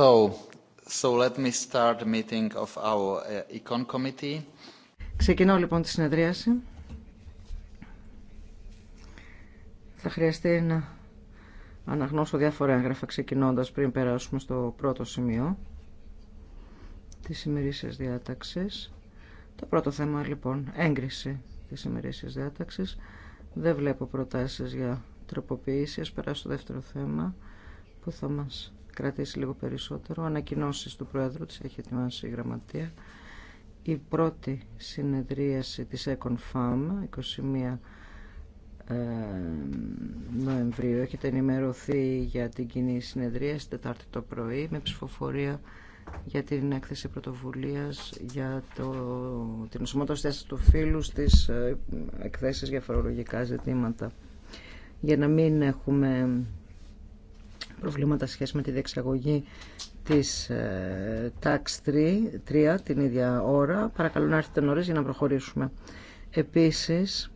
So, let me start meeting of our uh, Ξεκινώ λοιπόν τη συνεδρίαση. Θα χρειαστεί να αναγνώσω διάφορα έγγραφα ξεκινώντας πριν περάσουμε στο πρώτο σημείο της ημερήσιας διάταξης. Το πρώτο θέμα λοιπόν, έγκριση της ημερήσιας διάταξης. Δεν βλέπω προτάσεις για τροποποίηση. Ας περάσω στο δεύτερο θέμα που θα μας κρατήσει λίγο περισσότερο. Ανακοινώσεις του Πρόεδρου της έχει ετοιμάσει η Γραμματεία. Η πρώτη συνεδρίαση της EconFam, 21 ε, Νοεμβρίου. Έχετε ενημερωθεί για την κοινή συνεδρία Τετάρτη το πρωί με ψηφοφορία για την έκθεση πρωτοβουλίας για το, την σωματοστέση του φίλου στις ε, εκθέσει για φορολογικά ζητήματα. Για να μην έχουμε προβλήματα σχέση με τη διεξαγωγή της ε, Tax 3, 3 την ίδια ώρα. Παρακαλώ να έρθετε νωρίς για να προχωρήσουμε. Επίσης,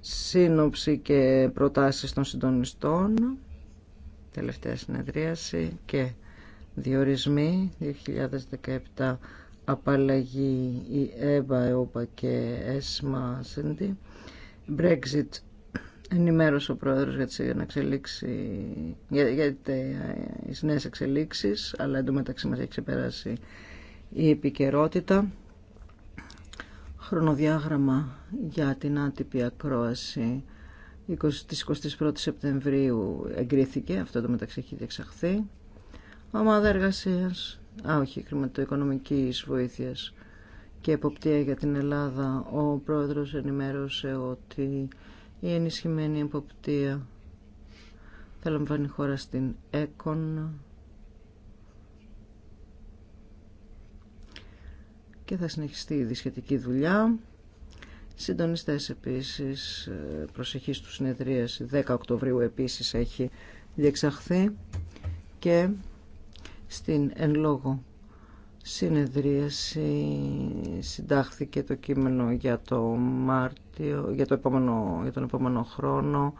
σύνοψη και προτάσεις των συντονιστών, τελευταία συνεδρίαση και διορισμοί 2017 απαλλαγή η ΕΒΑ, ΕΟΠΑ και ΕΣΜΑ ΣΕΝΤΗ Brexit ενημέρωσε ο Πρόεδρος για τις, εξελίξει, για, για τις νέες εξελίξεις, αλλά εντωμεταξύ μας έχει ξεπεράσει η επικαιρότητα. Χρονοδιάγραμμα για την άτυπη ακρόαση της 21 Σεπτεμβρίου εγκρίθηκε, αυτό το μεταξύ έχει διεξαχθεί. Ομάδα εργασίας, α όχι, χρηματοοικονομικής βοήθειας και εποπτεία για την Ελλάδα. Ο πρόεδρος ενημέρωσε ότι η ενισχυμένη εποπτεία θα λαμβάνει χώρα στην ΕΚΟΝ και θα συνεχιστεί η δυσχετική δουλειά. Συντονιστές επίσης, προσεχή του συνεδρίες. 10 Οκτωβρίου επίσης έχει διεξαχθεί και στην εν λόγω συνεδρίαση συντάχθηκε το κείμενο για το Μάρτιο για, το επόμενο, για τον επόμενο χρόνο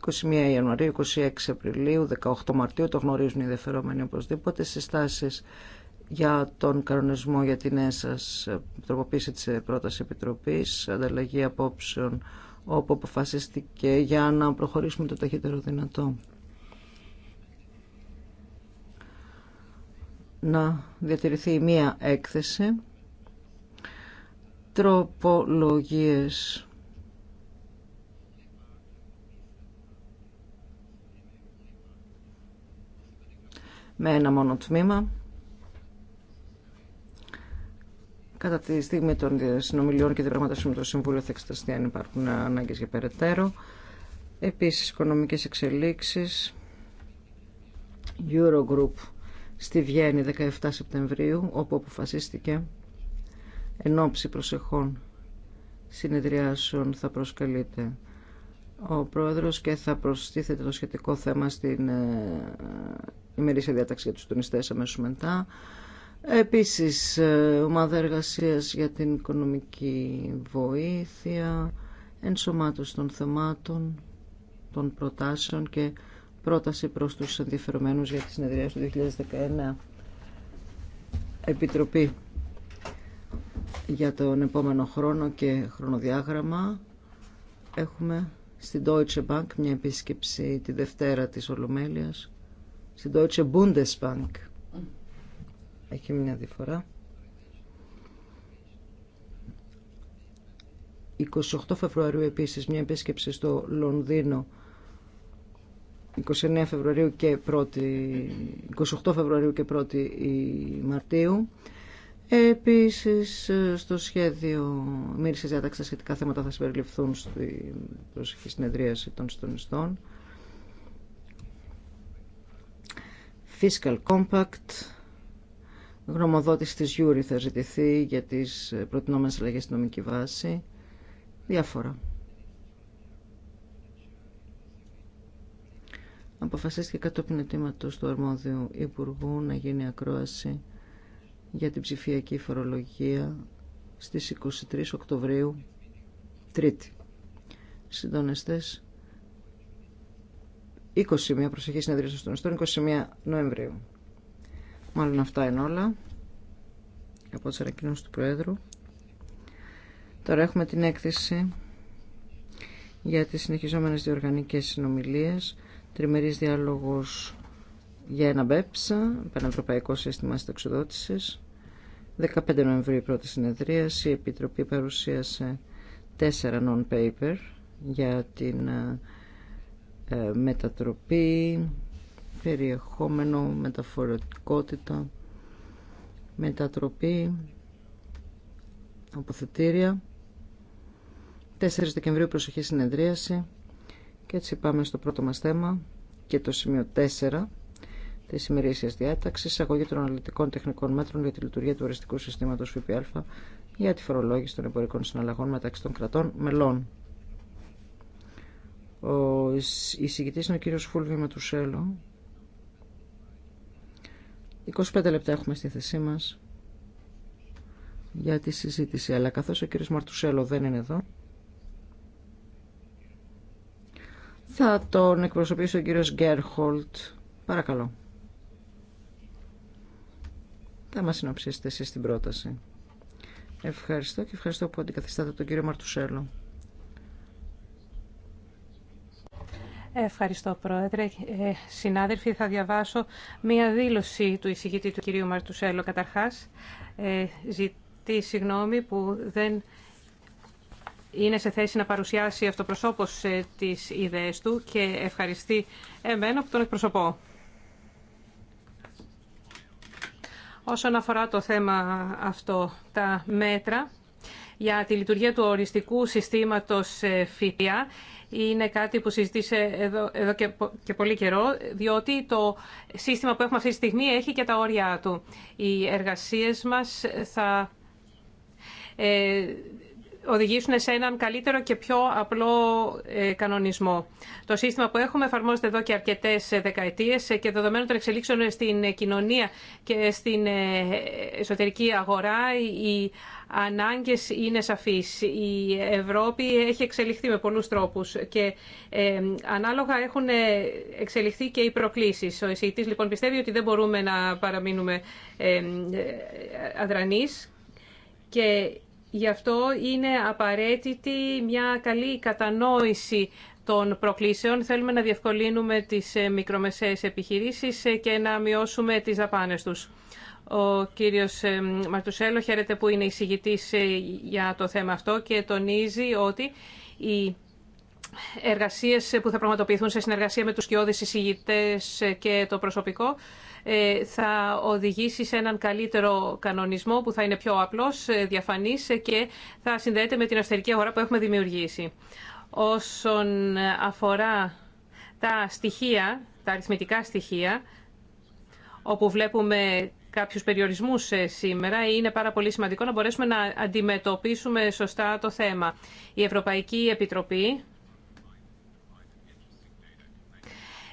21 Ιανουαρίου, 26 Απριλίου, 18 Μαρτίου, το γνωρίζουν οι ενδιαφερόμενοι οπωσδήποτε, συστάσεις για τον κανονισμό για την ΕΣΑΣ, τροποποίηση της πρότασης επιτροπής, ανταλλαγή απόψεων όπου αποφασίστηκε για να προχωρήσουμε το ταχύτερο δυνατό. Να διατηρηθεί μία έκθεση τροπολογίες. Με ένα μόνο τμήμα. Κατά τη στιγμή των συνομιλιών και διαπραγματεύσεων με το Συμβούλιο θα εξεταστεί αν υπάρχουν ανάγκε για περαιτέρω. Επίση, οικονομικέ εξελίξει. Eurogroup στη Βιέννη 17 Σεπτεμβρίου, όπου αποφασίστηκε εν ώψη προσεχών συνεδριάσεων θα προσκαλείται ο Πρόεδρος και θα προστίθεται το σχετικό θέμα στην ε, ημερήσια διάταξη για τους τονιστές αμέσως μετά. Επίσης, ε, ομάδα εργασίας για την οικονομική βοήθεια, ενσωμάτωση των θεμάτων, των προτάσεων και πρόταση προς τους ενδιαφερομένους για τη συνεδρία του 2019. Επιτροπή για τον επόμενο χρόνο και χρονοδιάγραμμα έχουμε στην Deutsche Bank μια επίσκεψη τη Δευτέρα της Ολομέλειας στην Deutsche Bundesbank έχει μια διαφορά 28 Φεβρουαρίου επίσης μια επίσκεψη στο Λονδίνο 29 Φεβρουαρίου και 1η, 28 Φεβρουαρίου και 1η Μαρτίου Επίσης, στο σχέδιο μίλησε διάταξη τα σχετικά θέματα θα συμπεριληφθούν στην προσεχή συνεδρίαση των συντονιστών. Fiscal Compact, γνωμοδότηση της Γιούρη θα ζητηθεί για τις προτινόμενες αλλαγές στην νομική βάση, διάφορα. Αποφασίστηκε κατόπιν ετήματος του αρμόδιου Υπουργού να γίνει ακρόαση για την ψηφιακή φορολογία στις 23 Οκτωβρίου, Τρίτη. Συντονιστές 21 προσεχή συνεδρία των Στον 21 Νοεμβρίου. Μάλλον αυτά είναι όλα από τις ανακοινώσεις του Προέδρου. Τώρα έχουμε την έκθεση για τις συνεχιζόμενες διοργανικές συνομιλίες, τριμερής διάλογος για ένα BEPS, Πανευρωπαϊκό Σύστημα Συνταξιοδότηση. 15 Νοεμβρίου πρώτη συνεδρίαση, η Επιτροπή παρουσίασε τέσσερα non-paper για την ε, ε, μετατροπή, περιεχόμενο, μεταφορετικότητα, μετατροπή, αποθετήρια. 4 Δεκεμβρίου προσοχή συνεδρίαση και έτσι πάμε στο πρώτο μας θέμα και το σημείο 4 τη ημερήσια διάταξη, αγωγή των αναλυτικών τεχνικών μέτρων για τη λειτουργία του οριστικού συστήματο ΦΠΑ για τη φορολόγηση των εμπορικών συναλλαγών μεταξύ των κρατών μελών. Ο εισηγητή είναι ο κύριο Φούλβιο Ματουσέλο. 25 λεπτά έχουμε στη θέσή μα για τη συζήτηση, αλλά καθώ ο κύριο Μαρτουσέλο δεν είναι εδώ, θα τον εκπροσωπήσει ο κύριος Γκέρχολτ. Παρακαλώ. Θα μας συνοψίσετε εσείς την πρόταση. Ευχαριστώ και ευχαριστώ που αντικαθιστάτε τον κύριο Μαρτουσέλο. Ευχαριστώ, Πρόεδρε. Ε, συνάδελφοι, θα διαβάσω μία δήλωση του εισηγητή του κυρίου Μαρτουσέλο. Καταρχάς, ε, ζητεί συγγνώμη που δεν είναι σε θέση να παρουσιάσει αυτοπροσώπως ε, τις ιδέες του και ευχαριστεί εμένα που τον εκπροσωπώ. Όσον αφορά το θέμα αυτό, τα μέτρα για τη λειτουργία του οριστικού συστήματος ε, ΦΠΑ είναι κάτι που συζητήσε εδώ, και, πολύ καιρό, διότι το σύστημα που έχουμε αυτή τη στιγμή έχει και τα όρια του. Οι εργασίες μας θα ε, οδηγήσουν σε έναν καλύτερο και πιο απλό ε, κανονισμό. Το σύστημα που έχουμε εφαρμόζεται εδώ και αρκετέ ε, δεκαετίε ε, και δεδομένου των εξελίξεων στην κοινωνία και στην εσωτερική αγορά, οι ανάγκε είναι σαφεί. Η Ευρώπη έχει εξελιχθεί με πολλού τρόπου και ανάλογα έχουν εξελιχθεί και οι προκλήσει. Ο εισηγητή λοιπόν πιστεύει ότι δεν μπορούμε να παραμείνουμε αδρανεί και Γι' αυτό είναι απαραίτητη μια καλή κατανόηση των προκλήσεων. Θέλουμε να διευκολύνουμε τις ε, μικρομεσαίες επιχειρήσεις ε, και να μειώσουμε τις δαπάνες τους. Ο κύριος ε, Μαρτουσέλο χαίρεται που είναι εισηγητής για το θέμα αυτό και τονίζει ότι οι εργασίες που θα πραγματοποιηθούν σε συνεργασία με τους κοιόδης εισηγητές και το προσωπικό ε, θα οδηγήσει σε έναν καλύτερο κανονισμό που θα είναι πιο απλός, ε, διαφανής και θα συνδέεται με την αστερική αγορά που έχουμε δημιουργήσει. Όσον αφορά τα στοιχεία, τα αριθμητικά στοιχεία, όπου βλέπουμε κάποιους περιορισμούς ε, σήμερα, είναι πάρα πολύ σημαντικό να μπορέσουμε να αντιμετωπίσουμε σωστά το θέμα. Η Ευρωπαϊκή Επιτροπή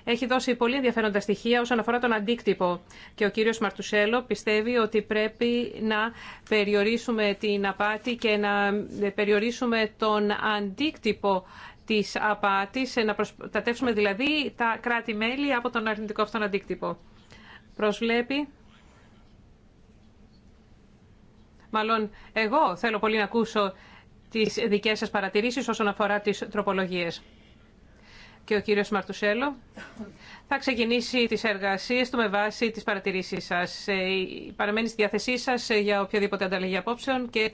έχει δώσει πολύ ενδιαφέροντα στοιχεία όσον αφορά τον αντίκτυπο. Και ο κύριος Μαρτουσέλο πιστεύει ότι πρέπει να περιορίσουμε την απάτη και να περιορίσουμε τον αντίκτυπο της απάτης, να προστατεύσουμε δηλαδή τα κράτη-μέλη από τον αρνητικό αυτόν αντίκτυπο. Προσβλέπει Μάλλον εγώ θέλω πολύ να ακούσω τις δικές σας παρατηρήσεις όσον αφορά τις τροπολογίες και ο κύριος Μαρτουσέλο θα ξεκινήσει τις εργασίες του με βάση τις παρατηρήσεις σας. Ε, παραμένει στη διάθεσή σας ε, για οποιαδήποτε ανταλλαγή απόψεων και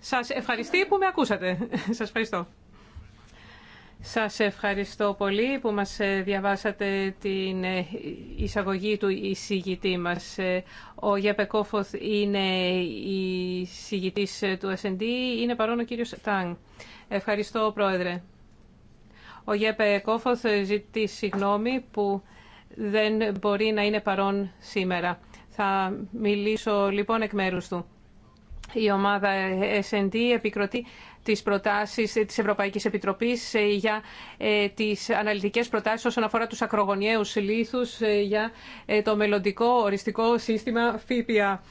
σας ευχαριστεί που με ακούσατε. Σας ευχαριστώ. Σας ευχαριστώ πολύ που μας ε, διαβάσατε την εισαγωγή του εισηγητή μας. Ο Γιέπε είναι η εισηγητής του S&D, είναι παρόν ο κύριος Τάγκ. Ευχαριστώ, Πρόεδρε. Ο Γέπε Κόφοθ ζητεί συγγνώμη που δεν μπορεί να είναι παρόν σήμερα. Θα μιλήσω λοιπόν εκ μέρους του. Η ομάδα S&D επικροτεί τις προτάσεις της Ευρωπαϊκής Επιτροπής ε, για ε, τις αναλυτικές προτάσεις όσον αφορά τους ακρογωνιαίους λήθους ε, για το μελλοντικό οριστικό σύστημα ΦΠΑ.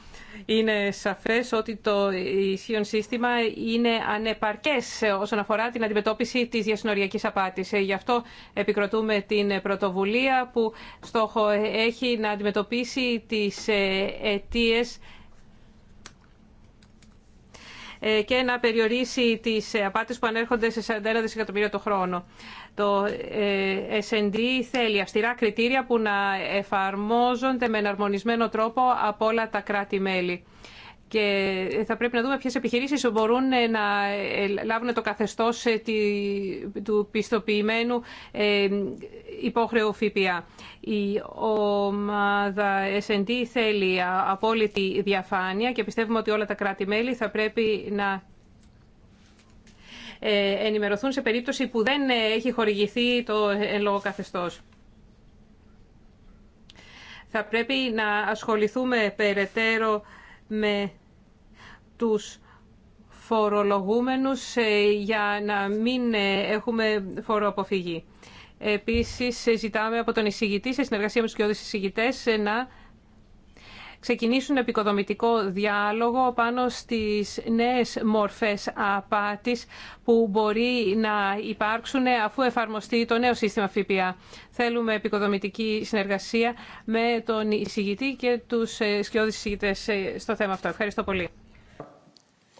Είναι σαφές ότι το ισχύον σύστημα είναι ανεπαρκές όσον αφορά την αντιμετώπιση της διασυνοριακής απάτης. Ε, γι' αυτό επικροτούμε την πρωτοβουλία που στόχο έχει να αντιμετωπίσει τις ε, αιτίες ε, και να περιορίσει τις ε, απάτες που ανέρχονται σε 41 δισεκατομμύρια το χρόνο. Το ε, S&D θέλει αυστηρά κριτήρια που να εφαρμόζονται με εναρμονισμένο τρόπο από όλα τα κράτη-μέλη και θα πρέπει να δούμε ποιες επιχειρήσεις μπορούν ε, να ε, λάβουν το καθεστώς ε, του πιστοποιημένου υπόχρεου ΦΠΑ. Η ομάδα S&D θέλει απόλυτη διαφάνεια και πιστεύουμε ότι όλα τα κράτη-μέλη θα πρέπει να ενημερωθούν σε περίπτωση που δεν έχει χορηγηθεί το εν λόγω καθεστώς. Θα πρέπει να ασχοληθούμε περαιτέρω με τους φορολογούμενους ε, για να μην ε, έχουμε φοροαποφυγή. Επίσης, ε, ζητάμε από τον εισηγητή, σε συνεργασία με τους κοιόδες εισηγητές, να ξεκινήσουν επικοδομητικό διάλογο πάνω στις νέες μορφές απάτης που μπορεί να υπάρξουν αφού εφαρμοστεί το νέο σύστημα ΦΠΑ. Θέλουμε επικοδομητική συνεργασία με τον εισηγητή και τους σκιώδεις εισηγητές στο θέμα αυτό. Ευχαριστώ πολύ.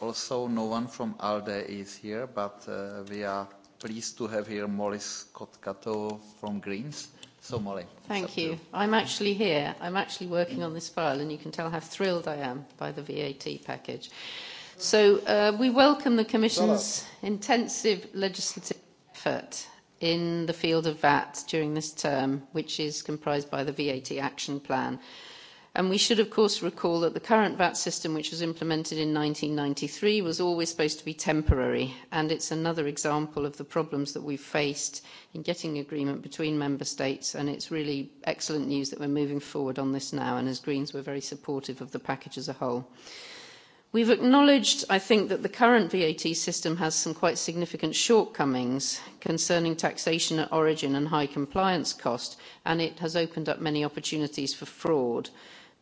Also, no one from ALDE is here, but we are pleased to have here Scott-Cato from Greens. So, Molly. Thank you. I'm actually here. I'm actually working on this file, and you can tell how thrilled I am by the VAT package. So, we welcome the Commission's intensive legislative effort in the field of VAT during this term, which is comprised by the VAT Action Plan And we should, of course, recall that the current VAT system, which was implemented in 1993, was always supposed to be temporary. And it's another example of the problems that we've faced in getting agreement between member states. And it's really excellent news that we're moving forward on this now. And as Greens, we're very supportive of the package as a whole. We've acknowledged, I think, that the current VAT system has some quite significant shortcomings concerning taxation at origin and high compliance cost, and it has opened up many opportunities for fraud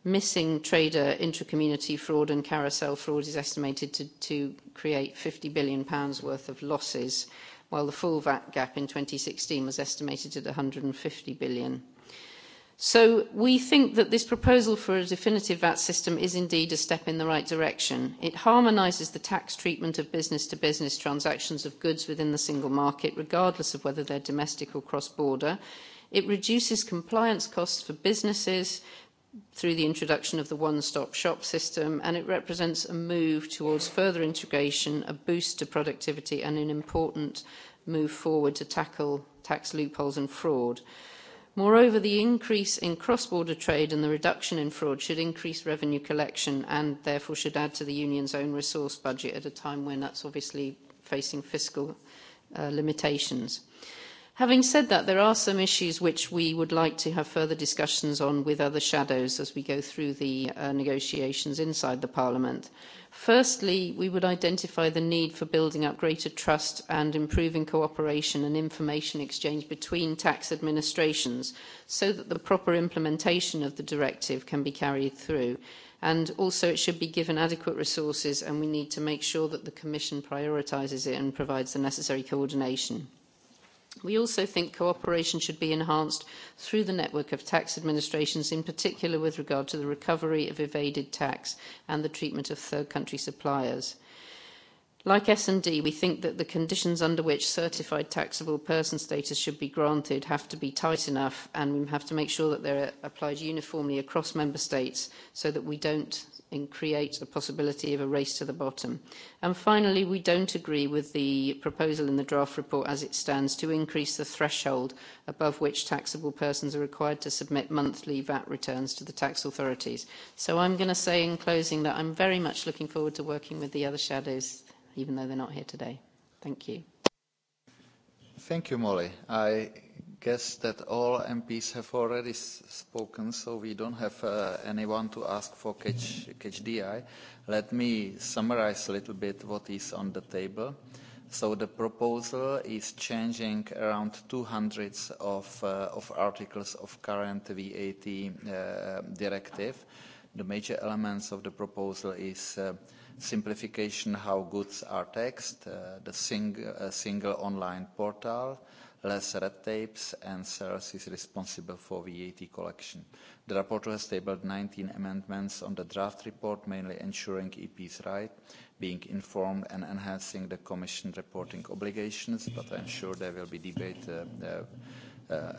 missing trader intra-community fraud and carousel fraud is estimated to, to create 50 billion pounds worth of losses, while the full VAT gap in 2016 was estimated at 150 billion. So we think that this proposal for a definitive VAT system is indeed a step in the right direction. It harmonises the tax treatment of business-to-business transactions of goods within the single market, regardless of whether they're domestic or cross-border. It reduces compliance costs for businesses through the introduction of the one-stop shop system, and it represents a move towards further integration, a boost to productivity, and an important move forward to tackle tax loopholes and fraud. Moreover, the increase in cross-border trade and the reduction in fraud should increase revenue collection and therefore should add to the union's own resource budget at a time when that's obviously facing fiscal limitations. Having said that, there are some issues which we would like to have further discussions on with other shadows as we go through the negotiations inside the Parliament. Firstly, we would identify the need for building up greater trust and improving cooperation and information exchange between tax administrations so that the proper implementation of the directive can be carried through. And also it should be given adequate resources and we need to make sure that the Commission prioritises it and provides the necessary coordination. We also think cooperation should be enhanced through the network of tax administrations, in particular with regard to the recovery of evaded tax and the treatment of third country suppliers. Like D, we think that the conditions under which certified taxable person status should be granted have to be tight enough and we have to make sure that they are applied uniformly across member states so that we don't and create the possibility of a race to the bottom. And finally, we don't agree with the proposal in the draft report as it stands to increase the threshold above which taxable persons are required to submit monthly VAT returns to the tax authorities. So I'm going to say in closing that I'm very much looking forward to working with the other shadows, even though they're not here today. Thank you. Thank you, Molly. I guess that all MPs have already spoken, so we don't have anyone to ask for catch the Let me summarize a little bit what is on the table. So the proposal is changing around 200 of articles of current VAT directive. The major elements of the proposal is simplification how goods are taxed, the single online portal, less red tapes, and SARS is responsible for VAT collection. The rapporteur has tabled 19 amendments on the draft report, mainly ensuring EP's right, being informed, and enhancing the Commission reporting obligations, but I am sure there will be debate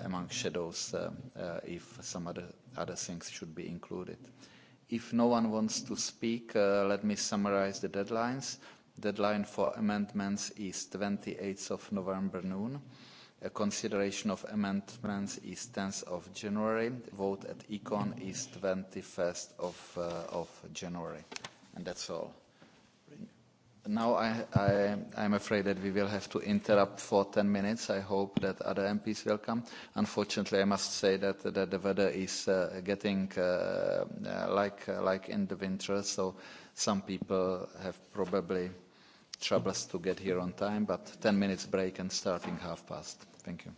among shadows if some other things should be included. If no one wants to speak, let me summarize the deadlines. Deadline for amendments is 28th of November noon. Consideration of amendments is 10th of January. Vote at Econ is 21st of January. And that's all. Now I am afraid that we will have to interrupt for 10 minutes. I hope that other MPs will come. Unfortunately, I must say that the weather is getting like in the winter, so some people have probably troubles to get here on time, but 10 minutes break and starting half past. Thank you.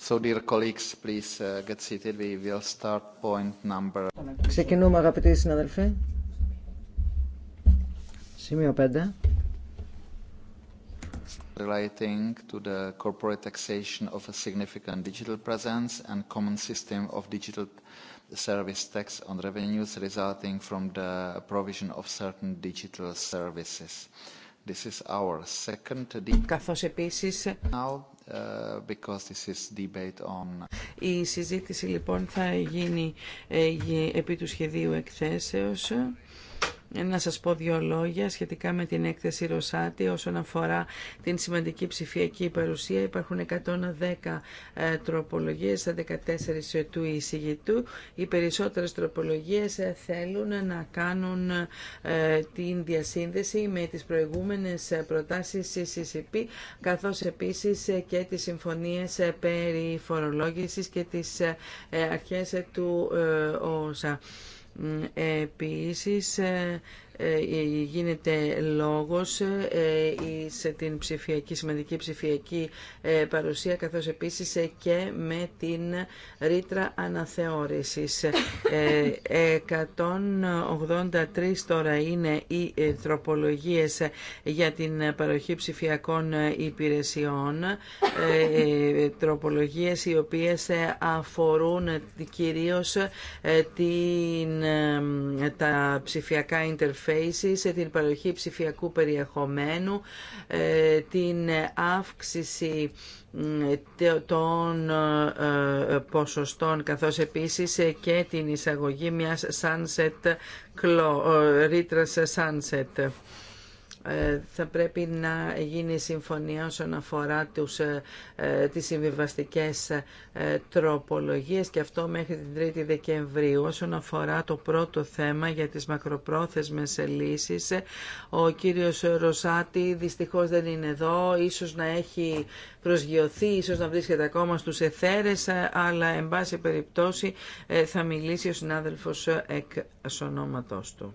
So, dear colleagues, please get seated. We Ξεκινούμε αγαπητοί συναδελφοί. Σημείο 5. Relating to the corporate taxation of a significant digital presence and common system of digital service tax on revenues resulting from the provision of certain digital services. This is our second. Καθώς επίσης. Now Uh, Η συζήτηση λοιπόν θα γίνει ε, επί του σχεδίου εκθέσεως να σας πω δύο λόγια σχετικά με την έκθεση Ρωσάτη όσον αφορά την σημαντική ψηφιακή παρουσία. Υπάρχουν 110 ε, τροπολογίες στα 14 ε, του εισηγητού. Οι περισσότερες τροπολογίες ε, θέλουν να κάνουν την διασύνδεση με τις προηγούμενες προτάσεις CCCP καθώς επίσης και τις συμφωνίες περί φορολόγησης και τις αρχές του ΟΣΑ. Επίσης ε, ε, γίνεται λόγος ε, σε την ψηφιακή, σημαντική ψηφιακή ε, παρουσία καθώς επίσης και με την ρήτρα αναθεώρησης. 183 τώρα είναι οι τροπολογίες για την παροχή ψηφιακών υπηρεσιών, τροπολογίες οι οποίες αφορούν κυρίως την, τα ψηφιακά interface σε την παροχή ψηφιακού περιεχομένου, ε, την αύξηση ε, των ε, ποσοστών καθώς επίσης και την εισαγωγή μιας sunset, ρήτρας sunset. Ε, θα πρέπει να γίνει συμφωνία όσον αφορά τους, ε, τις συμβιβαστικές ε, τροπολογίες και αυτό μέχρι την 3η Δεκεμβρίου. Όσον αφορά το πρώτο θέμα για τις μακροπρόθεσμες λύσεις, ο κύριος Ροσάτη δυστυχώς δεν είναι εδώ, ίσως να έχει προσγειωθεί, ίσως να βρίσκεται ακόμα στους εθέρες, αλλά εν πάση περιπτώσει θα μιλήσει ο συνάδελφος εκ ονόματός του.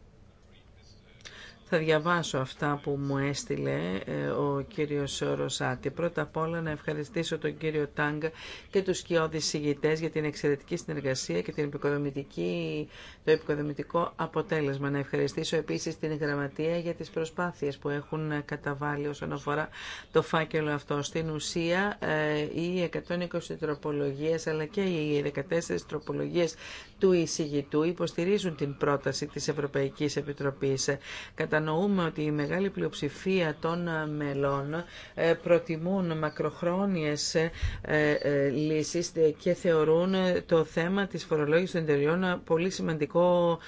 Θα διαβάσω αυτά που μου έστειλε ε, ο κύριος Ροσάτη. Πρώτα απ' όλα να ευχαριστήσω τον κύριο Τάγκα και τους κοιόδης συγητές για την εξαιρετική συνεργασία και την επικοδομητική, το επικοδομητικό αποτέλεσμα. Να ευχαριστήσω επίσης την Γραμματεία για τις προσπάθειες που έχουν καταβάλει όσον αφορά το φάκελο αυτό. Στην ουσία ε, οι 120 τροπολογίες αλλά και οι 14 τροπολογίες του εισηγητού υποστηρίζουν την πρόταση της Ευρωπαϊκής Επιτροπής. Κατά κατανοούμε ότι η μεγάλη πλειοψηφία των μελών ε, προτιμούν μακροχρόνιες ε, ε, λύσεις και θεωρούν το θέμα της φορολόγησης των εταιριών πολύ σημαντικό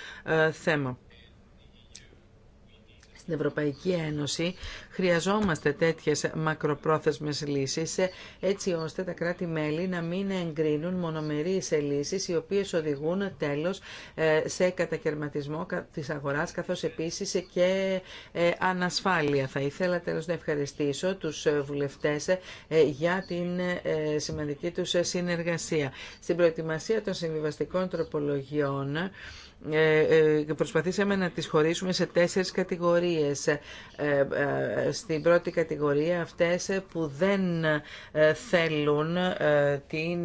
θέμα στην Ευρωπαϊκή Ένωση χρειαζόμαστε τέτοιες μακροπρόθεσμες λύσεις ε, έτσι ώστε τα κράτη-μέλη να μην εγκρίνουν μονομερείς λύσεις οι οποίες οδηγούν τέλος ε, σε κατακαιρματισμό της αγοράς καθώς επίσης και ε, ανασφάλεια. Θα ήθελα τέλος να ευχαριστήσω τους βουλευτές για την σημαντική τους συνεργασία. Στην προετοιμασία των συμβιβαστικών τροπολογιών ε, ε, προσπαθήσαμε να τις χωρίσουμε σε τέσσερις κατηγορίες. Ε, στην πρώτη κατηγορία αυτές που δεν θέλουν την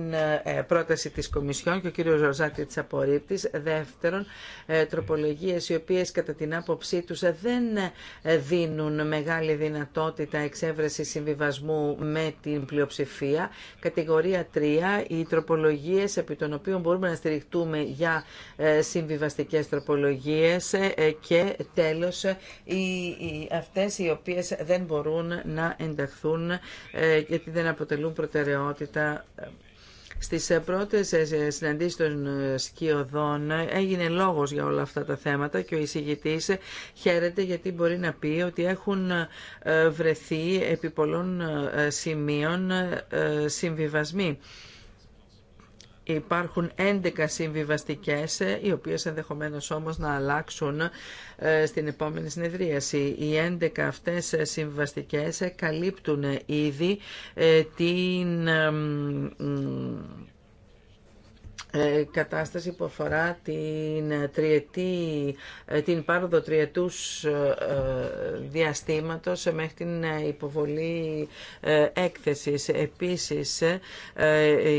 πρόταση της Κομισιόν και ο κύριος Ροζάτη της απορρίπτης. Δεύτερον, τροπολογίες οι οποίες κατά την άποψή τους δεν δίνουν μεγάλη δυνατότητα εξέβρεση συμβιβασμού με την πλειοψηφία. Κατηγορία 3, οι τροπολογίες επί των οποίων μπορούμε να στηριχτούμε για συμβιβασμό συμβαστικές τροπολογίες ε, και τέλος ε, οι, αυτές οι οποίες δεν μπορούν να ενταχθούν ε, γιατί δεν αποτελούν προτεραιότητα στις πρώτες συναντήσεις των σκιοδών έγινε λόγος για όλα αυτά τα θέματα και ο εισηγητής χαίρεται γιατί μπορεί να πει ότι έχουν βρεθεί επί πολλών σημείων συμβιβασμοί. Υπάρχουν 11 συμβιβαστικές, ε, οι οποίες ενδεχομένως όμως να αλλάξουν ε, στην επόμενη συνεδρίαση. Οι 11 αυτές συμβιβαστικές ε, καλύπτουν ήδη την ε, κατάσταση που αφορά την, τριετή, ε, την πάροδο τριετούς ε, διαστήματος μέχρι την υποβολή έκθεσης. Επίσης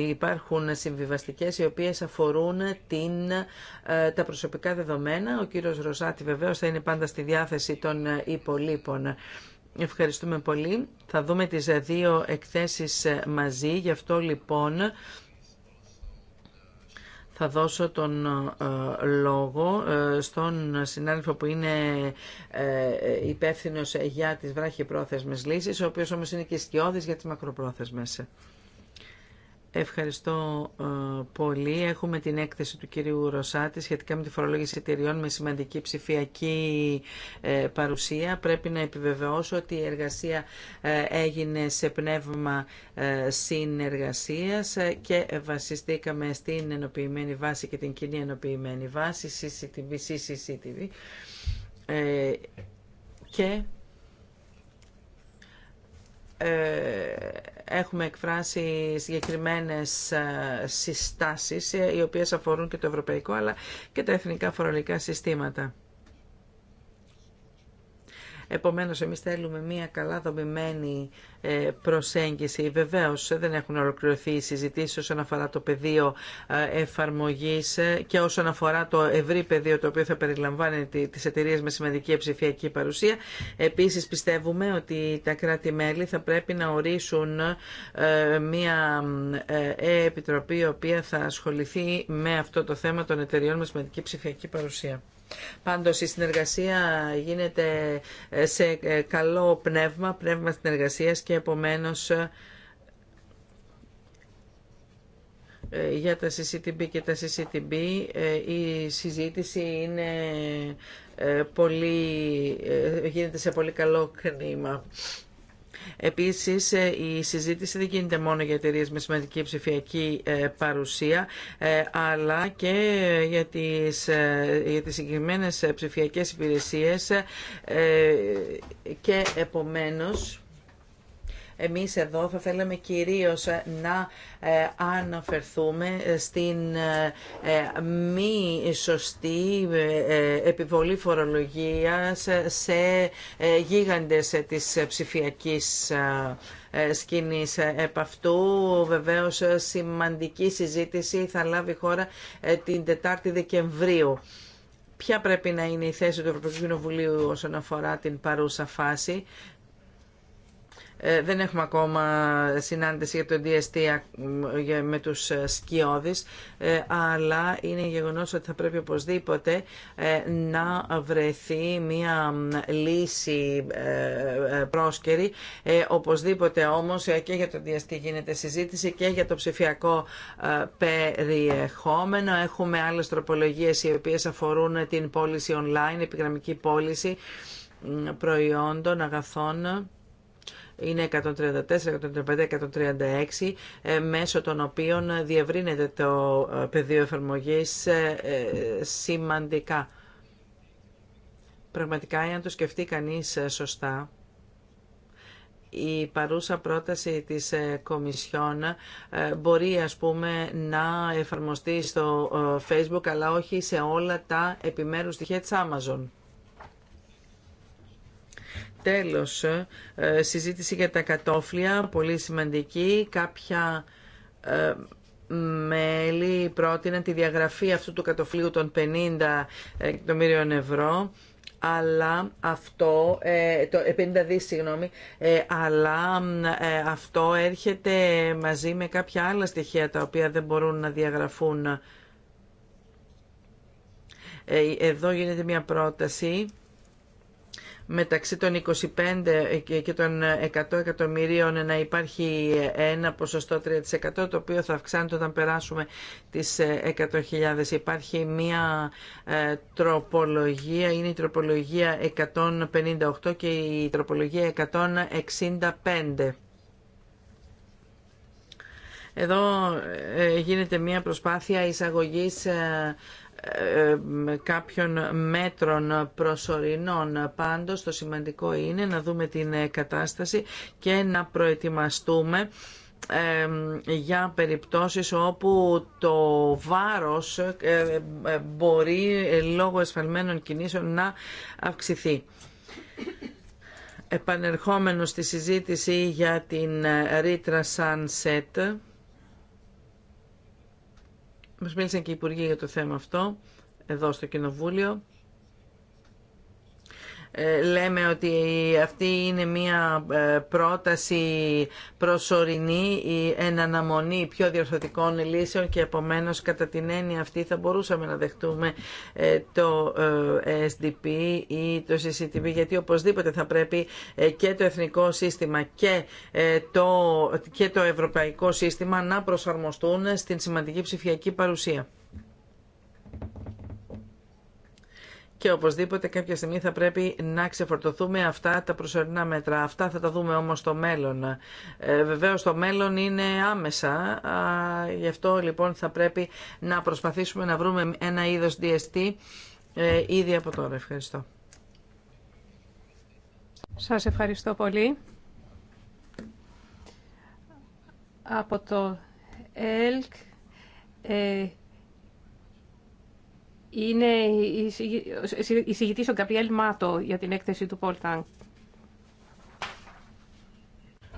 υπάρχουν συμβιβαστικές οι οποίες αφορούν την, τα προσωπικά δεδομένα. Ο κύριος Ροζάτη βεβαίως θα είναι πάντα στη διάθεση των υπολείπων. Ευχαριστούμε πολύ. Θα δούμε τις δύο εκθέσεις μαζί. Γι' αυτό λοιπόν θα δώσω τον ε, λόγο ε, στον συνάδελφο που είναι ε, υπεύθυνο για τις πρόθεσμες λύσεις, ο οποίος όμως είναι και σκιώδης για τις μακροπρόθεσμες. Ευχαριστώ ε, πολύ. Έχουμε την έκθεση του κυρίου Ρωσάτη σχετικά με τη φορολόγηση εταιριών με σημαντική ψηφιακή ε, παρουσία. Πρέπει να επιβεβαιώσω ότι η εργασία ε, έγινε σε πνεύμα συνεργασίας και βασιστήκαμε στην ενοποιημένη βάση και την κοινή ενοποιημένη βάση, CCTV, CCTV. Και έχουμε εκφράσει συγκεκριμένες ε, συστάσεις ε, οι οποίες αφορούν και το ευρωπαϊκό αλλά και τα εθνικά φορολογικά συστήματα. Επομένως, εμείς θέλουμε μια καλά δομημένη ε, προσέγγιση. Βεβαίως, δεν έχουν ολοκληρωθεί οι συζητήσεις όσον αφορά το πεδίο ε, εφαρμογής ε, και όσον αφορά το ευρύ πεδίο το οποίο θα περιλαμβάνει τις εταιρείε με σημαντική ψηφιακή παρουσία. Επίσης, πιστεύουμε ότι τα κράτη-μέλη θα πρέπει να ορίσουν μια επιτροπή η οποία θα ασχοληθεί με αυτό το θέμα των εταιρεών με σημαντική ψηφιακή παρουσία. Πάντω, η συνεργασία γίνεται ε, σε ε, καλό πνεύμα, πνεύμα συνεργασία και επομένω. Ε, για τα CCTB και τα CCTB η συζήτηση είναι πολύ, γίνεται σε πολύ καλό κρίμα. Επίση, ε, η συζήτηση δεν γίνεται μόνο για εταιρείε με σημαντική ψηφιακή ε, παρουσία, ε, αλλά και για τι για τις συγκεκριμένες ψηφιακές υπηρεσίες και επομένως εμείς εδώ θα θέλαμε κυρίως ε, να ε, αναφερθούμε στην ε, μη σωστή επιβολή φορολογίας σε γίγαντες της ψηφιακής σκηνής. Επ' αυτού βεβαίως σημαντική συζήτηση θα λάβει η χώρα την 4η Δεκεμβρίου. Ποια πρέπει να είναι η θέση του Ευρωπαϊκού Κοινοβουλίου όσον αφορά την παρούσα φάση. Ε, δεν έχουμε ακόμα συνάντηση για το DST με τους ε, σκιώδεις, ε, αλλά είναι γεγονός ότι θα πρέπει οπωσδήποτε να βρεθεί μια λύση πρόσκαιρη. Οπωσδήποτε όμως και για το DST γίνεται συζήτηση και για το ψηφιακό περιεχόμενο. Έχουμε άλλες τροπολογίες οι οποίες αφορούν την πώληση online, επιγραμμική πώληση προϊόντων, αγαθών είναι 134, 135, 136 μέσω των οποίων διευρύνεται το ε, πεδίο εφαρμογής ε, ε, σημαντικά. Πραγματικά, αν το σκεφτεί κανείς σωστά, η παρούσα πρόταση της Κομισιόν μπορεί ας πούμε να εφαρμοστεί στο Facebook αλλά όχι σε όλα τα επιμέρους στοιχεία της Amazon. Τέλος, ε, ε, συζήτηση για τα κατόφλια, πολύ σημαντική. Κάποια ε, μέλη πρότειναν τη διαγραφή αυτού του κατοφλίου των 50 εκατομμύριων ευρώ αλλά αυτό, το 50 συγγνώμη, αλλά αυτό έρχεται μαζί με κάποια άλλα στοιχεία τα οποία δεν μπορούν να διαγραφούν. Εδώ γίνεται μια πρόταση μεταξύ των 25 και των 100 εκατομμυρίων να υπάρχει ένα ποσοστό 3% το οποίο θα αυξάνεται όταν περάσουμε τις 100.000. Ε, υπάρχει μία ε, τροπολογία, είναι η τροπολογία 158 και η τροπολογία 165. Εδώ ε, γίνεται μία προσπάθεια εισαγωγής ε, ε, κάποιων μέτρων προσωρινών. Πάντως το σημαντικό είναι να δούμε την κατάσταση και να προετοιμαστούμε ε, για περιπτώσεις όπου το βάρος μπορεί λόγω εσφαλμένων κινήσεων να αυξηθεί. Επανερχόμενο στη συζήτηση για την ρήτρα Sunset, μας μίλησαν και οι Υπουργοί για το θέμα αυτό εδώ στο Κοινοβούλιο. Ε, λέμε ότι αυτή είναι μια ε, πρόταση προσωρινή εν αναμονή πιο διορθωτικών λύσεων και επομένως κατά την έννοια αυτή θα μπορούσαμε να δεχτούμε ε, το SDP ή το CCTV γιατί οπωσδήποτε θα πρέπει και το εθνικό σύστημα και το, και το ευρωπαϊκό σύστημα να προσαρμοστούν στην σημαντική ψηφιακή παρουσία. και οπωσδήποτε κάποια στιγμή θα πρέπει να ξεφορτωθούμε αυτά τα προσωρινά μέτρα. Αυτά θα τα δούμε όμως στο μέλλον. Ε, βεβαίως το μέλλον είναι άμεσα, γι' αυτό λοιπόν θα πρέπει να προσπαθήσουμε να βρούμε ένα είδος DST ε, ήδη από τώρα. Ευχαριστώ. Σας ευχαριστώ πολύ. Από το ΕΛΚ, ε, είναι η εισηγητής ο Καπιέλ Μάτο για την έκθεση του Πολ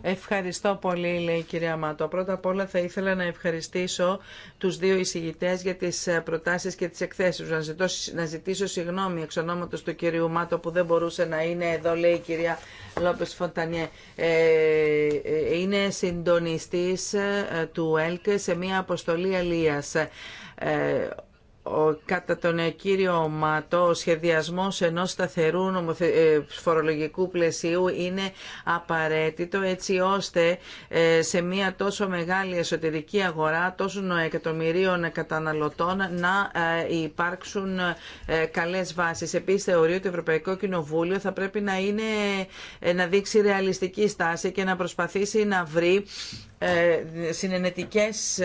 Ευχαριστώ πολύ, λέει η κυρία Μάτο. Πρώτα απ' όλα θα ήθελα να ευχαριστήσω τους δύο εισηγητές για τις προτάσεις και τις εκθέσεις. Να, να ζητήσω συγγνώμη εξ ονόματος του κυρίου Μάτο που δεν μπορούσε να είναι εδώ, λέει η κυρία Λόπες Φοντανιέ. Ε, ε, είναι συντονιστής ε, του ΕΛΚ σε μια αποστολή αλίας κατά τον ε, κύριο Μάτο ο σχεδιασμός ενός σταθερού ε, φορολογικού πλαισίου είναι απαραίτητο έτσι ώστε ε, σε μια τόσο μεγάλη εσωτερική αγορά τόσων εκατομμυρίων καταναλωτών να υπάρξουν καλές βάσεις. Επίσης θεωρεί ότι το Ευρωπαϊκό Κοινοβούλιο θα πρέπει να, είναι, να δείξει ρεαλιστική στάση και να προσπαθήσει να βρει συνενετικές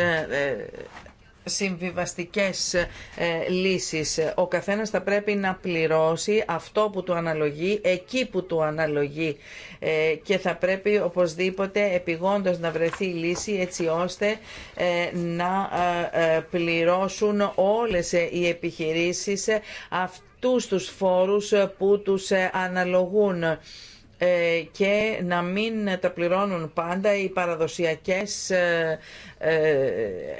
συμβιβαστικές ε, λύσεις. Ο καθένας θα πρέπει να πληρώσει αυτό που του αναλογεί, εκεί που του αναλογεί ε, και θα πρέπει οπωσδήποτε επιγόντως να βρεθεί λύση έτσι ώστε ε, να πληρώσουν όλες οι επιχειρήσεις αυτούς τους φόρους που τους αναλογούν και να μην τα πληρώνουν πάντα οι παραδοσιακές ε,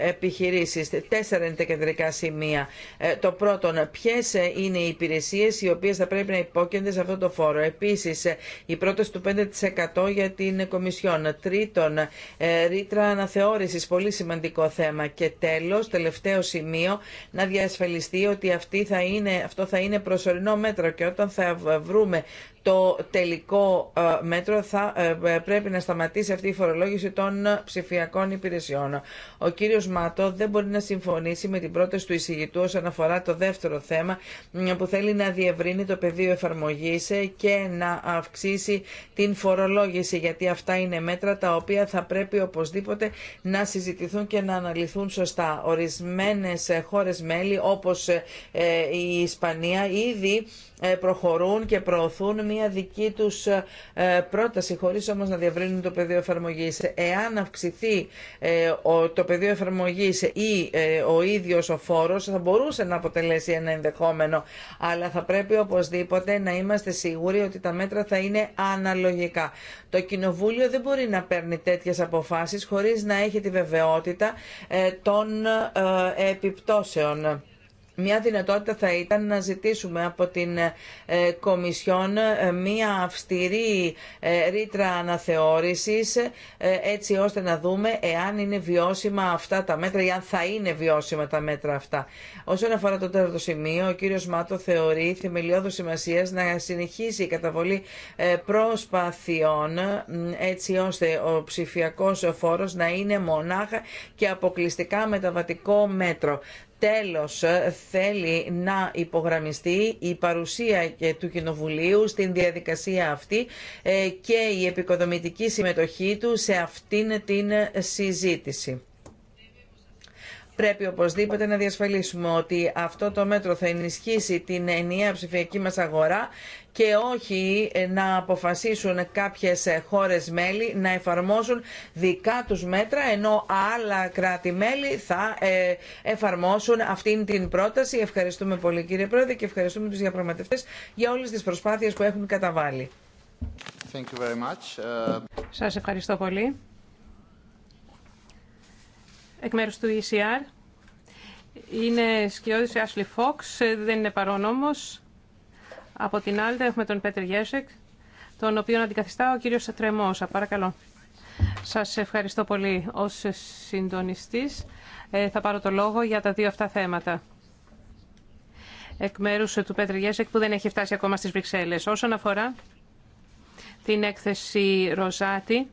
Επιχειρήσει Τέσσερα είναι τα κεντρικά σημεία. Ε, το πρώτο, ποιε είναι οι υπηρεσίε οι οποίε θα πρέπει να υπόκεινται σε αυτό το φόρο. Επίση, η πρόταση του 5% για την Κομισιόν. Τρίτον, ε, ρήτρα αναθεώρησης, πολύ σημαντικό θέμα. Και τέλος, τελευταίο σημείο, να διασφαλιστεί ότι αυτή θα είναι, αυτό θα είναι προσωρινό μέτρο και όταν θα βρούμε το τελικό μέτρο θα πρέπει να σταματήσει αυτή η φορολόγηση των ψηφιακών υπηρεσιών. Ο κύριος Μάτο δεν μπορεί να συμφωνήσει με την πρόταση του εισηγητού όσον αφορά το δεύτερο θέμα ε, που θέλει να διευρύνει το πεδίο εφαρμογή ε, και να αυξήσει την φορολόγηση γιατί αυτά είναι μέτρα τα οποία θα πρέπει οπωσδήποτε να συζητηθούν και να αναλυθούν σωστά. Ορισμένες ε, χώρες μέλη όπως η Ισπανία ήδη ε, προχωρούν και προωθούν μια δική τους ε, πρόταση χωρίς όμως να διαβρύνουν το πεδίο εφαρμογής. Εάν αυξηθεί ε, το πεδίο εφαρμογής ή ο ίδιος ο φόρος θα μπορούσε να αποτελέσει ένα ενδεχόμενο αλλά θα πρέπει οπωσδήποτε να είμαστε σίγουροι ότι τα μέτρα θα είναι αναλογικά. Το Κοινοβούλιο δεν μπορεί να παίρνει τέτοιες αποφάσεις χωρίς να έχει τη βεβαιότητα των επιπτώσεων. Μια δυνατότητα θα ήταν να ζητήσουμε από την ε, Κομισιόν ε, μια αυστηρή ε, ρήτρα αναθεώρησης έτσι ώστε να δούμε εάν είναι βιώσιμα αυτά τα μέτρα ή αν θα είναι βιώσιμα τα μέτρα αυτά. Όσον αφορά το τέταρτο σημείο, ο κύριος Μάτο θεωρεί θεμελιώδου σημασία να συνεχίσει η καταβολή προσπαθειών έτσι ώστε ο ψηφιακός φόρος να είναι μονάχα και αποκλειστικά μεταβατικό μέτρο. Τέλος, ε, θέλει να υπογραμμιστεί η παρουσία και του Κοινοβουλίου στην διαδικασία αυτή ε, και η επικοδομητική συμμετοχή του σε αυτήν την συζήτηση. Πρέπει οπωσδήποτε να διασφαλίσουμε ότι αυτό το μέτρο θα ενισχύσει την ενιαία ψηφιακή μας αγορά και όχι να αποφασίσουν κάποιες χώρες μέλη να εφαρμόσουν δικά τους μέτρα ενώ άλλα κράτη-μέλη θα ε, εφαρμόσουν αυτήν την πρόταση. Ευχαριστούμε πολύ κύριε Πρόεδρε και ευχαριστούμε τους διαπραγματευτές για όλες τις προσπάθειες που έχουν καταβάλει. Thank ε, Σας ευχαριστώ πολύ εκ μέρου του ECR. Είναι σκιώδης η Ashley Fox, δεν είναι παρόν όμως. Από την άλλη έχουμε τον Πέτρι Γέσεκ, τον οποίο αντικαθιστά ο κύριος Τρεμόσα. Παρακαλώ. Σας ευχαριστώ πολύ ως συντονιστής. Ε, θα πάρω το λόγο για τα δύο αυτά θέματα εκ μέρους του Πέτρι Γέσεκ που δεν έχει φτάσει ακόμα στις Βρυξέλλες. Όσον αφορά την έκθεση Ροζάτη,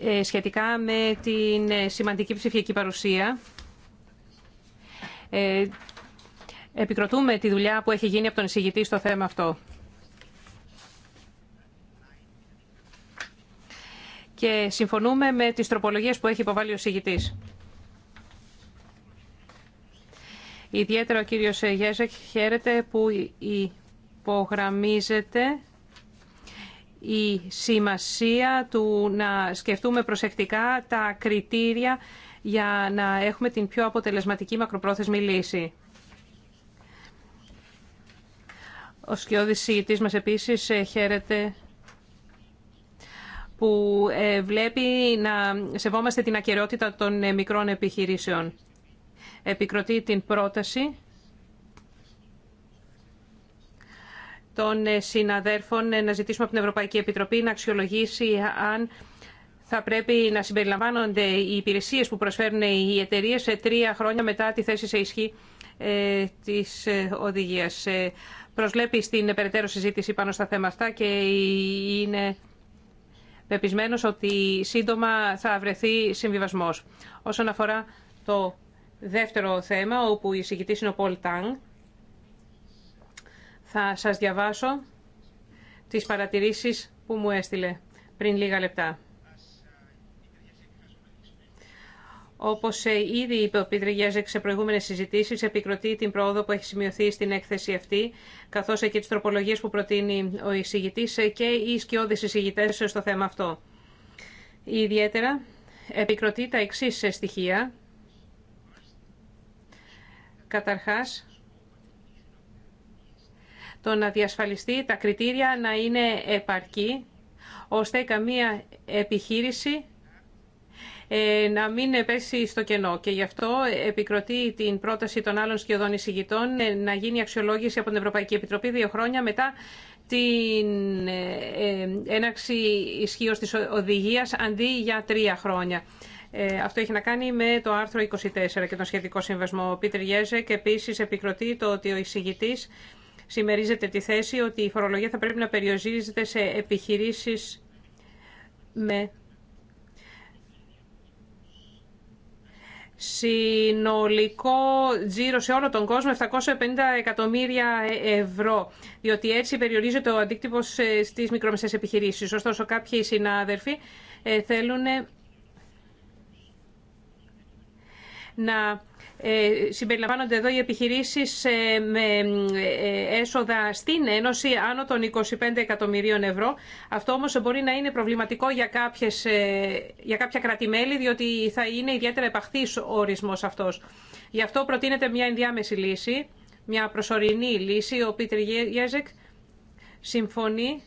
ε, σχετικά με την ε, σημαντική ψηφιακή παρουσία. Ε, επικροτούμε τη δουλειά που έχει γίνει από τον εισηγητή στο θέμα αυτό. Και συμφωνούμε με τις τροπολογίες που έχει υποβάλει ο εισηγητής. Ιδιαίτερα ο κύριος Γέζεκ χαίρεται που υπογραμμίζεται η σημασία του να σκεφτούμε προσεκτικά τα κριτήρια για να έχουμε την πιο αποτελεσματική μακροπρόθεσμη λύση. Ο σκιώδης μας επίσης ε, χαίρεται που ε, βλέπει να σεβόμαστε την ακαιρεότητα των ε, μικρών επιχειρήσεων. Επικροτεί την πρόταση των ε, συναδέρφων ε, να ζητήσουμε από την Ευρωπαϊκή Επιτροπή να αξιολογήσει αν θα πρέπει να συμπεριλαμβάνονται οι υπηρεσίες που προσφέρουν οι εταιρείες σε τρία χρόνια μετά τη θέση σε ισχύ ε, της οδηγίας. Προσλέπει στην περαιτέρω συζήτηση πάνω στα θέματα αυτά και είναι πεπισμένος ότι σύντομα θα βρεθεί συμβιβασμός. Όσον αφορά το δεύτερο θέμα, όπου η συγκητής είναι ο Πολ Τάγκ, θα σας διαβάσω τις παρατηρήσεις που μου έστειλε πριν λίγα λεπτά. Όπως ε, ήδη είπε ο Πίτρη Γιάζεκ σε προηγούμενες συζητήσεις, επικροτεί την πρόοδο που έχει σημειωθεί στην έκθεση αυτή, καθώς και τις τροπολογίες που προτείνει ο εισηγητής ε, και οι σκιώδεις εισηγητές στο θέμα αυτό. Ιδιαίτερα, επικροτεί τα εξής ε, στοιχεία. Καταρχάς, το να διασφαλιστεί τα κριτήρια να είναι επαρκή, ώστε καμία επιχείρηση ε, να μην πέσει στο κενό. Και γι' αυτό επικροτεί την πρόταση των άλλων σχεδόν εισηγητών ε, να γίνει αξιολόγηση από την Ευρωπαϊκή Επιτροπή δύο χρόνια μετά την ε, έναρξη ισχύω της οδηγίας αντί για τρία χρόνια. αυτό έχει να κάνει με το άρθρο 24 και τον σχετικό συμβασμό. Ο Πίτερ Γιέζεκ επίσης επικροτεί το ότι ο εισηγητής συμμερίζεται τη θέση ότι η φορολογία θα πρέπει να περιορίζεται σε επιχειρήσεις με συνολικό τζίρο σε όλο τον κόσμο 750 εκατομμύρια ευρώ, διότι έτσι περιορίζεται ο αντίκτυπος ε, στις μικρομεσαίες επιχειρήσεις. Ωστόσο, κάποιοι συνάδελφοι ε, θέλουν να ε, συμπεριλαμβάνονται εδώ οι επιχειρήσεις ε, με ε, έσοδα στην Ένωση άνω των 25 εκατομμυρίων ευρώ. Αυτό όμω μπορεί να είναι προβληματικό για, κάποιες, για κάποια κρατημέλη, διότι θα είναι ιδιαίτερα επαχθή ο ορισμός αυτός. Γι' αυτό προτείνεται μια ενδιάμεση λύση, μια προσωρινή λύση. Ο Πίτερ Γέζεκ συμφωνεί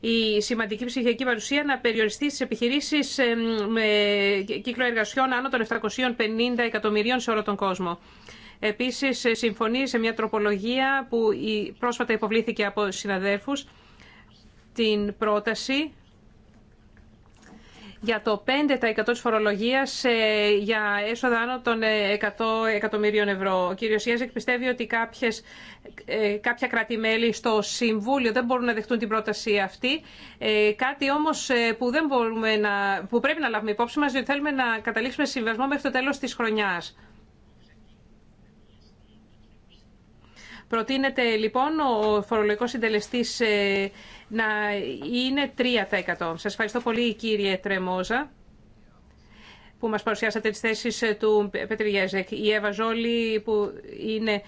η σημαντική ψηφιακή παρουσία να περιοριστεί στι επιχειρήσεις ε, με κύκλο εργασιών άνω των 750 εκατομμυρίων σε όλο τον κόσμο. Επίσης, ε, συμφωνεί σε μια τροπολογία που πρόσφατα υποβλήθηκε από συναδέρφους την πρόταση για το 5% της φορολογίας ε, για έσοδα άνω των 100 ε, εκατομμυρίων ευρώ. Ο κύριος Ιέζεκ πιστεύει ότι κάποιες, ε, κάποια κράτη-μέλη στο Συμβούλιο δεν μπορούν να δεχτούν την πρόταση αυτή. Κάτι όμως που, δεν μπορούμε να, που πρέπει να λάβουμε υπόψη μας, διότι θέλουμε να καταλήξουμε συμβασμό μέχρι το τέλος της χρονιάς. Προτείνεται λοιπόν ο φορολογικός συντελεστής να είναι 3%. Σας ευχαριστώ πολύ κύριε Τρεμόζα που μας παρουσιάσατε τις θέσεις ε, του Πέτρι Γιέζεκ. Η Εύα Ζόλη που είναι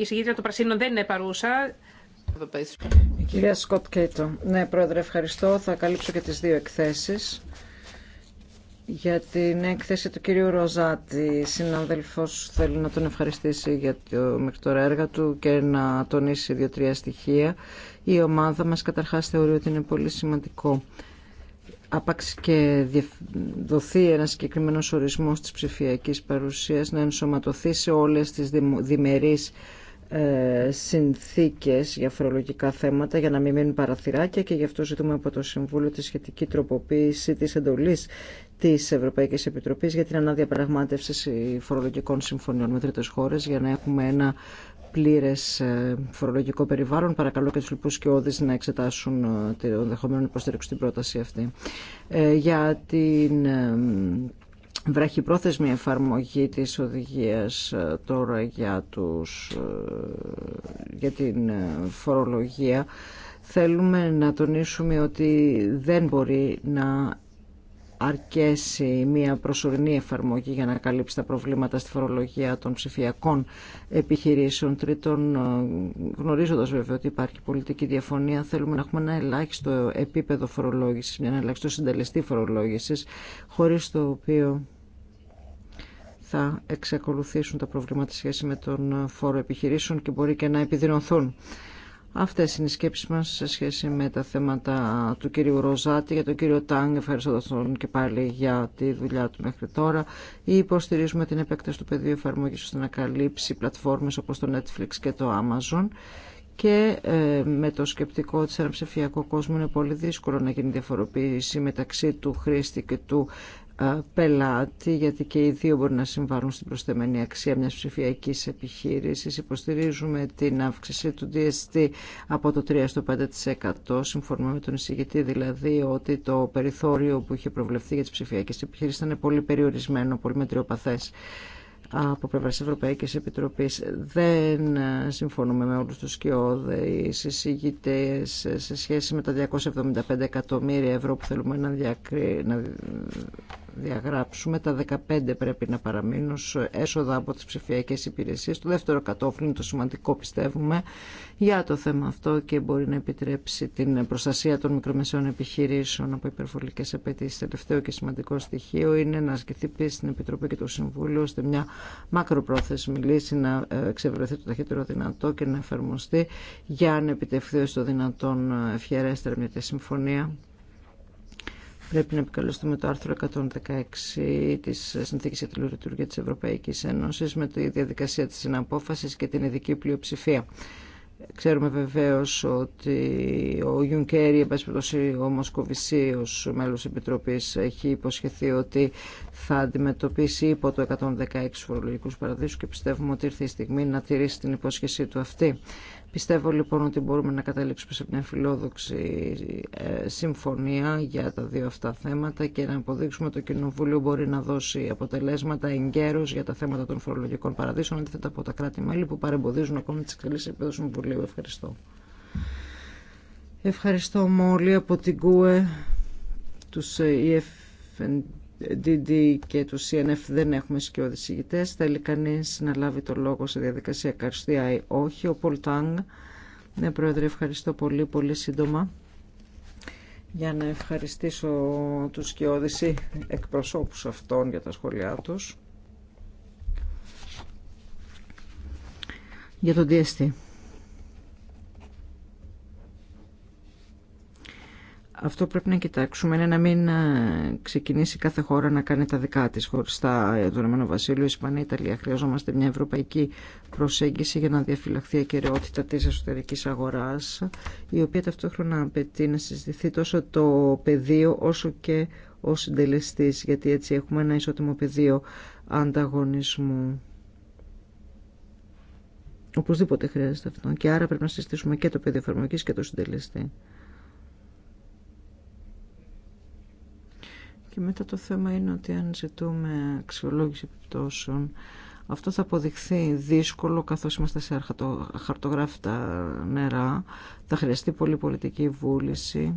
η συγκήτρια του Πρασίνων δεν είναι παρούσα. Η κυρία Σκοτ Κέιτο. Ναι, Πρόεδρε, ευχαριστώ. Θα καλύψω και τις δύο εκθέσεις για την έκθεση του κυρίου Ροζάτη. Συναδελφός θέλω να τον ευχαριστήσει για το μέχρι τώρα έργα του και να τονίσει δύο-τρία στοιχεία. Η ομάδα μας καταρχάς θεωρεί ότι είναι πολύ σημαντικό άπαξ και δοθεί ένα συγκεκριμένο ορισμό τη ψηφιακή παρουσίας να ενσωματωθεί σε όλες τις διμερείς ε, συνθήκες για φορολογικά θέματα για να μην μείνουν παραθυράκια και γι' αυτό ζητούμε από το Συμβούλιο τη σχετική τροποποίηση της εντολής τη Ευρωπαϊκή Επιτροπή για την αναδιαπραγμάτευση φορολογικών συμφωνιών με τρίτε χώρε για να έχουμε ένα πλήρε ε, φορολογικό περιβάλλον. Παρακαλώ και του λοιπού και να εξετάσουν ε, το ενδεχόμενο να υποστηρίξουν την πρόταση αυτή. Ε, για την βραχυπρόθεσμη εφαρμογή της οδηγίας τώρα για, τους, για την φορολογία θέλουμε να τονίσουμε ότι δεν μπορεί να αρκέσει μια προσωρινή εφαρμογή για να καλύψει τα προβλήματα στη φορολογία των ψηφιακών επιχειρήσεων. Τρίτον, ε, γνωρίζοντα βέβαια ότι υπάρχει πολιτική διαφωνία, θέλουμε να έχουμε ένα ελάχιστο επίπεδο φορολόγηση, ένα ελάχιστο συντελεστή φορολόγηση, χωρίς το οποίο θα εξακολουθήσουν τα προβλήματα σχέση με τον ε, φόρο επιχειρήσεων και μπορεί και να επιδεινωθούν. Αυτές είναι οι σκέψεις μας σε σχέση με τα θέματα του κύριου Ροζάτη για τον κύριο Τάγκ, ευχαριστώ τον και πάλι για τη δουλειά του μέχρι τώρα. Ή υποστηρίζουμε την επέκταση του πεδίου εφαρμογής ώστε να καλύψει πλατφόρμες όπως το Netflix και το Amazon και ε, με το σκεπτικό ότι σε ένα ψηφιακό κόσμο είναι πολύ δύσκολο να γίνει διαφοροποίηση μεταξύ του χρήστη και του ε, πελάτη, γιατί και οι δύο μπορούν να συμβάλλουν στην προσθεμένη αξία μιας ψηφιακή επιχείρησης. Υποστηρίζουμε την αύξηση του DST από το 3% στο 5%. Συμφωνούμε με τον εισηγητή δηλαδή ότι το περιθώριο που είχε προβλεφθεί για τις ψηφιακές επιχείρησεις ήταν πολύ περιορισμένο, πολύ μετριοπαθές από πλευρά της Ευρωπαϊκής Επιτροπής. Δεν ε, συμφωνούμε με όλους τους σκιώδες εισηγητέ ε, σε σχέση με τα 275 εκατομμύρια ευρώ που θέλουμε να, διακρι... να διαγράψουμε. Τα 15 πρέπει να παραμείνουν έσοδα από τις ψηφιακές υπηρεσίες. Το δεύτερο κατόφλι είναι το σημαντικό πιστεύουμε για το θέμα αυτό και μπορεί να επιτρέψει την προστασία των μικρομεσαίων επιχειρήσεων από υπερβολικές απαιτήσει. Τελευταίο και σημαντικό στοιχείο είναι να ασκηθεί πίεση στην Επιτροπή και το Συμβούλιο ώστε μια μακροπρόθεσμη λύση να ε, εξευρεθεί το ταχύτερο δυνατό και να εφαρμοστεί για να επιτευχθεί το δυνατόν ε, ευχερέστερα μια συμφωνία πρέπει να επικαλωστούμε το άρθρο 116 της Συνθήκης για τη Λειτουργία της Ευρωπαϊκής Ένωσης με τη διαδικασία της συναπόφασης και την ειδική πλειοψηφία. Ξέρουμε βεβαίως ότι ο Γιουνκέρι, ο Μοσκοβισή ως μέλος Επιτροπής έχει υποσχεθεί ότι θα αντιμετωπίσει υπό το 116 φορολογικούς παραδείσους και πιστεύουμε ότι ήρθε η στιγμή να τηρήσει την υπόσχεσή του αυτή. Πιστεύω λοιπόν ότι μπορούμε να καταλήξουμε σε μια φιλόδοξη ε, συμφωνία για τα δύο αυτά θέματα και να αποδείξουμε ότι το Κοινοβούλιο μπορεί να δώσει αποτελέσματα εγκαίρω για τα θέματα των φορολογικών παραδείσων, αντίθετα από τα κράτη-μέλη που παρεμποδίζουν ακόμη τι επίδοση του Συμβουλίου. Ευχαριστώ. Ευχαριστώ όλοι από την ΚΟΕ, του. Ε, DD και του CNF δεν έχουμε σκιώδεις ηγητές. Θέλει κανείς να λάβει το λόγο σε διαδικασία καρστία ή όχι. Ο Πολ Τάγκ. Ναι, Πρόεδρε, ευχαριστώ πολύ, πολύ σύντομα. Για να ευχαριστήσω τους σκιώδεις ή εκπροσώπους αυτών για τα σχόλιά τους. Για τον Διεστή. αυτό πρέπει να κοιτάξουμε είναι να μην ε, ξεκινήσει κάθε χώρα να κάνει τα δικά της χωριστά ε, το Ρωμανό Βασίλειο, Ισπανία, Ιταλία. Χρειαζόμαστε μια ευρωπαϊκή προσέγγιση για να διαφυλαχθεί η ακαιρεότητα της εσωτερικής αγοράς η οποία ταυτόχρονα απαιτεί να συζητηθεί τόσο το πεδίο όσο και ο συντελεστής γιατί έτσι έχουμε ένα ισότιμο πεδίο ανταγωνισμού. Οπωσδήποτε χρειάζεται αυτό. Και άρα πρέπει να συστήσουμε και το πεδίο εφαρμογή και το συντελεστή. Και μετά το θέμα είναι ότι αν ζητούμε αξιολόγηση επιπτώσεων, αυτό θα αποδειχθεί δύσκολο καθώς είμαστε σε χαρτογράφητα νερά. Θα χρειαστεί πολύ πολιτική βούληση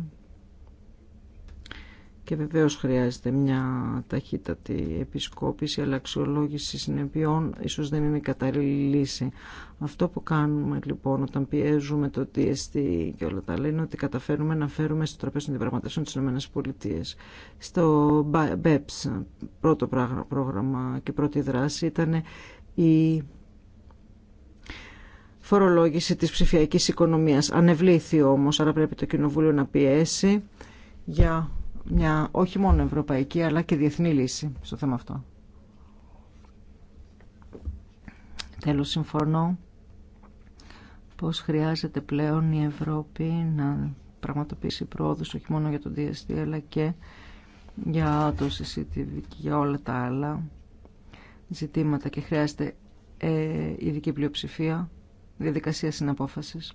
και βεβαίως χρειάζεται μια ταχύτατη επισκόπηση αλλά αξιολόγηση συνεπειών ίσως δεν είναι η κατάλληλη λύση. Αυτό που κάνουμε λοιπόν όταν πιέζουμε το TST και όλα τα λένε ότι καταφέρουμε να φέρουμε στο τραπέζι των διαπραγματεύσεων της ΗΠΑ. Στο BEPS πρώτο πρόγραμμα και πρώτη δράση ήταν η φορολόγηση της ψηφιακής οικονομίας. Ανεβλήθη όμως, άρα πρέπει το Κοινοβούλιο να πιέσει για μια όχι μόνο ευρωπαϊκή αλλά και διεθνή λύση στο θέμα αυτό. Τέλος συμφωνώ πως χρειάζεται πλέον η Ευρώπη να πραγματοποιήσει πρόοδους όχι μόνο για το DST αλλά και για το CCTV και για όλα τα άλλα ζητήματα και χρειάζεται ε, ειδική πλειοψηφία διαδικασία συναπόφασης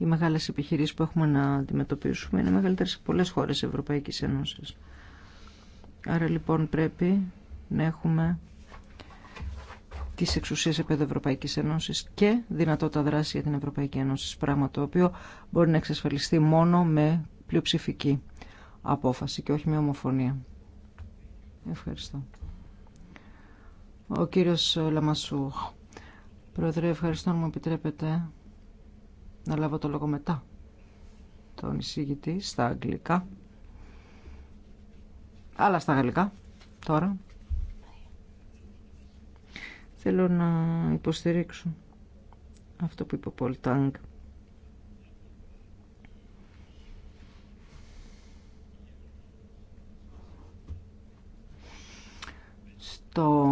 οι μεγάλες επιχειρήσεις που έχουμε να αντιμετωπίσουμε είναι μεγαλύτερες σε πολλές χώρες Ευρωπαϊκής Ένωσης. Άρα λοιπόν πρέπει να έχουμε τις εξουσίες επίπεδο Ευρωπαϊκής Ένωσης και δυνατότητα δράση για την Ευρωπαϊκή Ένωση, πράγμα το οποίο μπορεί να εξασφαλιστεί μόνο με πλειοψηφική απόφαση και όχι με ομοφωνία. Ευχαριστώ. Ο κύριος Λαμασού. Πρόεδρε, ευχαριστώ να μου επιτρέπετε να λάβω το λόγο μετά τον εισηγητή στα αγγλικά αλλά στα γαλλικά τώρα θέλω να υποστηρίξω αυτό που είπε ο Πολ το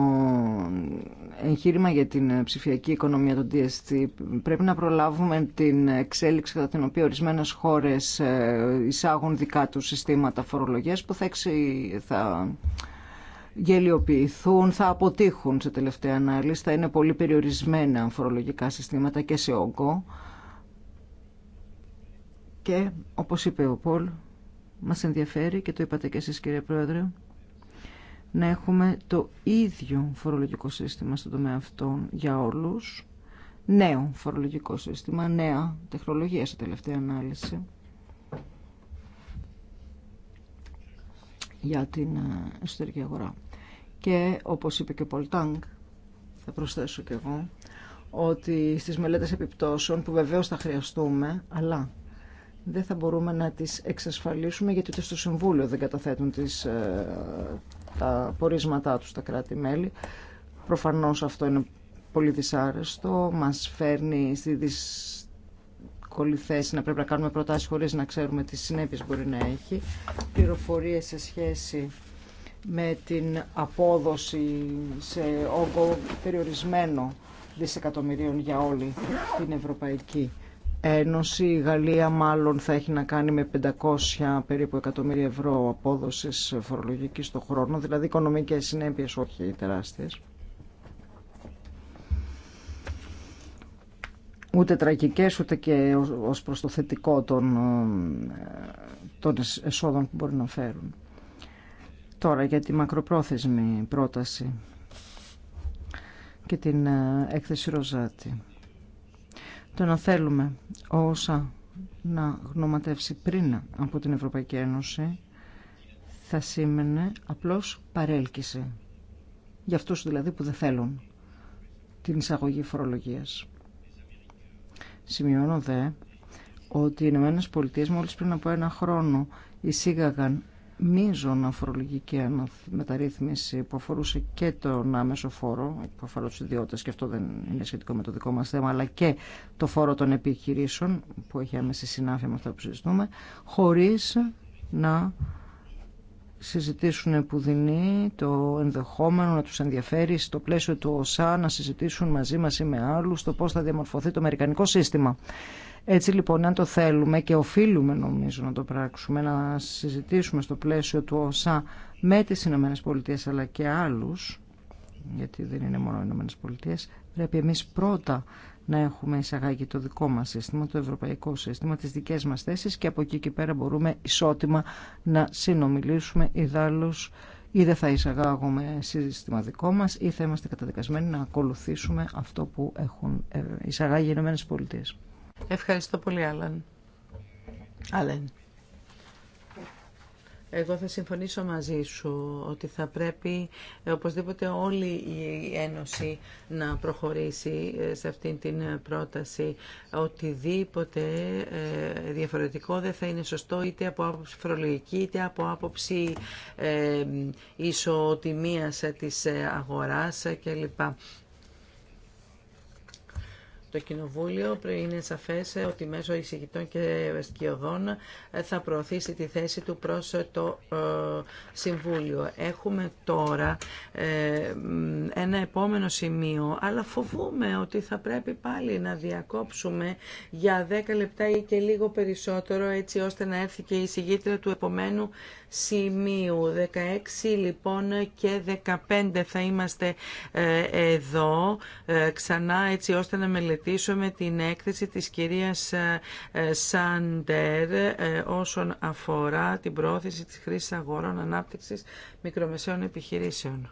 εγχείρημα για την ψηφιακή οικονομία, του DST, πρέπει να προλάβουμε την εξέλιξη κατά την οποία ορισμένες χώρες ε, εισάγουν δικά τους συστήματα φορολογίας που θα, θα γελιοποιηθούν, θα αποτύχουν σε τελευταία ανάλυση, θα είναι πολύ περιορισμένα φορολογικά συστήματα και σε όγκο. Και όπως είπε ο Πολ, μας ενδιαφέρει και το είπατε και εσείς κύριε Πρόεδρε, να έχουμε το ίδιο φορολογικό σύστημα στον τομέα αυτών για όλους, νέο φορολογικό σύστημα, νέα τεχνολογία σε τελευταία ανάλυση. για την ε, εσωτερική αγορά. Και όπως είπε και ο Πολτάγκ, θα προσθέσω και εγώ, ότι στις μελέτες επιπτώσεων που βεβαίως θα χρειαστούμε, αλλά δεν θα μπορούμε να τις εξασφαλίσουμε γιατί ούτε στο Συμβούλιο δεν καταθέτουν τις ε, τα πορίσματά τους στα κράτη-μέλη. Προφανώς αυτό είναι πολύ δυσάρεστο, μας φέρνει στη δύσκολη θέση να πρέπει να κάνουμε προτάσεις χωρίς να ξέρουμε τι συνέπειες μπορεί να έχει. Πληροφορίες σε σχέση με την απόδοση σε όγκο περιορισμένο δισεκατομμυρίων για όλη την Ευρωπαϊκή Ένωση. Η Γαλλία μάλλον θα έχει να κάνει με 500 περίπου εκατομμύρια ευρώ απόδοση φορολογική το χρόνο, δηλαδή οικονομικές συνέπειες όχι τεράστιες. Ούτε τραγικέ ούτε και ως προ το θετικό των, ε, των εσόδων που μπορεί να φέρουν. Τώρα για τη μακροπρόθεσμη πρόταση και την ε, έκθεση Ροζάτη το να θέλουμε όσα να γνωματεύσει πριν από την Ευρωπαϊκή Ένωση θα σήμαινε απλώς παρέλκυση για αυτούς δηλαδή που δεν θέλουν την εισαγωγή φορολογίας. Σημειώνω δε ότι οι Ηνωμένε Πολιτείε μόλις πριν από ένα χρόνο εισήγαγαν Μίζωνα φορολογική μεταρρύθμιση που αφορούσε και τον άμεσο φόρο, που αφορά του ιδιώτε και αυτό δεν είναι σχετικό με το δικό μα θέμα, αλλά και το φόρο των επιχειρήσεων που έχει άμεση συνάφεια με αυτά που συζητούμε, χωρί να συζητήσουν που δίνει το ενδεχόμενο να τους ενδιαφέρει στο πλαίσιο του ΟΣΑ να συζητήσουν μαζί μας ή με άλλους το πώς θα διαμορφωθεί το αμερικανικό σύστημα. Έτσι λοιπόν, αν το θέλουμε και οφείλουμε νομίζω να το πράξουμε, να συζητήσουμε στο πλαίσιο του ΩΣΑ με τις Ηνωμένε Πολιτείες αλλά και άλλους, γιατί δεν είναι μόνο οι Ηνωμένε Πολιτείες, πρέπει εμείς πρώτα να έχουμε εισαγάγει το δικό μας σύστημα, το ευρωπαϊκό σύστημα, τις δικές μας θέσεις και από εκεί και πέρα μπορούμε ισότιμα να συνομιλήσουμε ιδάλλως ή δεν θα εισαγάγουμε σύστημα δικό μας ή θα είμαστε καταδικασμένοι να ακολουθήσουμε αυτό που έχουν ε, εισαγάγει οι Ηνωμένες Πολιτείες. Ευχαριστώ πολύ, Άλαν. Άλεν. Εγώ θα συμφωνήσω μαζί σου ότι θα πρέπει ε, οπωσδήποτε όλη η Ένωση να προχωρήσει ε, σε αυτήν την ε, πρόταση. Οτιδήποτε διαφορετικό δεν θα είναι σωστό είτε από άποψη φορολογική είτε από άποψη ισοτιμίας της αγοράς κλπ. Το Κοινοβούλιο είναι σαφέ ότι μέσω εισηγητών και σκιωδών ε, θα προωθήσει τη θέση του προ το ε, Συμβούλιο. Έχουμε τώρα ε, ένα επόμενο σημείο, αλλά φοβούμε ότι θα πρέπει πάλι να διακόψουμε για 10 λεπτά ή και λίγο περισσότερο, έτσι ώστε να έρθει και η εισηγήτρια του επομένου σημείου. 16 λοιπόν και 15 θα είμαστε ε, εδώ ε, ξανά έτσι ώστε να μελετήσουμε την έκθεση της κυρίας ε, Σάντερ όσον αφορά την πρόθεση της χρήσης αγορών ανάπτυξης μικρομεσαίων επιχειρήσεων.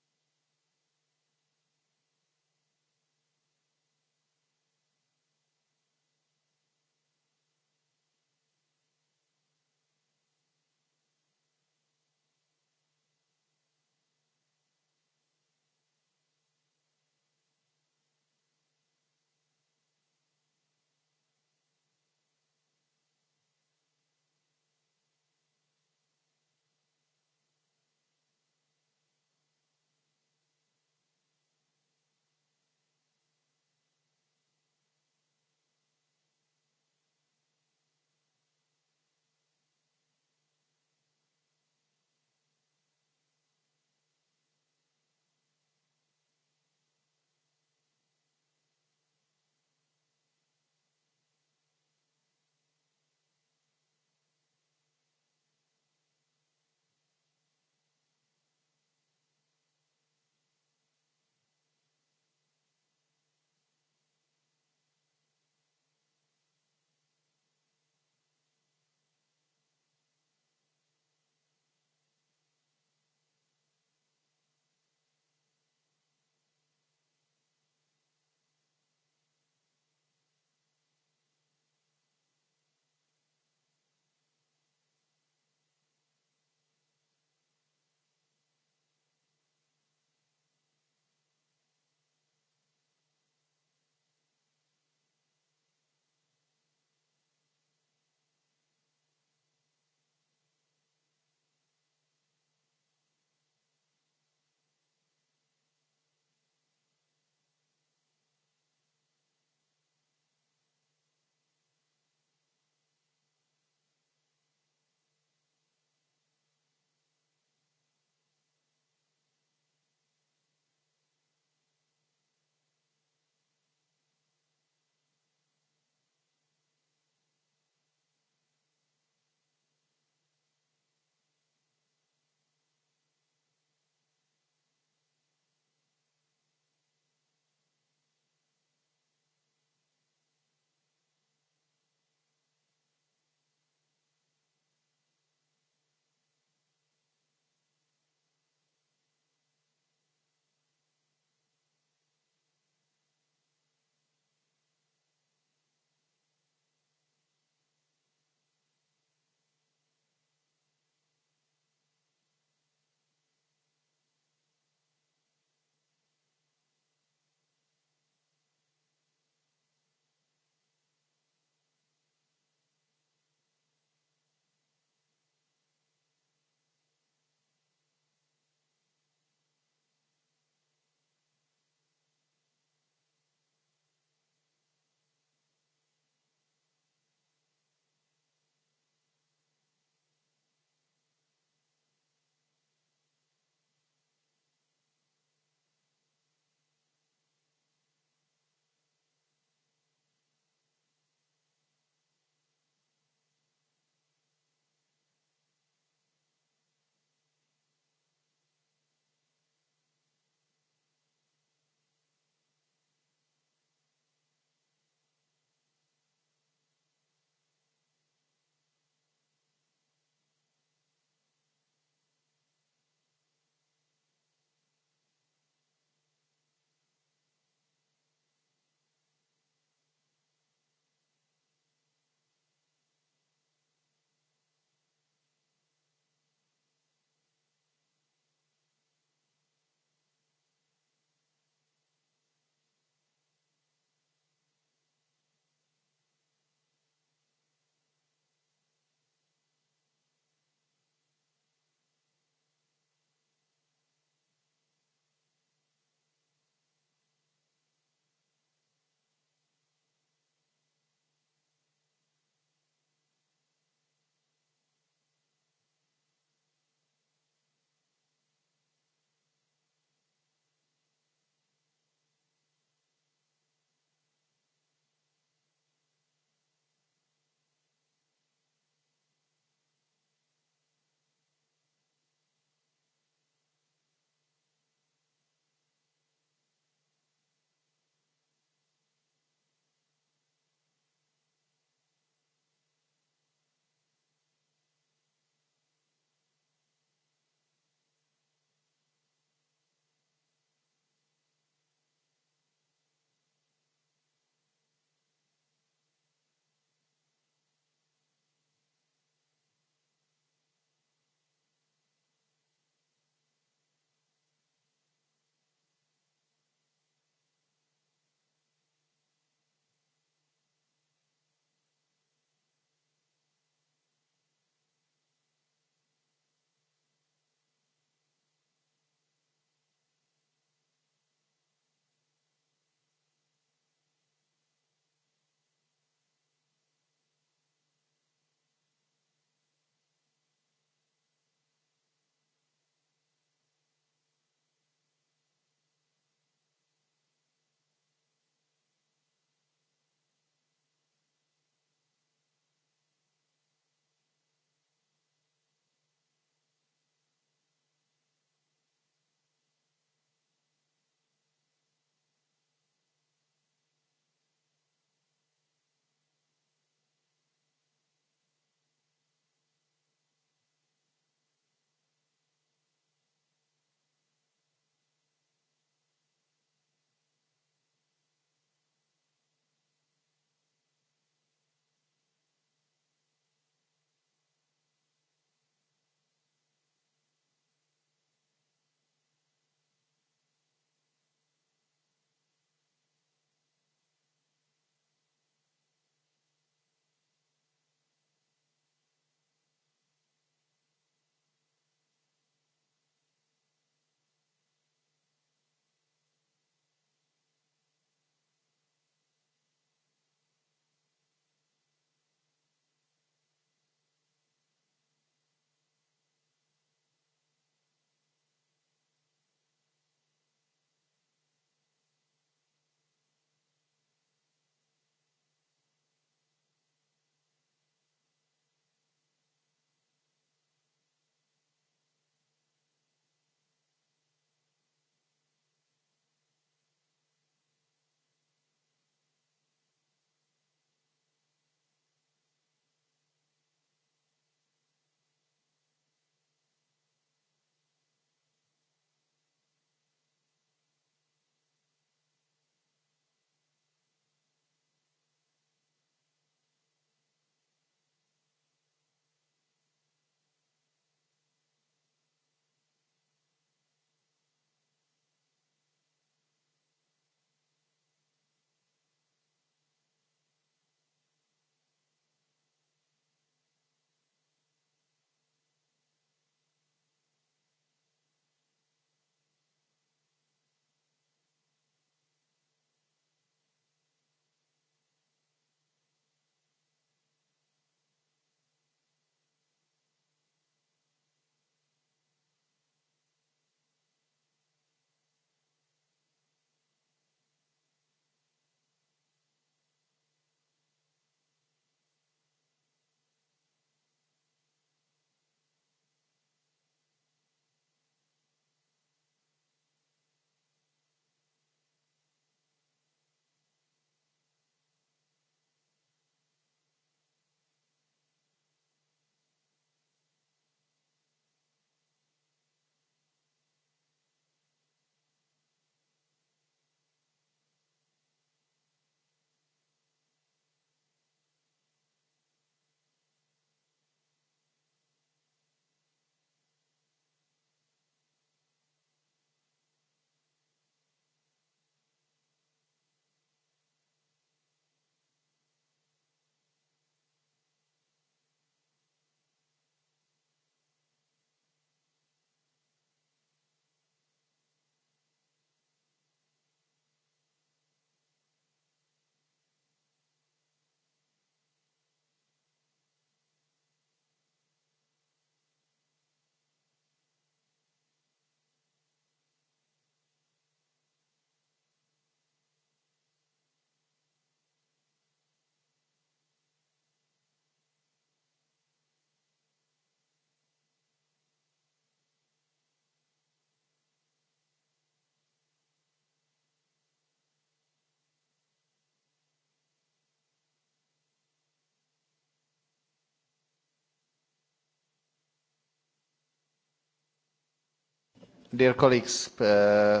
Uh,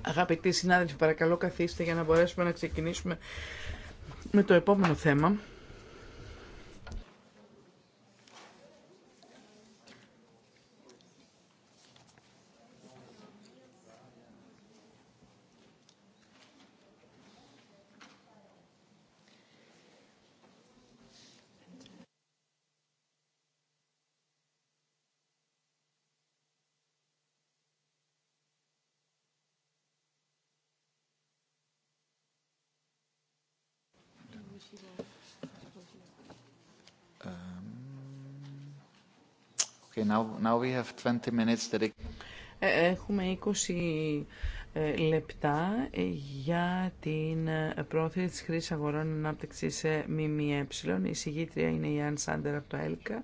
Αγαπητοί συνάδελφοι, παρακαλώ καθίστε για να μπορέσουμε να ξεκινήσουμε με το επόμενο θέμα. Ε, έχουμε 20 ε, λεπτά ε, για την πρόθεση της χρήσης αγορών ανάπτυξη σε ΜΜΕ. Η συγγήτρια είναι η Αν Σάντερ από το ΕΛΚΑ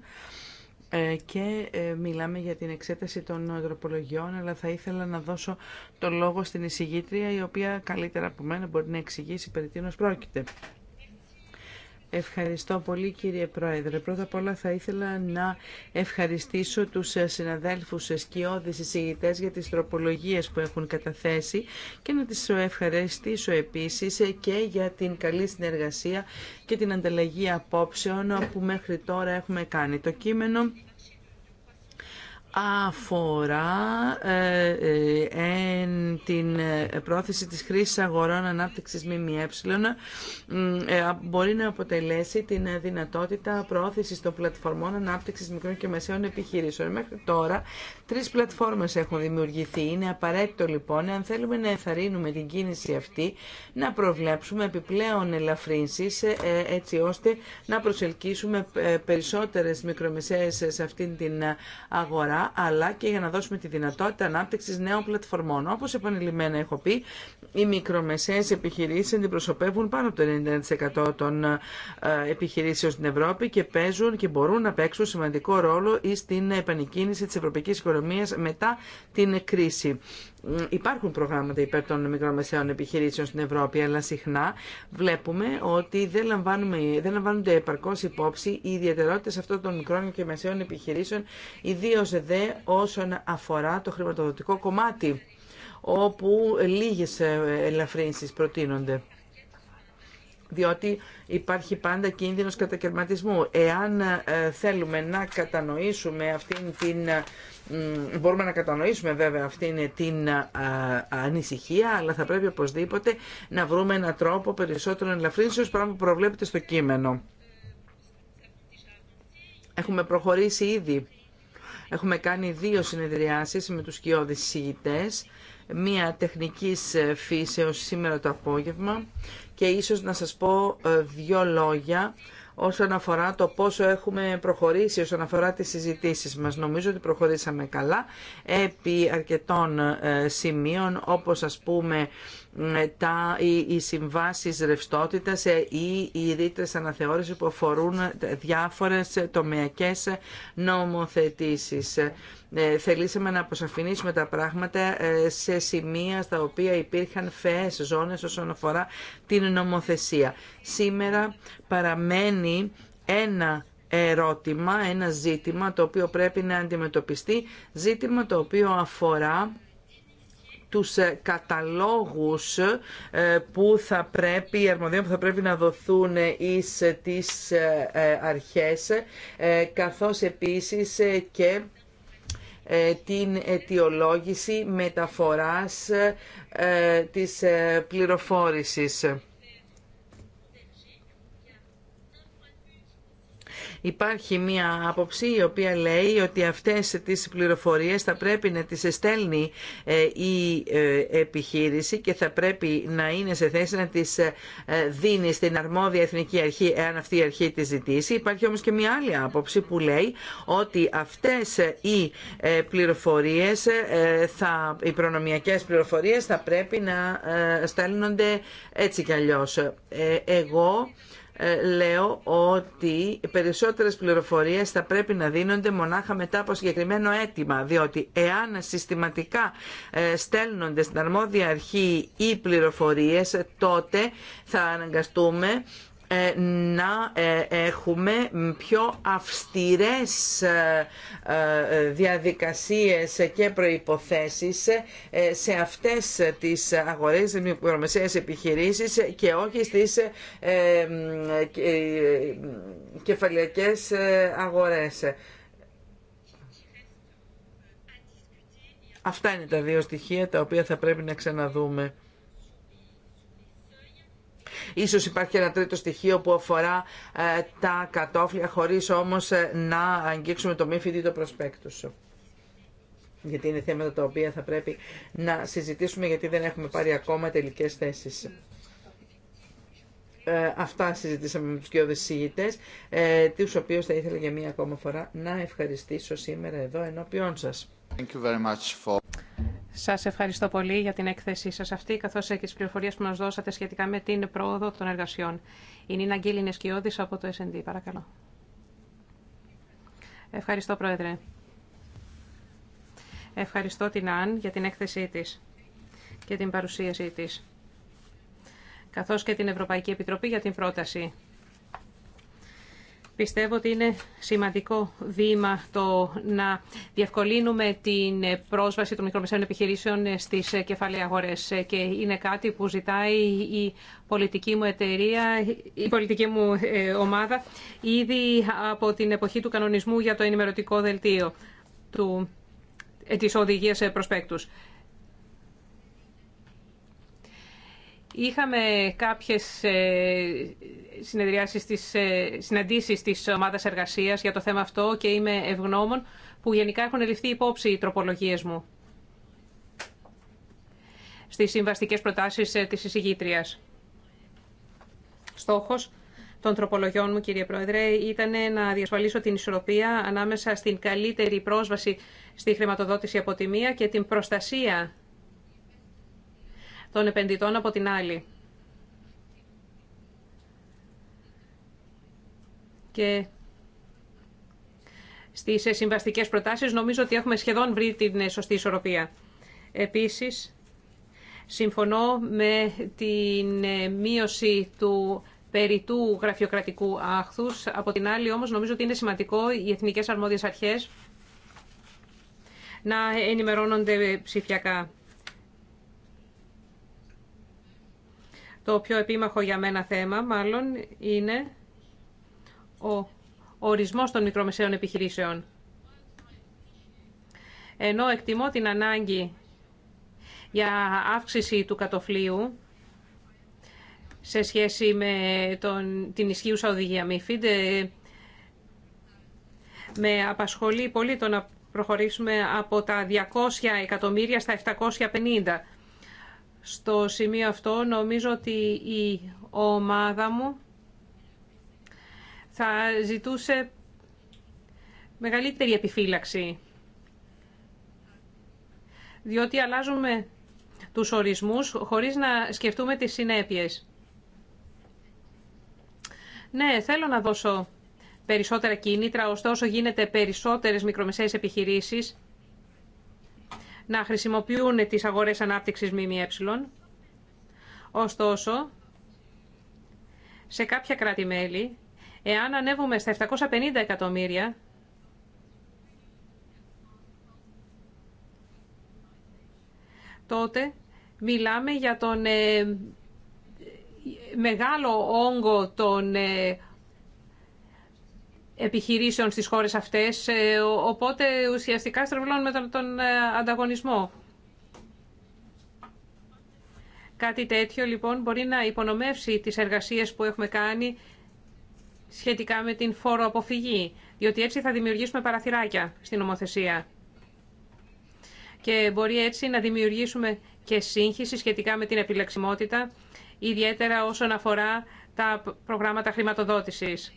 και μιλάμε για την εξέταση των τροπολογιών, αλλά θα ήθελα να δώσω το λόγο στην εισηγήτρια, η οποία καλύτερα από μένα μπορεί να εξηγήσει περί τίνος πρόκειται. Ευχαριστώ πολύ κύριε Πρόεδρε. Πρώτα απ' όλα θα ήθελα να ευχαριστήσω τους συναδέλφους σκιώδης εισηγητέ για τις τροπολογίες που έχουν καταθέσει και να τις ευχαριστήσω επίσης και για την καλή συνεργασία και την ανταλλαγή απόψεων που μέχρι τώρα έχουμε κάνει. Το κείμενο αφορά ε, ε την ε, πρόθεση της χρήσης αγορών ανάπτυξης ΜΜΕ ε, μπορεί να αποτελέσει την δυνατότητα πρόθεσης των πλατφορμών ανάπτυξης μικρών και μεσαίων επιχειρήσεων. Μέχρι τώρα τρεις πλατφόρμες έχουν δημιουργηθεί. Είναι απαραίτητο λοιπόν, αν θέλουμε να εθαρρύνουμε την κίνηση αυτή, να προβλέψουμε επιπλέον ελαφρύνσεις έτσι ώστε να προσελκύσουμε περισσότερες μικρομεσαίες σε αυτήν την αγορά αλλά και για να δώσουμε τη δυνατότητα ανάπτυξη νέων πλατφορμών. Όπω επανειλημμένα έχω πει, οι μικρομεσαίε επιχειρήσει αντιπροσωπεύουν πάνω από το 99% των ε, επιχειρήσεων στην Ευρώπη και παίζουν και μπορούν να παίξουν σημαντικό ρόλο στην επανεκκίνηση τη ευρωπαϊκή οικονομία μετά την κρίση. Υπάρχουν προγράμματα υπέρ των μικρομεσαίων επιχειρήσεων στην Ευρώπη, αλλά συχνά βλέπουμε ότι δεν, λαμβάνουμε, δεν λαμβάνονται επαρκώ υπόψη οι ιδιαιτερότητε αυτών των μικρών και μεσαίων επιχειρήσεων, ιδίω δε όσον αφορά το χρηματοδοτικό κομμάτι, όπου λίγε ελαφρύνσει προτείνονται διότι υπάρχει πάντα κίνδυνος κατακαιρματισμού. Εάν ε, θέλουμε να κατανοήσουμε αυτήν την... Ε, μπορούμε να κατανοήσουμε βέβαια αυτήν την ε, ανησυχία, αλλά θα πρέπει οπωσδήποτε να βρούμε έναν τρόπο περισσότερο ελαφρύνσεως, πράγμα που προβλέπεται στο κείμενο. Έχουμε προχωρήσει ήδη. Έχουμε κάνει δύο συνεδριάσεις με τους κοιόδης συγητές μία τεχνικής φύσεως σήμερα το απόγευμα και ίσως να σας πω ε, δύο λόγια όσον αφορά το πόσο έχουμε προχωρήσει, όσον αφορά τις συζητήσεις μας. Νομίζω ότι προχωρήσαμε καλά επί αρκετών ε, σημείων, όπως ας πούμε ε, τα, οι, οι συμβάσεις ρευστότητας ή οι ρήτρες αναθεώρηση που αφορούν διάφορες τομεακές νομοθετήσεις. Ναι, θελήσαμε να αποσαφηνίσουμε τα πράγματα ε, σε σημεία στα οποία υπήρχαν φαιές ζώνες όσον αφορά την νομοθεσία. Σήμερα παραμένει ένα ερώτημα, ένα ζήτημα το οποίο πρέπει να αντιμετωπιστεί, ζήτημα το οποίο αφορά τους ε, καταλόγους ε, που θα πρέπει, οι που θα πρέπει να δοθούν εις τις αρχές, καθώς επίσης και ε, την αιτιολόγηση μεταφοράς ε, της ε, πληροφόρησης. Υπάρχει μια άποψη η οποία λέει ότι αυτές τις πληροφορίες θα πρέπει να τις στέλνει ε, η ε, επιχείρηση και θα πρέπει να είναι σε θέση να τις ε, δίνει στην αρμόδια εθνική αρχή εάν αυτή η αρχή τη ζητήσει. Υπάρχει όμως και μια άλλη άποψη που λέει ότι αυτές οι πληροφορίες, θα, οι προνομιακές πληροφορίες θα πρέπει να στέλνονται έτσι κι αλλιώς. Εγώ ε, λέω ότι περισσότερες πληροφορίες θα πρέπει να δίνονται μονάχα μετά από συγκεκριμένο αίτημα, διότι εάν συστηματικά ε, στέλνονται στην αρμόδια αρχή οι πληροφορίες, τότε θα αναγκαστούμε ε, να ε, έχουμε πιο αυστηρές ε, διαδικασίες και προϋποθέσεις σε αυτές τις αγορές, τις μικρομεσαίες επιχειρήσεις και όχι στις κεφαλιακές αγορές. Αυτά είναι τα δύο στοιχεία τα οποία θα πρέπει να ξαναδούμε. Ίσως υπάρχει ένα τρίτο στοιχείο που αφορά ε, τα κατόφλια χωρίς όμως ε, να αγγίξουμε το μύφι ή το γιατί είναι θέματα τα οποία θα πρέπει να συζητήσουμε γιατί δεν έχουμε πάρει ακόμα τελικές θέσεις. Ε, αυτά συζητήσαμε με τους δύο δεσίγητες, ε, τους οποίους θα ήθελα για μία ακόμα φορά να ευχαριστήσω σήμερα εδώ ενώπιόν σας. Thank Σας ευχαριστώ πολύ για την έκθεσή σας αυτή, καθώς και τις πληροφορίες που μας δώσατε σχετικά με την πρόοδο των εργασιών. Η Νίνα Γκίλη Νεσκιώδης από το S&D, παρακαλώ. Ευχαριστώ, Πρόεδρε. Ευχαριστώ την Αν για την έκθεσή της και την παρουσίασή της, καθώς και την Ευρωπαϊκή Επιτροπή για την πρόταση. Πιστεύω ότι είναι σημαντικό βήμα το να διευκολύνουμε την πρόσβαση των μικρομεσαίων επιχειρήσεων στις κεφαλαίες αγορές και είναι κάτι που ζητάει η πολιτική μου εταιρεία, η πολιτική μου ε, ομάδα ήδη από την εποχή του κανονισμού για το ενημερωτικό δελτίο του, ε, της οδηγίας ε, προσπέκτους. Είχαμε κάποιες ε, συνεδριάσεις της, ε, συναντήσεις της ομάδας εργασίας για το θέμα αυτό και είμαι ευγνώμων που γενικά έχουν ληφθεί υπόψη οι τροπολογίες μου στις συμβαστικές προτάσεις ε, της εισηγήτριας. Στόχος των τροπολογιών μου, κύριε Πρόεδρε, ήταν να διασφαλίσω την ισορροπία ανάμεσα στην καλύτερη πρόσβαση στη χρηματοδότηση από τη και την προστασία των επενδυτών από την άλλη. Και στις συμβαστικές προτάσεις νομίζω ότι έχουμε σχεδόν βρει την σωστή ισορροπία. Επίσης, συμφωνώ με την μείωση του περιτού γραφειοκρατικού άχθους. Από την άλλη όμως νομίζω ότι είναι σημαντικό οι εθνικές αρμόδιες αρχές να ενημερώνονται ψηφιακά. Το πιο επίμαχο για μένα θέμα, μάλλον, είναι ο ορισμός των μικρομεσαίων επιχειρήσεων. Ενώ εκτιμώ την ανάγκη για αύξηση του κατοφλίου σε σχέση με τον, την ισχύουσα οδηγία MIFID, ε, με απασχολεί πολύ το να προχωρήσουμε από τα 200 εκατομμύρια στα 750 στο σημείο αυτό νομίζω ότι η ομάδα μου θα ζητούσε μεγαλύτερη επιφύλαξη. Διότι αλλάζουμε τους ορισμούς χωρίς να σκεφτούμε τις συνέπειες. Ναι, θέλω να δώσω περισσότερα κίνητρα, ωστόσο γίνεται περισσότερες μικρομεσαίες επιχειρήσεις να χρησιμοποιούν τις αγορές ανάπτυξης ΜΜΕ. Ωστόσο, σε κάποια κράτη-μέλη, εάν ανέβουμε στα 750 εκατομμύρια, τότε μιλάμε για τον ε, μεγάλο όγκο των ε, επιχειρήσεων στις χώρες αυτές, ε, οπότε ουσιαστικά στρεβλώνουμε τον, τον ε, ανταγωνισμό. Κάτι τέτοιο λοιπόν μπορεί να υπονομεύσει τις εργασίες που έχουμε κάνει σχετικά με την φόρο αποφυγή, διότι έτσι θα δημιουργήσουμε παραθυράκια στην νομοθεσία. Και μπορεί έτσι να δημιουργήσουμε και σύγχυση σχετικά με την επιλεξιμότητα, ιδιαίτερα όσον αφορά τα προγράμματα χρηματοδότησης.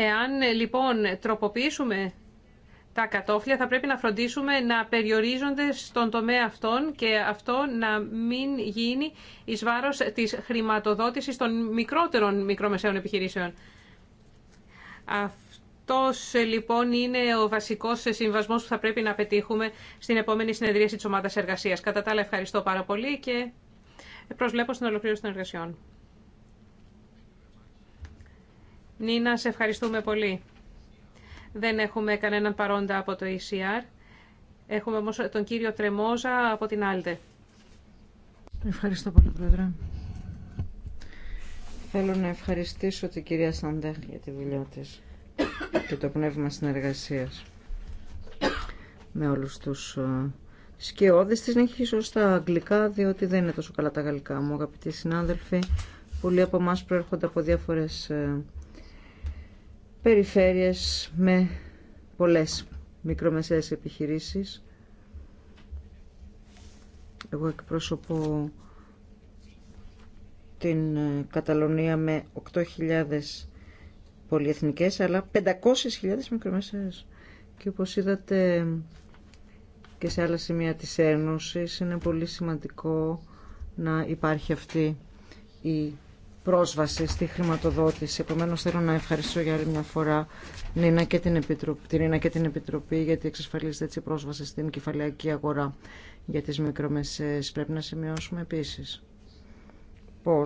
Εάν ε, λοιπόν τροποποιήσουμε τα κατόφλια θα πρέπει να φροντίσουμε να περιορίζονται στον τομέα αυτών και αυτό να μην γίνει εις βάρος της χρηματοδότησης των μικρότερων μικρομεσαίων επιχειρήσεων. Αυτός ε, λοιπόν είναι ο βασικός ε, συμβασμός που θα πρέπει να πετύχουμε στην επόμενη συνεδρίαση της ομάδας εργασίας. Κατά τα άλλα ευχαριστώ πάρα πολύ και προσβλέπω στην ολοκλήρωση των εργασιών. Νίνα, σε ευχαριστούμε πολύ. Δεν έχουμε κανέναν παρόντα από το ECR. Έχουμε όμως τον κύριο Τρεμόζα από την Άλτε. Ευχαριστώ πολύ, Πρόεδρε. Θέλω να ευχαριστήσω την κυρία Σαντέχ για τη δουλειά της και το πνεύμα συνεργασίας με όλους τους ε, σκιώδες της. Έχει σωστά αγγλικά, διότι δεν είναι τόσο καλά τα γαλλικά μου, αγαπητοί συνάδελφοι. Πολλοί από εμά προέρχονται από διάφορες ε, περιφέρειες με πολλές μικρομεσαίες επιχειρήσεις. Εγώ εκπρόσωπω την ε, Καταλωνία με 8.000 πολυεθνικές, αλλά 500.000 μικρομεσαίες. Και όπως είδατε και σε άλλα σημεία της Ένωσης, είναι πολύ σημαντικό να υπάρχει αυτή η πρόσβαση στη χρηματοδότηση. Επομένω, θέλω να ευχαριστήσω για άλλη μια φορά Νίνα και την Επιτροπή, την και την Επιτροπή γιατί εξασφαλίζεται έτσι πρόσβαση στην κεφαλαϊκή αγορά για τι μικρομεσαίες. Πρέπει να σημειώσουμε επίσης Πώ,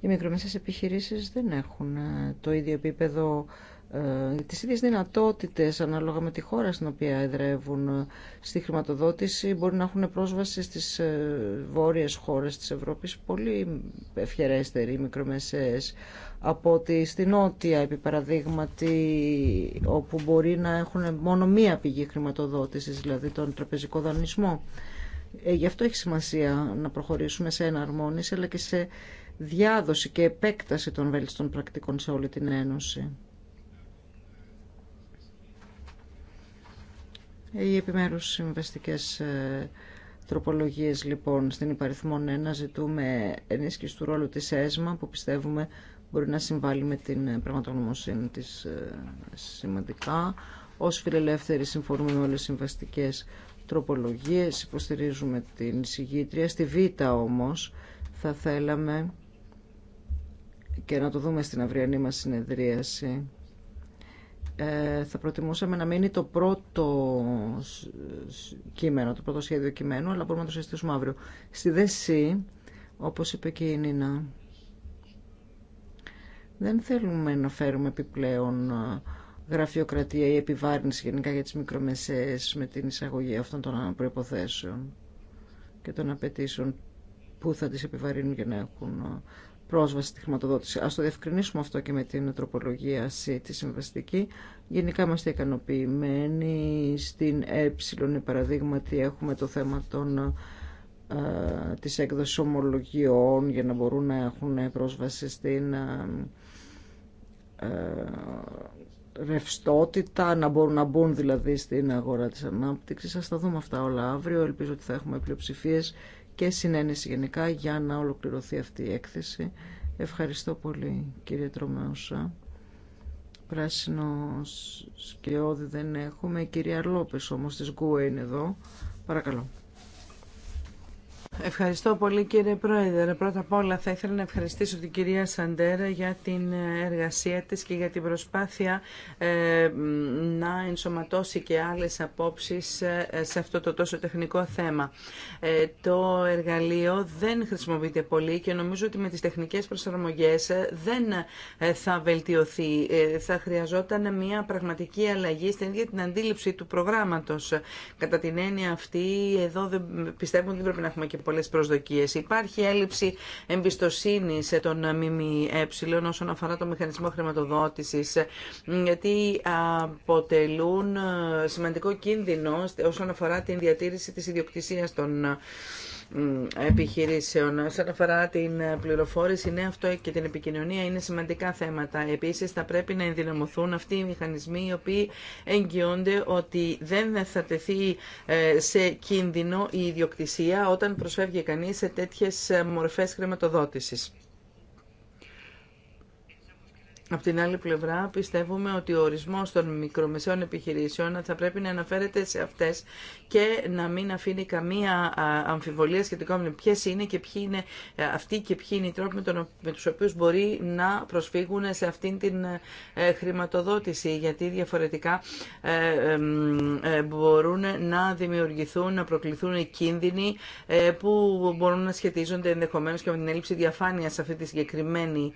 οι μικρομεσαίες επιχειρήσεις δεν έχουν ε, το ίδιο επίπεδο ε, τις ίδιες δυνατότητες ανάλογα με τη χώρα στην οποία εδρεύουν ε, στη χρηματοδότηση μπορεί να έχουν πρόσβαση στις ε, βόρειες χώρες της Ευρώπης πολύ ευχερέστεροι οι μικρομεσαίες από ότι στη νότια επί όπου μπορεί να έχουν μόνο μία πηγή χρηματοδότησης δηλαδή τον τραπεζικό δανεισμό γι' αυτό έχει σημασία να προχωρήσουμε σε εναρμόνιση αλλά και σε διάδοση και επέκταση των βέλτιστων πρακτικών σε όλη την Ένωση. Οι επιμέρους συμβαστικές ε, τροπολογίες λοιπόν στην υπαριθμόν 1 ζητούμε ενίσχυση του ρόλου της ΕΣΜΑ που πιστεύουμε μπορεί να συμβάλλει με την πραγματογνωμοσύνη της ε, σημαντικά. Ως φιλελεύθεροι συμφωνούμε με όλες τις συμβαστικές τροπολογίες, υποστηρίζουμε την συγγήτρια. Στη Β όμως θα θέλαμε και να το δούμε στην αυριανή μας συνεδρίαση ε, θα προτιμούσαμε να μείνει το πρώτο κείμενο, το πρώτο σχέδιο κειμένου, αλλά μπορούμε να το συζητήσουμε αύριο. Στη ΔΕΣΥ, όπως είπε και η Νίνα, δεν θέλουμε να φέρουμε επιπλέον ε, γραφειοκρατία ή επιβάρυνση γενικά για τις μικρομεσαίες με την εισαγωγή αυτών των προϋποθέσεων και των απαιτήσεων που θα τις επιβαρύνουν για να έχουν ε, πρόσβαση στη χρηματοδότηση. Ας το διευκρινίσουμε αυτό και με την τροπολογία C, τη συμβαστική. Γενικά είμαστε ικανοποιημένοι. Στην ε, παραδείγματι, έχουμε το θέμα των ε, της έκδοσης ομολογιών για να μπορούν να έχουν πρόσβαση στην ε, ε, ρευστότητα, να μπορούν να μπουν δηλαδή στην αγορά της ανάπτυξης. Ας τα δούμε αυτά όλα αύριο. Ελπίζω ότι θα έχουμε πλειοψηφίες και συνένεση γενικά για να ολοκληρωθεί αυτή η έκθεση. Ευχαριστώ πολύ κύριε Τρομέουσα. Πράσινο σκιώδη δεν έχουμε. Η κυρία Λόπες όμως της Γκουέ είναι εδώ. Παρακαλώ. Ευχαριστώ πολύ κύριε Πρόεδρε. Πρώτα απ' όλα θα ήθελα να ευχαριστήσω την κυρία Σαντέρα για την εργασία της και για την προσπάθεια ε, να ενσωματώσει και άλλες απόψεις ε, σε αυτό το τόσο τεχνικό θέμα. Ε, το εργαλείο δεν χρησιμοποιείται πολύ και νομίζω ότι με τις τεχνικές προσαρμογές δεν θα βελτιωθεί. Θα χρειαζόταν μια πραγματική αλλαγή στην ίδια την αντίληψη του προγράμματος. Κατά την έννοια αυτή, εδώ δεν πιστεύω ότι δεν πρέπει να έχουμε και πολλές προσδοκίες. Υπάρχει έλλειψη εμπιστοσύνης των ΜΜΕ όσον αφορά το μηχανισμό χρηματοδότησης, γιατί αποτελούν σημαντικό κίνδυνο όσον αφορά την διατήρηση της ιδιοκτησίας των επιχειρήσεων. Όσον αφορά την πληροφόρηση, είναι αυτό και την επικοινωνία είναι σημαντικά θέματα. Επίσης θα πρέπει να ενδυναμωθούν αυτοί οι μηχανισμοί οι οποίοι εγγυώνται ότι δεν θα τεθεί ε, σε κίνδυνο η ιδιοκτησία όταν προσφεύγει κανείς σε τέτοιε μορφές χρηματοδότηση. Από την άλλη πλευρά πιστεύουμε ότι ο ορισμός των μικρομεσαίων επιχειρήσεων θα πρέπει να αναφέρεται σε αυτές και να μην αφήνει καμία αμφιβολία σχετικά με ποιε είναι και ποιοι είναι ε, αυτοί και ποιοι είναι οι τρόποι με, τον, με τους οποίους μπορεί να προσφύγουν σε αυτήν την ε, χρηματοδότηση γιατί διαφορετικά ε, μπορούν να δημιουργηθούν, να προκληθούν οι κίνδυνοι που μπορούν να σχετίζονται ενδεχομένως και με την έλλειψη διαφάνειας σε αυτή τη συγκεκριμένη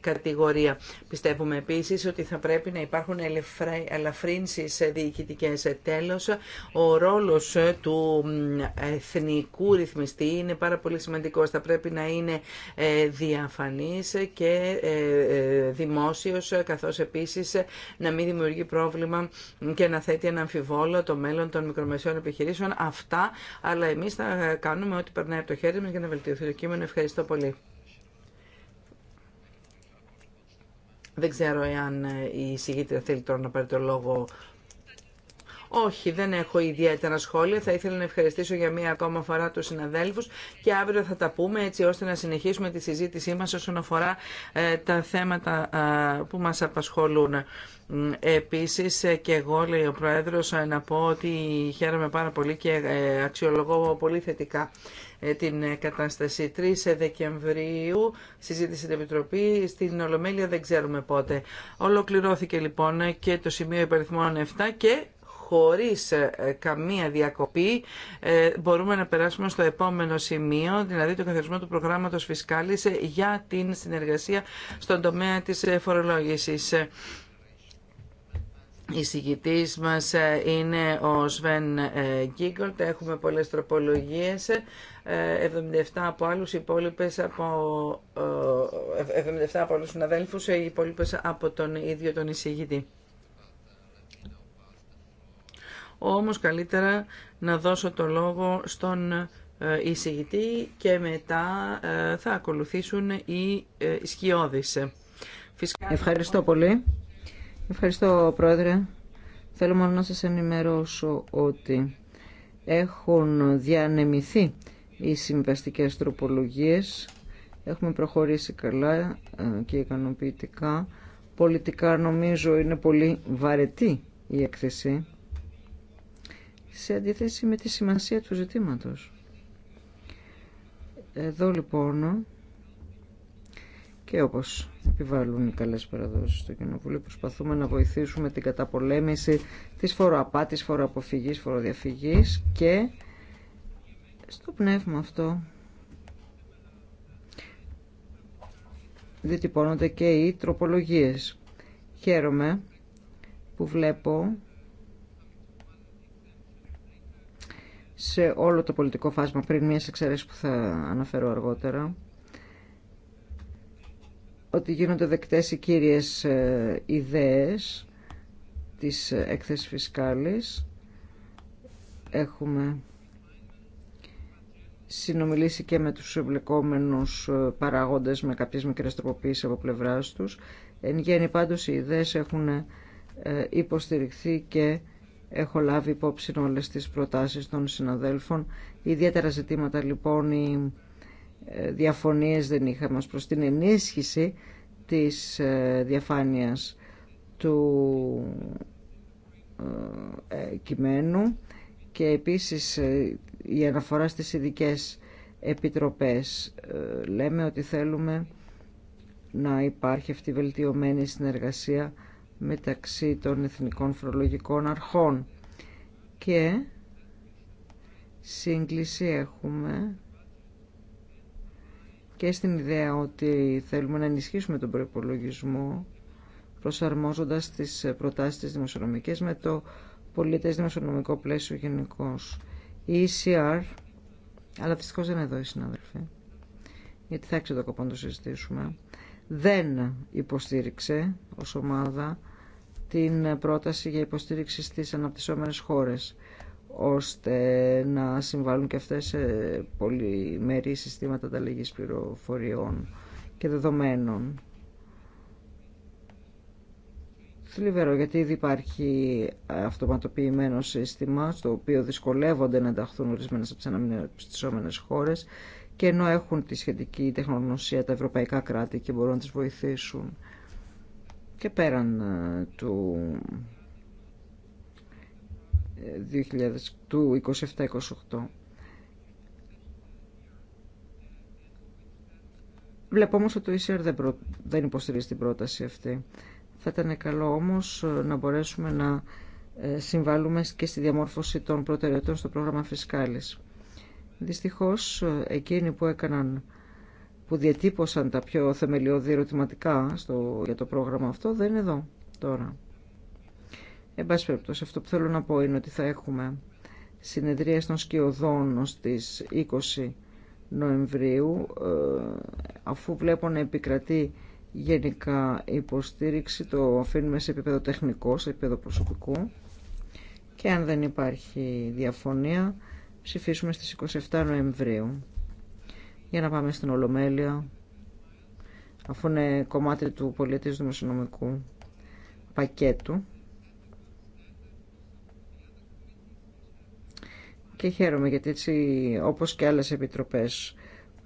κατηγορία. Πιστεύουμε επίσης ότι θα πρέπει να υπάρχουν ελαφρύνσει διοικητικέ τέλο. ο ρόλος του εθνικού ρυθμιστή είναι πάρα πολύ σημαντικό. Θα πρέπει να είναι ε, διαφανής και ε, ε, δημόσιος, καθώς επίσης να μην δημιουργεί πρόβλημα και να θέτει ένα αμφιβόλο το μέλλον των μικρομεσαίων επιχειρήσεων. Αυτά, αλλά εμείς θα κάνουμε ό,τι περνάει από το χέρι μα για να βελτιωθεί το κείμενο. Ευχαριστώ πολύ. Δεν ξέρω εάν ε, η εισηγήτρια θέλει τώρα να πάρει το λόγο. Όχι, δεν έχω ιδιαίτερα σχόλια. Θα ήθελα να ευχαριστήσω για μία ακόμα φορά τους συναδέλφους και αύριο θα τα πούμε έτσι ώστε να συνεχίσουμε τη συζήτησή μας όσον αφορά ε, τα θέματα ε, που μας απασχολούν. Επίσης και εγώ, λέει ο Πρόεδρος, να πω ότι χαίρομαι πάρα πολύ και αξιολογώ πολύ θετικά ε, την ε, κατάσταση. 3 ε, Δεκεμβρίου συζήτησε την Επιτροπή, στην Ολομέλεια δεν ξέρουμε πότε. Ολοκληρώθηκε λοιπόν και το σημείο υπαριθμών 7 και χωρίς καμία διακοπή μπορούμε να περάσουμε στο επόμενο σημείο, δηλαδή το καθορισμό του προγράμματος Φισκάλης για την συνεργασία στον τομέα της φορολόγησης. Η συγητής μας ε, είναι ο Σβέν ε, Γκίγκολτ. Έχουμε πολλέ τροπολογίε 77 από άλλου υπόλοιπε από, 77 από άλλους ε, συναδέλφου, οι υπόλοιπε από τον ίδιο τον εισηγητή. Όμως καλύτερα να δώσω το λόγο στον εισηγητή και μετά θα ακολουθήσουν οι σκιώδει. Ευχαριστώ πολύ. Ευχαριστώ, Πρόεδρε. Θέλω μόνο να σας ενημερώσω ότι έχουν διανεμηθεί οι συμβαστικές τροπολογίες. Έχουμε προχωρήσει καλά ε, και ικανοποιητικά. Πολιτικά νομίζω είναι πολύ βαρετή η έκθεση σε αντίθεση με τη σημασία του ζητήματος. Εδώ λοιπόν και όπως επιβάλλουν οι καλές παραδόσεις στο Κοινοβούλιο προσπαθούμε να βοηθήσουμε την καταπολέμηση της φοροαπάτης, φοροαποφυγής, φοροδιαφυγής και στο πνεύμα αυτό διτυπώνονται και οι τροπολογίες. Χαίρομαι που βλέπω σε όλο το πολιτικό φάσμα πριν μια εξαίρεση που θα αναφέρω αργότερα ότι γίνονται δεκτές οι κύριες ε, ιδέες της έκθεσης φυσκάλης. Έχουμε συνομιλήσει και με τους εμπλεκόμενους ε, παράγοντες με κάποιες μικρές τροποποίησεις από πλευράς τους. Εν γέννη πάντως οι ιδέες έχουν ε, υποστηριχθεί και έχω λάβει υπόψη όλες τις προτάσεις των συναδέλφων. Ιδιαίτερα ζητήματα λοιπόν η διαφωνίες δεν είχαμε προς την ενίσχυση της ε, διαφάνειας του ε, ε, κειμένου και επίσης η αναφορά στις ειδικέ επιτροπές. Λέμε ότι θέλουμε να υπάρχει αυτή η βελτιωμένη συνεργασία μεταξύ των εθνικών φορολογικών αρχών και σύγκληση έχουμε και στην ιδέα ότι θέλουμε να ενισχύσουμε τον προπολογισμό προσαρμόζοντας τις προτάσεις της δημοσιονομικής με το πολίτες δημοσιονομικό πλαίσιο γενικώ. Η ECR, αλλά δυστυχώ δεν είναι εδώ οι συνάδελφοι, γιατί θα έξω το να το συζητήσουμε, δεν υποστήριξε ως ομάδα την πρόταση για υποστήριξη στις αναπτυσσόμενες χώρες ώστε να συμβάλλουν και αυτές σε πολυμερή συστήματα ανταλλαγής πληροφοριών και δεδομένων. Θλιβερό, γιατί ήδη υπάρχει αυτοματοποιημένο σύστημα στο οποίο δυσκολεύονται να ενταχθούν ορισμένες από τις αναμεινωμένες χώρες και ενώ έχουν τη σχετική τεχνογνωσία τα ευρωπαϊκά κράτη και μπορούν να τις βοηθήσουν και πέραν ε, του ε, του 27-28. Βλέπω όμως ότι το ECR δεν, δεν υποστηρίζει την πρόταση αυτή. Θα ήταν καλό όμως ε, να μπορέσουμε να ε, συμβάλλουμε και στη διαμόρφωση των προτεραιοτήτων στο πρόγραμμα Φισκάλης. Δυστυχώς εκείνοι που έκαναν που διατύπωσαν τα πιο θεμελιώδη ερωτηματικά στο, για το πρόγραμμα αυτό δεν είναι εδώ τώρα. Εν πάση περιπτώσει, αυτό που θέλω να πω είναι ότι θα έχουμε συνεδρία των σκιωδών στις 20 Νοεμβρίου, ε, αφού βλέπω να επικρατεί γενικά υποστήριξη, το αφήνουμε σε επίπεδο τεχνικό, σε επίπεδο προσωπικού και αν δεν υπάρχει διαφωνία ψηφίσουμε στις 27 Νοεμβρίου για να πάμε στην Ολομέλεια αφού είναι κομμάτι του πολιτής δημοσιονομικού πακέτου και χαίρομαι γιατί έτσι όπως και άλλες επιτροπές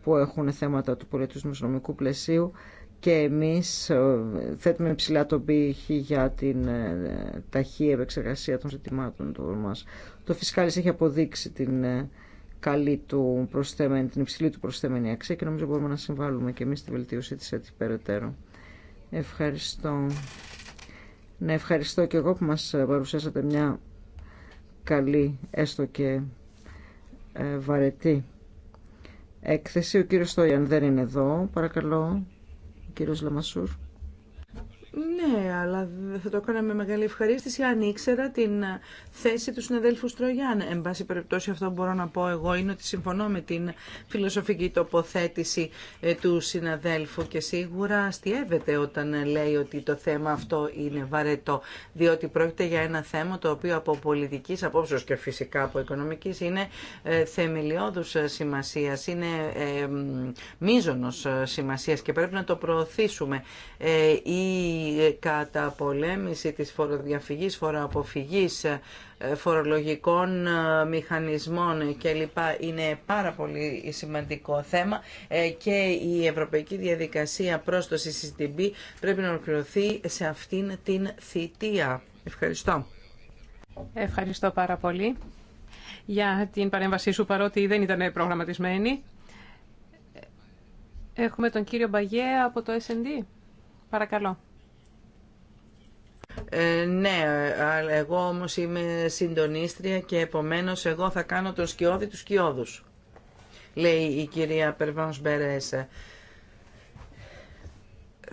που έχουν θέματα του πολιτισμού νομικού πλαισίου και εμείς ε, θέτουμε ψηλά τον πύχη για την ε, ταχύ επεξεργασία των ζητημάτων του μας. Το Φισκάλις έχει αποδείξει την ε, καλή του προσθέμενη, την υψηλή του προσθέμενη αξία και νομίζω μπορούμε να συμβάλλουμε και εμείς στη βελτίωση της έτσι περαιτέρω. Ευχαριστώ. Να ευχαριστώ και εγώ που μας παρουσιάσατε μια καλή έστω και ε, βαρετή έκθεση. Ο κύριος Στόιαν δεν είναι εδώ. Παρακαλώ, ο κύριος Λαμασούρ. Ναι, αλλά θα το έκανα με μεγάλη ευχαρίστηση αν ήξερα την θέση του συναδέλφου Στρογιάν. Εν πάση περιπτώσει αυτό που μπορώ να πω εγώ είναι ότι συμφωνώ με την φιλοσοφική τοποθέτηση ε, του συναδέλφου και σίγουρα αστιεύεται όταν λέει ότι το θέμα αυτό είναι βαρετό, διότι πρόκειται για ένα θέμα το οποίο από πολιτικής απόψεω και φυσικά από οικονομική είναι ε, θεμελιώδου σημασία, είναι ε, μίζωνος σημασία και πρέπει να το προωθήσουμε. Η η καταπολέμηση της φοροδιαφυγής, φοροαποφυγής, ε, φορολογικών ε, μηχανισμών κλπ. είναι πάρα πολύ σημαντικό θέμα ε, και η ευρωπαϊκή διαδικασία προς το πρέπει να ολοκληρωθεί σε αυτήν την θητεία. Ευχαριστώ. Ευχαριστώ πάρα πολύ για την παρέμβασή σου παρότι δεν ήταν προγραμματισμένη. Έχουμε τον κύριο Μπαγιέ από το S&D. Παρακαλώ. Ε, ναι, εγώ όμως είμαι συντονίστρια και επομένως εγώ θα κάνω τον σκιώδη του σκιώδους, λέει η κυρία περβάνς Μπερέσα.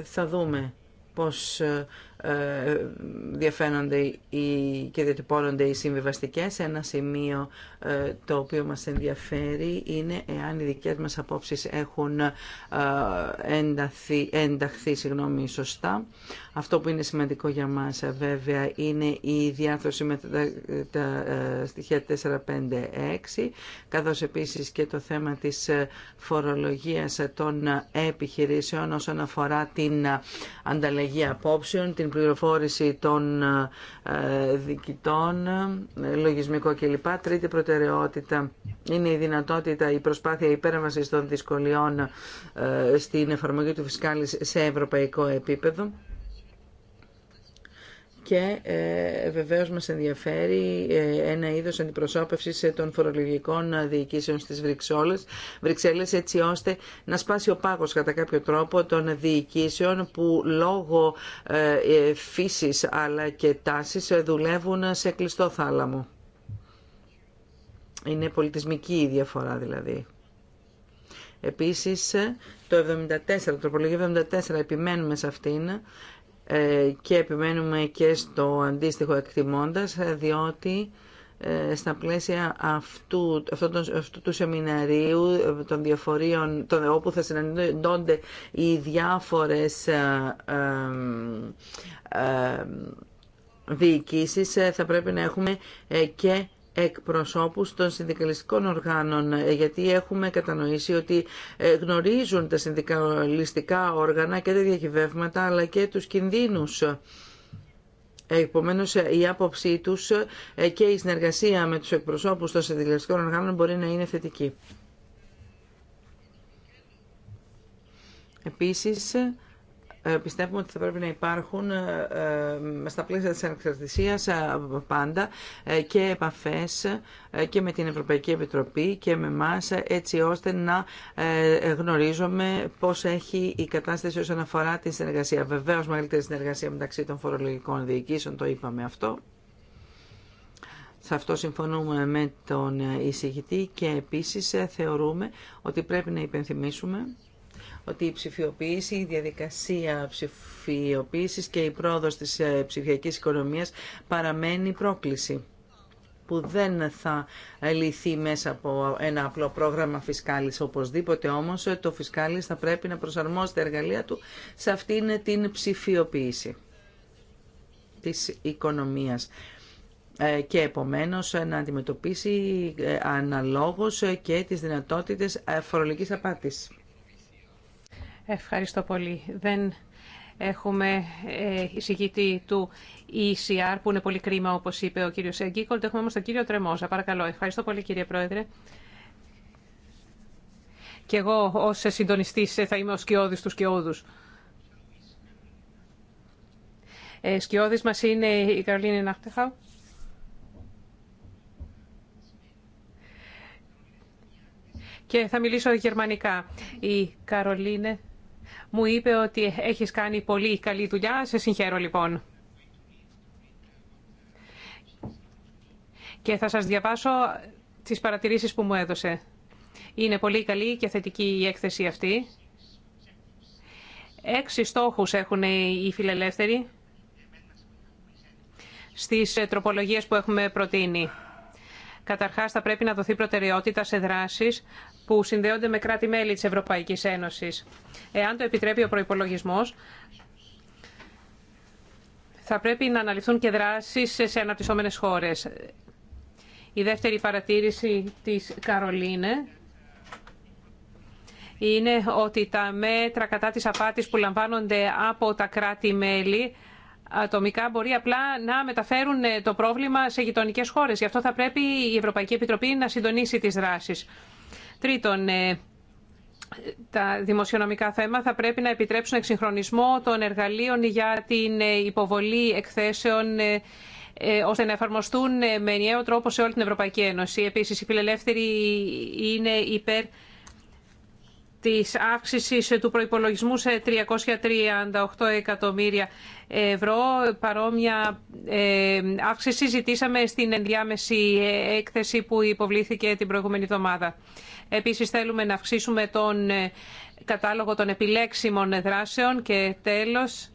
Θα δούμε πώς ε, ε, διαφαίνονται οι, και διατυπώνονται οι συμβιβαστικές. Ένα σημείο ε, το οποίο μας ενδιαφέρει είναι εάν οι δικές μας απόψεις έχουν ε, ενταχθεί, ενταχθεί συγγνώμη, σωστά. Αυτό που είναι σημαντικό για μας ε, βέβαια είναι η διάθεση με τα, στοιχεία 4, 5, 6 καθώς επίσης και το θέμα της φορολογίας των επιχειρήσεων όσον αφορά την ανταλλαγή απόψεων, την πληροφόρηση των διοικητών, λογισμικό κλπ. Τρίτη προτεραιότητα είναι η δυνατότητα, η προσπάθεια υπέρβασης των δυσκολιών ε, στην εφαρμογή του φυσκάλης σε ευρωπαϊκό επίπεδο. Και ε, βεβαίως μας ενδιαφέρει ε, ένα είδος αντιπροσώπευσης των φορολογικών διοικήσεων στις Βρυξόλες, έτσι ώστε να σπάσει ο πάγος κατά κάποιο τρόπο των διοικήσεων που λόγω ε, ε φύσης αλλά και τάσης δουλεύουν σε κλειστό θάλαμο. Είναι πολιτισμική η διαφορά δηλαδή. Επίσης, το 74, το τροπολογείο 74, επιμένουμε σε αυτήν ε, και επιμένουμε και στο αντίστοιχο εκτιμώντας, διότι ε, στα πλαίσια αυτού, του σεμιναρίου ε, των διαφορείων, όπου θα συναντώνται οι διάφορες ε, διοικήσεις, θα πρέπει να έχουμε και εκπροσώπους των συνδικαλιστικών οργάνων ε, γιατί έχουμε κατανοήσει ότι ε, γνωρίζουν τα συνδικαλιστικά όργανα και τα διακυβεύματα αλλά και τους κινδύνους. Ε, επομένως η άποψή τους και η συνεργασία με τους εκπροσώπους των συνδικαλιστικών οργάνων μπορεί να είναι θετική. Επίσης, ε, πιστεύουμε ότι θα πρέπει να υπάρχουν ε, ε, στα πλαίσια της ανεξαρτησίας πάντα και επαφές και με την Ευρωπαϊκή Επιτροπή και με εμά έτσι ώστε να γνωρίζουμε πώς έχει η κατάσταση όσον αφορά τη συνεργασία. Βεβαίως μεγαλύτερη συνεργασία μεταξύ των φορολογικών διοικήσεων, το είπαμε αυτό. Σε αυτό συμφωνούμε με τον εισηγητή και επίσης θεωρούμε ότι πρέπει να υπενθυμίσουμε ότι η ψηφιοποίηση, η διαδικασία ψηφιοποίησης και η πρόοδος της ε, ψηφιακής οικονομίας παραμένει πρόκληση που δεν θα ε, λυθεί μέσα από ένα απλό πρόγραμμα φυσκάλης. Οπωσδήποτε όμως ε, το φυσκάλης θα πρέπει να προσαρμόσει τα εργαλεία του σε αυτήν την ψηφιοποίηση της οικονομίας και επομένως να αντιμετωπίσει αναλόγως και τις δυνατότητες φορολογικής απάτησης. Ευχαριστώ πολύ. Δεν έχουμε ε, εισηγητή του ECR που είναι πολύ κρίμα όπως είπε ο κύριος Γκίκολτ. Έχουμε όμως τον κύριο Τρεμόζα. Παρακαλώ. Ευχαριστώ πολύ κύριε Πρόεδρε. Και εγώ ως συντονιστής ε, θα είμαι ο σκιώδης του σκιώδους. Ε, σκιώδης μας είναι η Καρολίνη Ναχτεχάου. Και θα μιλήσω γερμανικά. Η Καρολίνε μου είπε ότι έχεις κάνει πολύ καλή δουλειά. Σε συγχαίρω λοιπόν. Και θα σας διαβάσω τις παρατηρήσεις που μου έδωσε. Είναι πολύ καλή και θετική η έκθεση αυτή. Έξι στόχους έχουν οι φιλελεύθεροι στις τροπολογίες που έχουμε προτείνει. Καταρχάς, θα πρέπει να δοθεί προτεραιότητα σε δράσεις που συνδέονται με κράτη-μέλη της Ευρωπαϊκής Ένωσης. Εάν το επιτρέπει ο προϋπολογισμός, θα πρέπει να αναλυθούν και δράσεις σε αναπτυσσόμενες χώρες. Η δεύτερη παρατήρηση της Καρολίνε είναι ότι τα μέτρα κατά της απάτης που λαμβάνονται από τα κράτη-μέλη ατομικά μπορεί απλά να μεταφέρουν το πρόβλημα σε γειτονικές χώρες. Γι' αυτό θα πρέπει η Ευρωπαϊκή Επιτροπή να συντονίσει τις δράσεις. Τρίτον, ε, τα δημοσιονομικά θέματα θα πρέπει να επιτρέψουν εξυγχρονισμό των εργαλείων για την ε, υποβολή εκθέσεων ε, ώστε να εφαρμοστούν με ενιαίο τρόπο σε όλη την Ευρωπαϊκή Ένωση. Επίσης, οι φιλελεύθεροι είναι υπέρ της αύξησης του προϋπολογισμού σε 338 εκατομμύρια ευρώ. Παρόμοια αύξηση ζητήσαμε στην ενδιάμεση έκθεση που υποβλήθηκε την προηγούμενη εβδομάδα. Επίσης θέλουμε να αυξήσουμε τον ε, κατάλογο των επιλέξιμων δράσεων και τέλος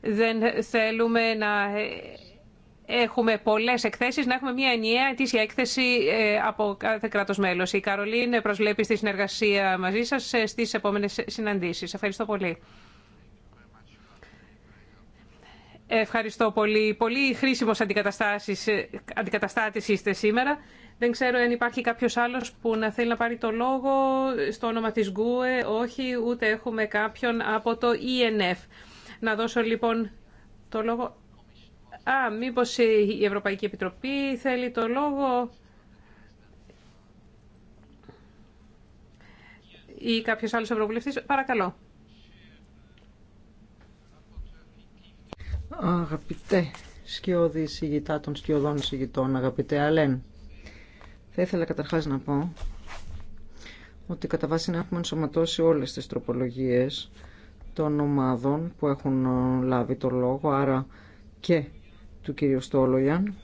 δεν θέλουμε να ε, έχουμε πολλές εκθέσεις, να έχουμε μια ενιαία αιτήσια έκθεση ε, από κάθε κράτος μέλος. Η Καρολίν προσβλέπει στη συνεργασία μαζί σας στις επόμενες συναντήσεις. Ευχαριστώ πολύ. Ευχαριστώ πολύ. Πολύ χρήσιμος αντικαταστάτης είστε σήμερα. Δεν ξέρω αν υπάρχει κάποιος άλλος που να θέλει να πάρει το λόγο στο όνομα τη Γκουε, όχι, ούτε έχουμε κάποιον από το ENF. Να δώσω λοιπόν το λόγο. Α, μήπως η Ευρωπαϊκή Επιτροπή θέλει το λόγο ή κάποιος άλλος ευρωβουλευτής. Παρακαλώ. Αγαπητέ σκιώδη συγητά των σκιωδών Σιγητών, αγαπητέ Αλέν. Θα ήθελα καταρχάς να πω ότι κατά βάση να έχουμε ενσωματώσει όλες τις τροπολογίες των ομάδων που έχουν ε, λάβει το λόγο, άρα και του κυρίου Στόλογιαν,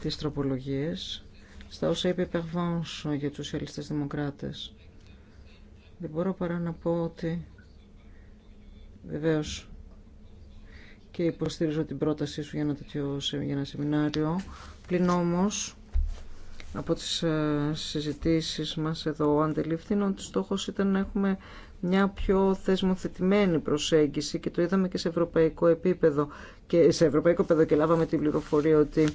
τις τροπολογίες, στα όσα είπε υπερβάνσο για τους σοσιαλιστές δημοκράτες. Δεν μπορώ παρά να πω ότι βεβαίως και υποστήριζω την πρότασή σου για ένα, τέτοιο, για ένα σεμινάριο, πλην όμως από τις ε, συζητήσεις μας εδώ αντελήφθην ότι στόχος ήταν να έχουμε μια πιο θεσμοθετημένη προσέγγιση και το είδαμε και σε ευρωπαϊκό επίπεδο και σε ευρωπαϊκό επίπεδο και λάβαμε την πληροφορία ότι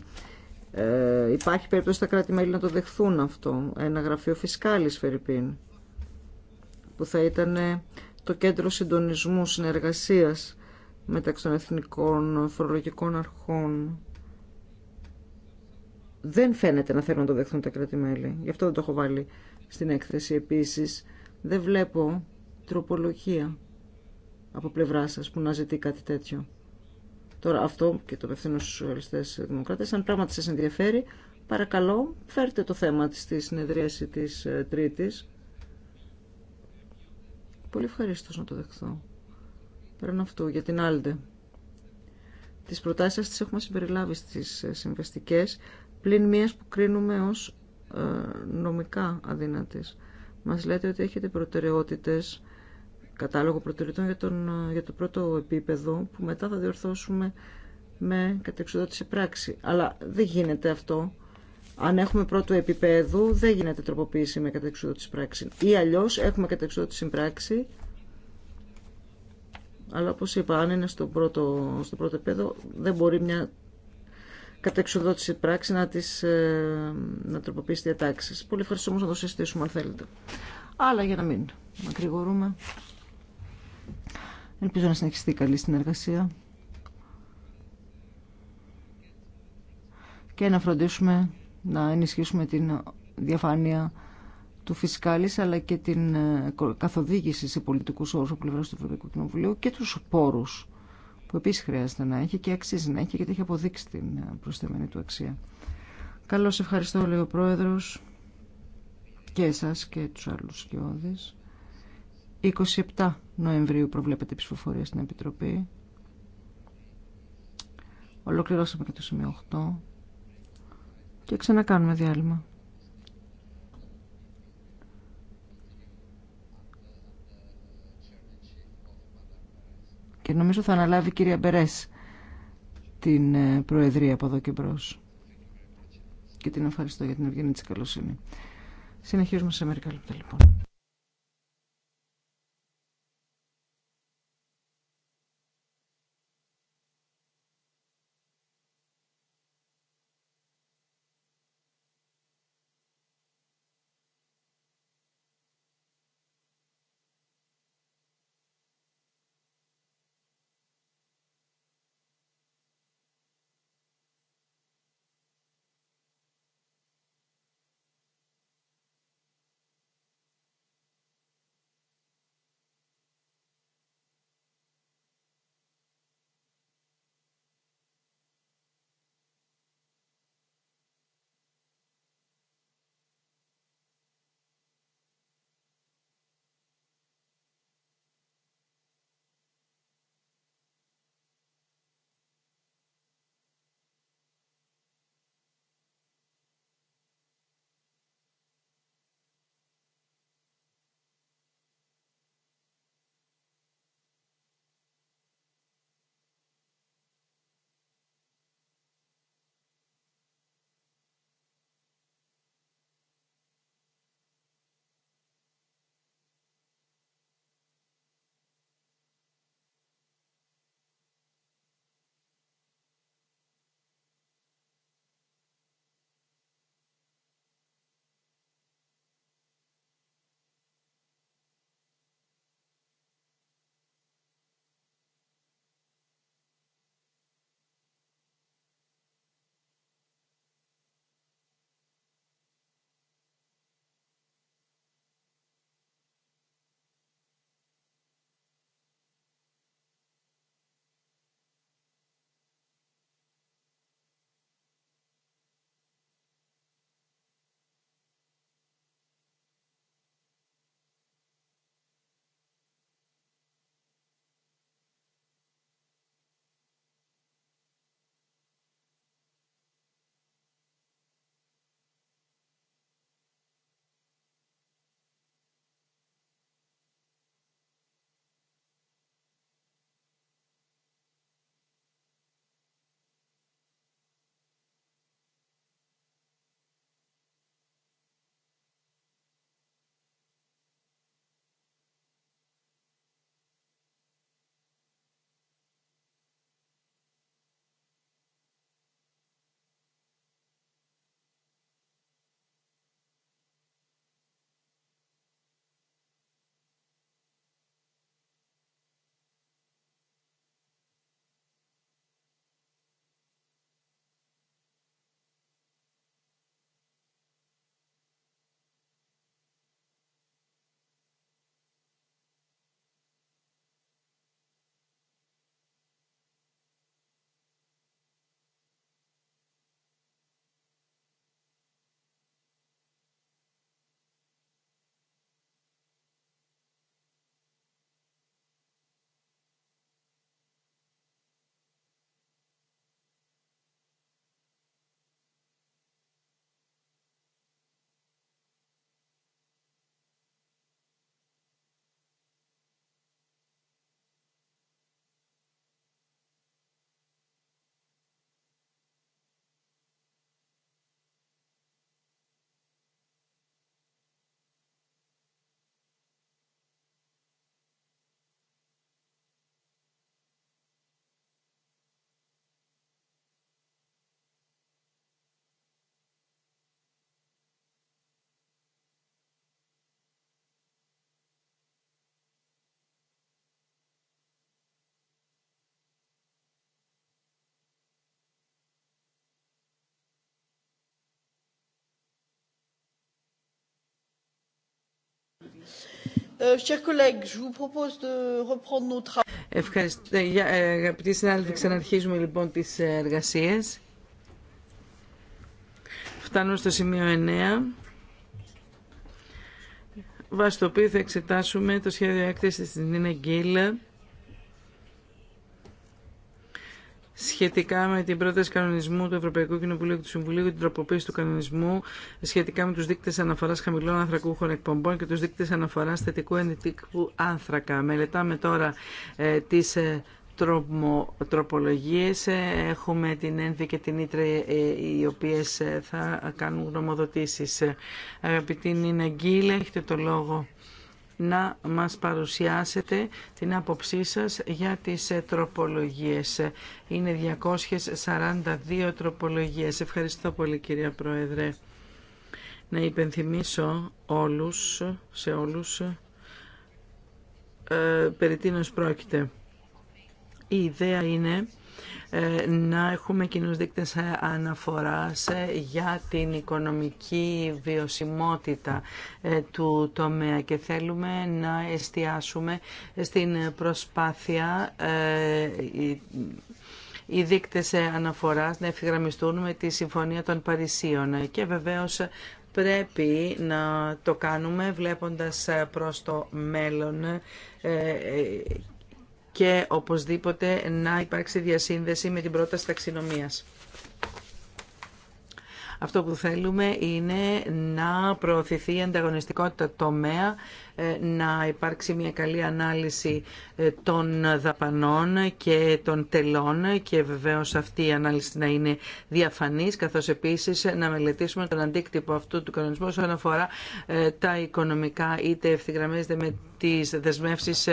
ε, υπάρχει περίπτωση τα κράτη-μέλη να το δεχθούν αυτό. Ένα γραφείο φυσκάλης Φερρυπίν που θα ήταν το κέντρο συντονισμού συνεργασίας μεταξύ των εθνικών φορολογικών αρχών δεν φαίνεται να θέλουν να το δεχθούν τα κράτη-μέλη. Γι' αυτό δεν το έχω βάλει στην έκθεση. επίση. δεν βλέπω τροπολογία από πλευρά σα που να ζητεί κάτι τέτοιο. Τώρα αυτό και το απευθύνω στου σοσιαλιστέ δημοκράτες, αν πράγματι σας ενδιαφέρει, παρακαλώ φέρτε το θέμα τη στη συνεδρίαση τη ε, Τρίτη. Πολύ ευχαριστώ να το δεχθώ. Πέραν αυτού, για την Άλντε. Τις προτάσεις σας τις έχουμε συμπεριλάβει στις ε, συμβαστικές πλην μίας που κρίνουμε ως ε, νομικά αδύνατες. Μας λέτε ότι έχετε προτεραιότητες, κατάλογο προτεραιότητων για, τον, ε, για το πρώτο επίπεδο, που μετά θα διορθώσουμε με κατεξοδότηση πράξη. Αλλά δεν γίνεται αυτό. Αν έχουμε πρώτο επίπεδο, δεν γίνεται τροποποίηση με κατεξοδότηση πράξη. Ή αλλιώς έχουμε κατεξοδότηση πράξη, αλλά όπως είπα, αν είναι στο πρώτο, στο πρώτο επίπεδο, δεν μπορεί μια εξοδότηση πράξη να, τις, ε, να τροποποιήσει διατάξει. Πολύ ευχαριστώ όμως να το συστήσουμε αν θέλετε. Αλλά για να μην μακρηγορούμε. Ελπίζω να συνεχιστεί καλή συνεργασία. Και να φροντίσουμε να ενισχύσουμε την διαφάνεια του φυσικάλης αλλά και την ε, καθοδήγηση σε πολιτικούς όρους από πλευράς του Ευρωπαϊκού Κοινοβουλίου και τους πόρους που επίσης χρειάζεται να έχει και αξίζει να έχει γιατί έχει αποδείξει την ε, προσθεμένη του αξία. Καλώς ευχαριστώ λέει ο Πρόεδρος και εσάς και τους άλλους σκιώδεις. 27 Νοεμβρίου προβλέπεται η ψηφοφορία στην Επιτροπή. Ολοκληρώσαμε και το σημείο 8 και ξανακάνουμε διάλειμμα. και νομίζω θα αναλάβει η κυρία Μπερές την ε, Προεδρία από εδώ και μπρος. Και την ευχαριστώ για την ευγενή της καλοσύνη. Συνεχίζουμε σε μερικά λεπτά λοιπόν. Euh, Ευχαριστώ. Ε, ε, αγαπητοί συνάδελφοι, ξαναρχίζουμε λοιπόν τι ε, εργασίε. Φτάνουμε στο σημείο 9, βάσει το οποίο θα εξετάσουμε το σχέδιο έκθεση της Νίνα Γκίλα σχετικά με την πρόταση κανονισμού του Ευρωπαϊκού Κοινοβουλίου και του Συμβουλίου για την τροποποίηση του κανονισμού σχετικά με του δείκτε αναφορά χαμηλών ανθρακούχων εκπομπών και του δείκτε αναφορά θετικού ενητικού άνθρακα. Μελετάμε τώρα ε, τι ε, τροπολογίες. Ε, έχουμε την ένδυ και την Ήτρε ε, οι οποίες θα κάνουν γνωμοδοτήσεις. Αγαπητή Νίνα Γκίλ, έχετε το λόγο να μας παρουσιάσετε την άποψή σας για τις ε, τροπολογίες. Είναι 242 τροπολογίες. Ευχαριστώ πολύ κυρία Πρόεδρε. Να υπενθυμίσω όλους, σε όλους ε, περί πρόκειται. Η ιδέα είναι ε, να έχουμε κοινούς δείκτες ε, αναφοράς ε, για την οικονομική βιωσιμότητα του τομέα και θέλουμε να εστιάσουμε στην προσπάθεια οι δείκτες αναφοράς να ευθυγραμμιστούν με τη Συμφωνία των Παρισίων και βεβαίως πρέπει να το κάνουμε βλέποντας προς το μέλλον και οπωσδήποτε να υπάρξει διασύνδεση με την πρόταση ταξινομίας. Αυτό που θέλουμε είναι να προωθηθεί η ανταγωνιστικότητα τομέα ε, να υπάρξει μια καλή ανάλυση ε, των δαπανών και των τελών και βεβαίως αυτή η ανάλυση να είναι διαφανής καθώς επίσης να μελετήσουμε τον αντίκτυπο αυτού του κανονισμού όσον αφορά ε, τα οικονομικά είτε ευθυγραμμίζεται με τις δεσμεύσεις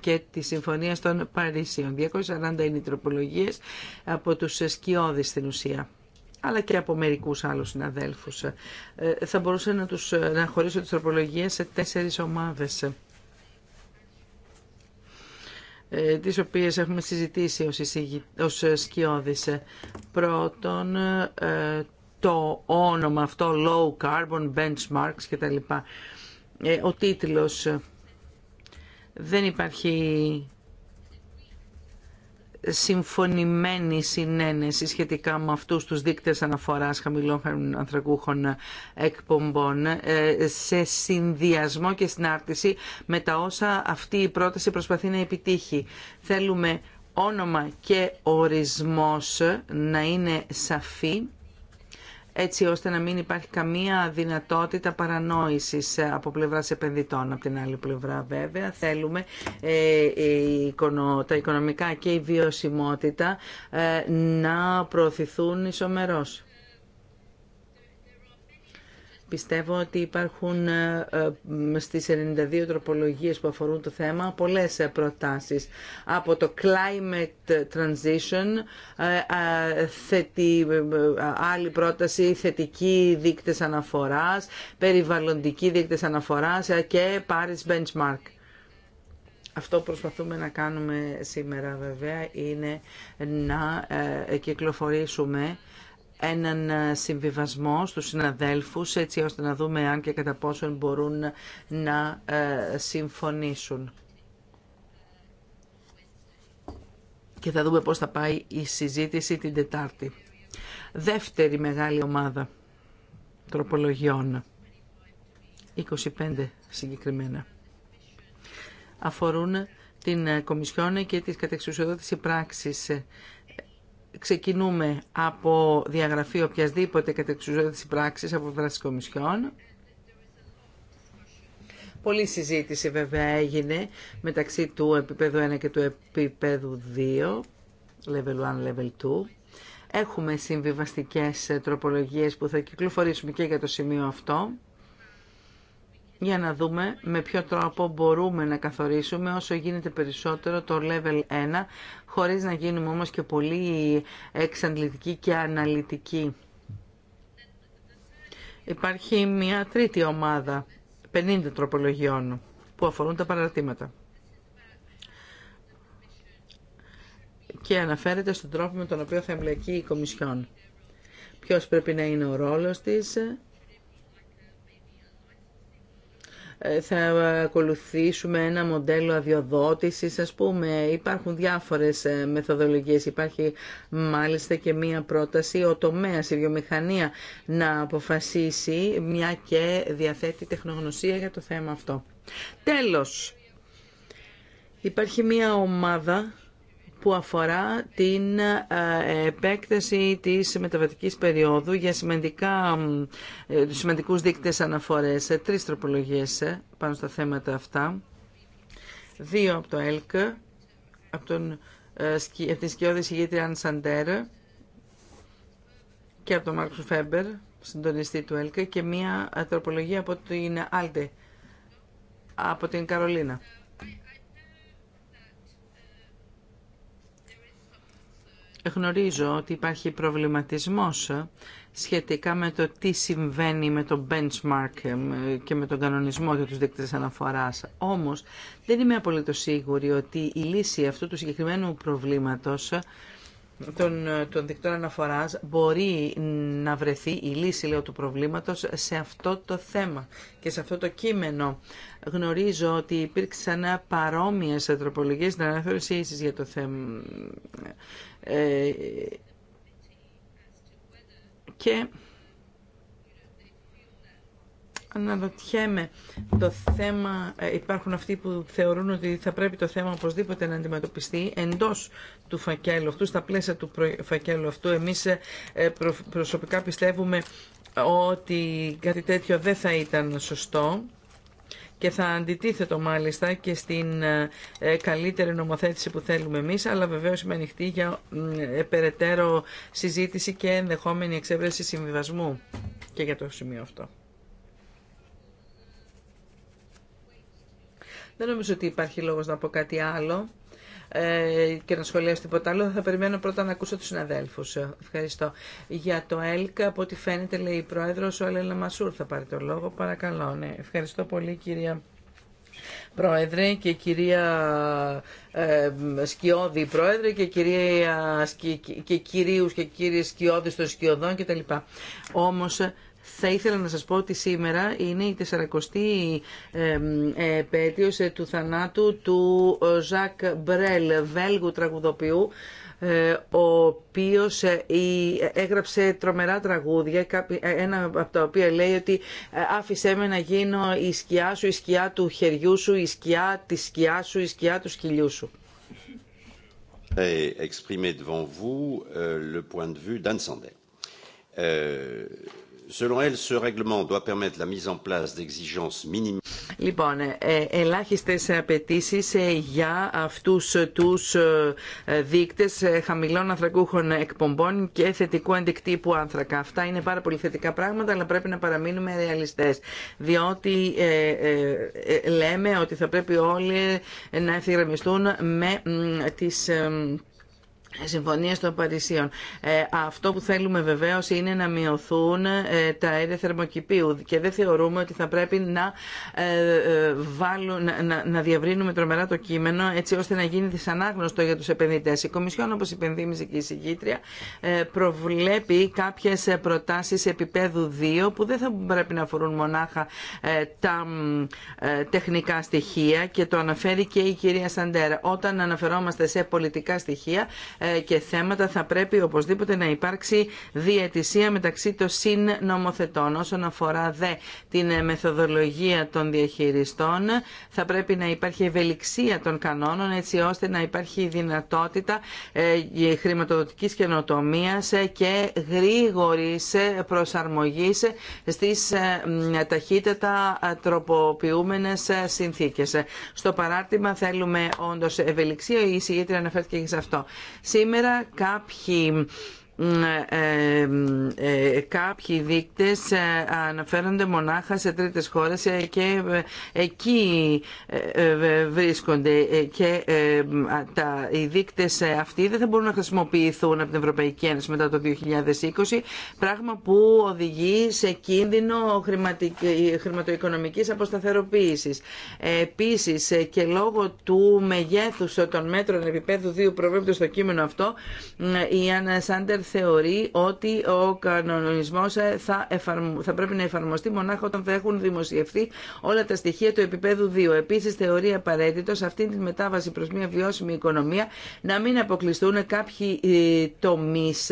και τη συμφωνία των Παρισίων. 240 είναι οι τροπολογίες από τους σκιώδεις στην ουσία αλλά και από μερικούς άλλους συναδέλφους. Ε, θα μπορούσα να, τους, να χωρίσω τις τροπολογίες σε τέσσερις ομάδες ε, τις οποίες έχουμε συζητήσει ως, εισηγη... ως σκιώδης. Πρώτον, ε, το όνομα αυτό, low carbon benchmarks κτλ. Ο τίτλος δεν υπάρχει συμφωνημένη συνένεση σχετικά με αυτούς τους δείκτες αναφοράς χαμηλών ανθρακούχων εκπομπών ε, σε συνδυασμό και συνάρτηση με τα όσα αυτή η πρόταση προσπαθεί να επιτύχει. Θέλουμε όνομα και ορισμός να είναι σαφή έτσι ώστε να μην υπάρχει καμία δυνατότητα παρανόησης από πλευράς επενδυτών. Από την άλλη πλευρά βέβαια θέλουμε ε, τα οικονομικά και η βιωσιμότητα ε, να προωθηθούν ισομερώς. Πιστεύω ότι υπάρχουν ε, ε, στις 92 τροπολογίες που αφορούν το θέμα πολλές ε, προτάσεις. Από το climate transition, άλλη πρόταση θετική δείκτες αναφοράς, περιβαλλοντική δείκτες αναφοράς και Paris Benchmark. Αυτό που προσπαθούμε να κάνουμε σήμερα βέβαια είναι να κυκλοφορήσουμε έναν ε, συμβιβασμό στους συναδέλφους έτσι ώστε να δούμε αν και κατά πόσον μπορούν να ε, συμφωνήσουν. Και θα δούμε πώς θα πάει η συζήτηση την Τετάρτη. Δεύτερη μεγάλη ομάδα τροπολογιών, 25 συγκεκριμένα, αφορούν την ε, Κομισιόν και τις κατεξουσιοδότηση πράξης ξεκινούμε από διαγραφή οποιασδήποτε κατεξουσιώδηση πράξη από δράση κομισιών. Πολλή συζήτηση βέβαια έγινε μεταξύ του επίπεδου 1 και του επίπεδου 2, level 1, level 2. Έχουμε συμβιβαστικές τροπολογίες που θα κυκλοφορήσουμε και για το σημείο αυτό για να δούμε με ποιο τρόπο μπορούμε να καθορίσουμε όσο γίνεται περισσότερο το level 1, χωρίς να γίνουμε όμως και πολύ εξαντλητικοί και αναλυτικοί. Υπάρχει μια τρίτη ομάδα 50 τροπολογιών που αφορούν τα παραρτήματα. Και αναφέρεται στον τρόπο με τον οποίο θα εμπλεκεί η Κομισιόν. Ποιος πρέπει να είναι ο ρόλος της, Ε, θα ακολουθήσουμε ένα μοντέλο αδειοδότησης, ας πούμε. Υπάρχουν διάφορες ε, μεθοδολογίες. Υπάρχει μάλιστα και μία πρόταση ο τομέας, η βιομηχανία να αποφασίσει μια και διαθέτει τεχνογνωσία για το θέμα αυτό. Τέλος, υπάρχει μία ομάδα που αφορά την ε, επέκταση της μεταβατικής περίοδου για σημαντικά, ε, σημαντικούς δείκτες αναφορές. Ε, τρεις τροπολογίες πάνω στα θέματα αυτά. Δύο από το ΕΛΚ, από, τον, την σκιώδη συγγήτρια Αν Σαντέρ και από τον Μάρκος Φέμπερ, συντονιστή του ΕΛΚ, και μία τροπολογία από την Άλτε, από την Καρολίνα. Γνωρίζω ότι υπάρχει προβληματισμός σχετικά με το τι συμβαίνει με το benchmark ε, και με τον κανονισμό για τους δείκτες αναφοράς. Όμως δεν είμαι απολύτως σίγουρη ότι η λύση αυτού του συγκεκριμένου προβλήματος ε, των, ε, των δικτών αναφοράς μπορεί να βρεθεί η λύση λέω, του προβλήματος σε αυτό το θέμα και σε αυτό το κείμενο. Γνωρίζω ότι υπήρξαν παρόμοιες τροπολογίες στην για το θέμα ε, και αναρωτιέμαι το θέμα, ε, υπάρχουν αυτοί που θεωρούν ότι θα πρέπει το θέμα οπωσδήποτε να αντιμετωπιστεί εντός του φακέλου αυτού, στα πλαίσια του φακέλου αυτού. Εμείς ε, προσωπικά πιστεύουμε ότι κάτι τέτοιο δεν θα ήταν σωστό και θα αντιτίθετο μάλιστα και στην ε, καλύτερη νομοθέτηση που θέλουμε εμείς, αλλά βεβαίως είμαι ανοιχτή για ε, περαιτέρω συζήτηση και ενδεχόμενη εξέβρεση συμβιβασμού και για το σημείο αυτό. Δεν νομίζω ότι υπάρχει λόγος να πω κάτι άλλο. Ε, και να σχολιάσω τίποτα άλλο. Θα περιμένω πρώτα να ακούσω του συναδέλφου. Ευχαριστώ. Για το ΕΛΚ, από ό,τι φαίνεται, λέει η Πρόεδρο ο Αλέλα Μασούρ θα πάρει το λόγο. Παρακαλώ, ναι. Ευχαριστώ πολύ, κυρία Πρόεδρε και κυρία ε, Σκιώδη Πρόεδρε και, κυρία, και κυρίους και κύριοι Σκιώδη των Σκιωδών κτλ. Όμως θα ήθελα να σας πω ότι σήμερα είναι η 40η ε, επέτειος ε, του θανάτου του ε, Ζακ Μπρέλ, Βέλγου τραγουδοποιού, ο οποίος έγραψε τρομερά τραγούδια, ένα από τα οποία λέει ότι άφησέ με να γίνω η σκιά σου, η σκιά του χεριού σου, η σκιά της σκιά σου, η σκιά του σκυλιού σου. exprimer devant euh, le point de vue Selon elle, ce règlement doit permettre la Λοιπόν, ε, ε, ελάχιστες απαιτήσει ε, για αυτούς τους δείκτες χαμηλών ανθρακούχων εκπομπών και θετικού αντικτύπου άνθρακα. Αυτά είναι πάρα πολύ θετικά πράγματα, αλλά πρέπει να παραμείνουμε ρεαλιστές. Διότι λέμε ότι θα πρέπει όλοι να ευθυγραμμιστούν με τις... Συμφωνία των Παρισίων. Ε, αυτό που θέλουμε βεβαίω είναι να μειωθούν ε, τα αέρια θερμοκηπίου και δεν θεωρούμε ότι θα πρέπει να, ε, ε να, να διαβρύνουμε τρομερά το κείμενο έτσι ώστε να γίνει δυσανάγνωστο για του επενδυτέ. Η Κομισιόν, όπω υπενθύμησε και η συγκήτρια, ε, προβλέπει κάποιε προτάσει επίπεδου 2 που δεν θα πρέπει να αφορούν μονάχα τα τεχνικά στοιχεία και το αναφέρει και η κυρία Σαντέρα. Όταν αναφερόμαστε σε πολιτικά στοιχεία, ε, και θέματα θα πρέπει οπωσδήποτε να υπάρξει διαιτησία μεταξύ των συνομοθετών. Όσον αφορά δε την ε, μεθοδολογία των διαχειριστών θα πρέπει να υπάρχει ευελιξία των κανόνων έτσι ώστε να υπάρχει δυνατότητα ε, χρηματοδοτική καινοτομία και γρήγορη προσαρμογή στι ταχύτατα τροποποιούμενε συνθήκε. Στο παράρτημα θέλουμε όντω ευελιξία, η συγγήτρια αναφέρθηκε και σε αυτό. Σήμερα κάποιοι ε, ε, ε, κάποιοι δείκτες αναφέρονται μονάχα σε τρίτες χώρες και εκεί βρίσκονται και τα, οι δείκτες αυτοί δεν θα μπορούν να χρησιμοποιηθούν από την Ευρωπαϊκή Ένωση μετά το 2020 πράγμα που οδηγεί σε κίνδυνο χρηματοοικονομικής αποσταθεροποίησης. Επίσης και λόγω του μεγέθους των μέτρων επίπεδου 2 προβλήματος στο κείμενο αυτό η Άννα θεωρεί ότι ο κανονισμός ε, θα, θα πρέπει να εφαρμοστεί μονάχα όταν θα έχουν δημοσιευθεί όλα τα στοιχεία του επίπεδου 2. Επίσης θεωρεί απαραίτητο σε αυτή τη μετάβαση προς μια βιώσιμη οικονομία να μην αποκλειστούν κάποιοι ε, τομείς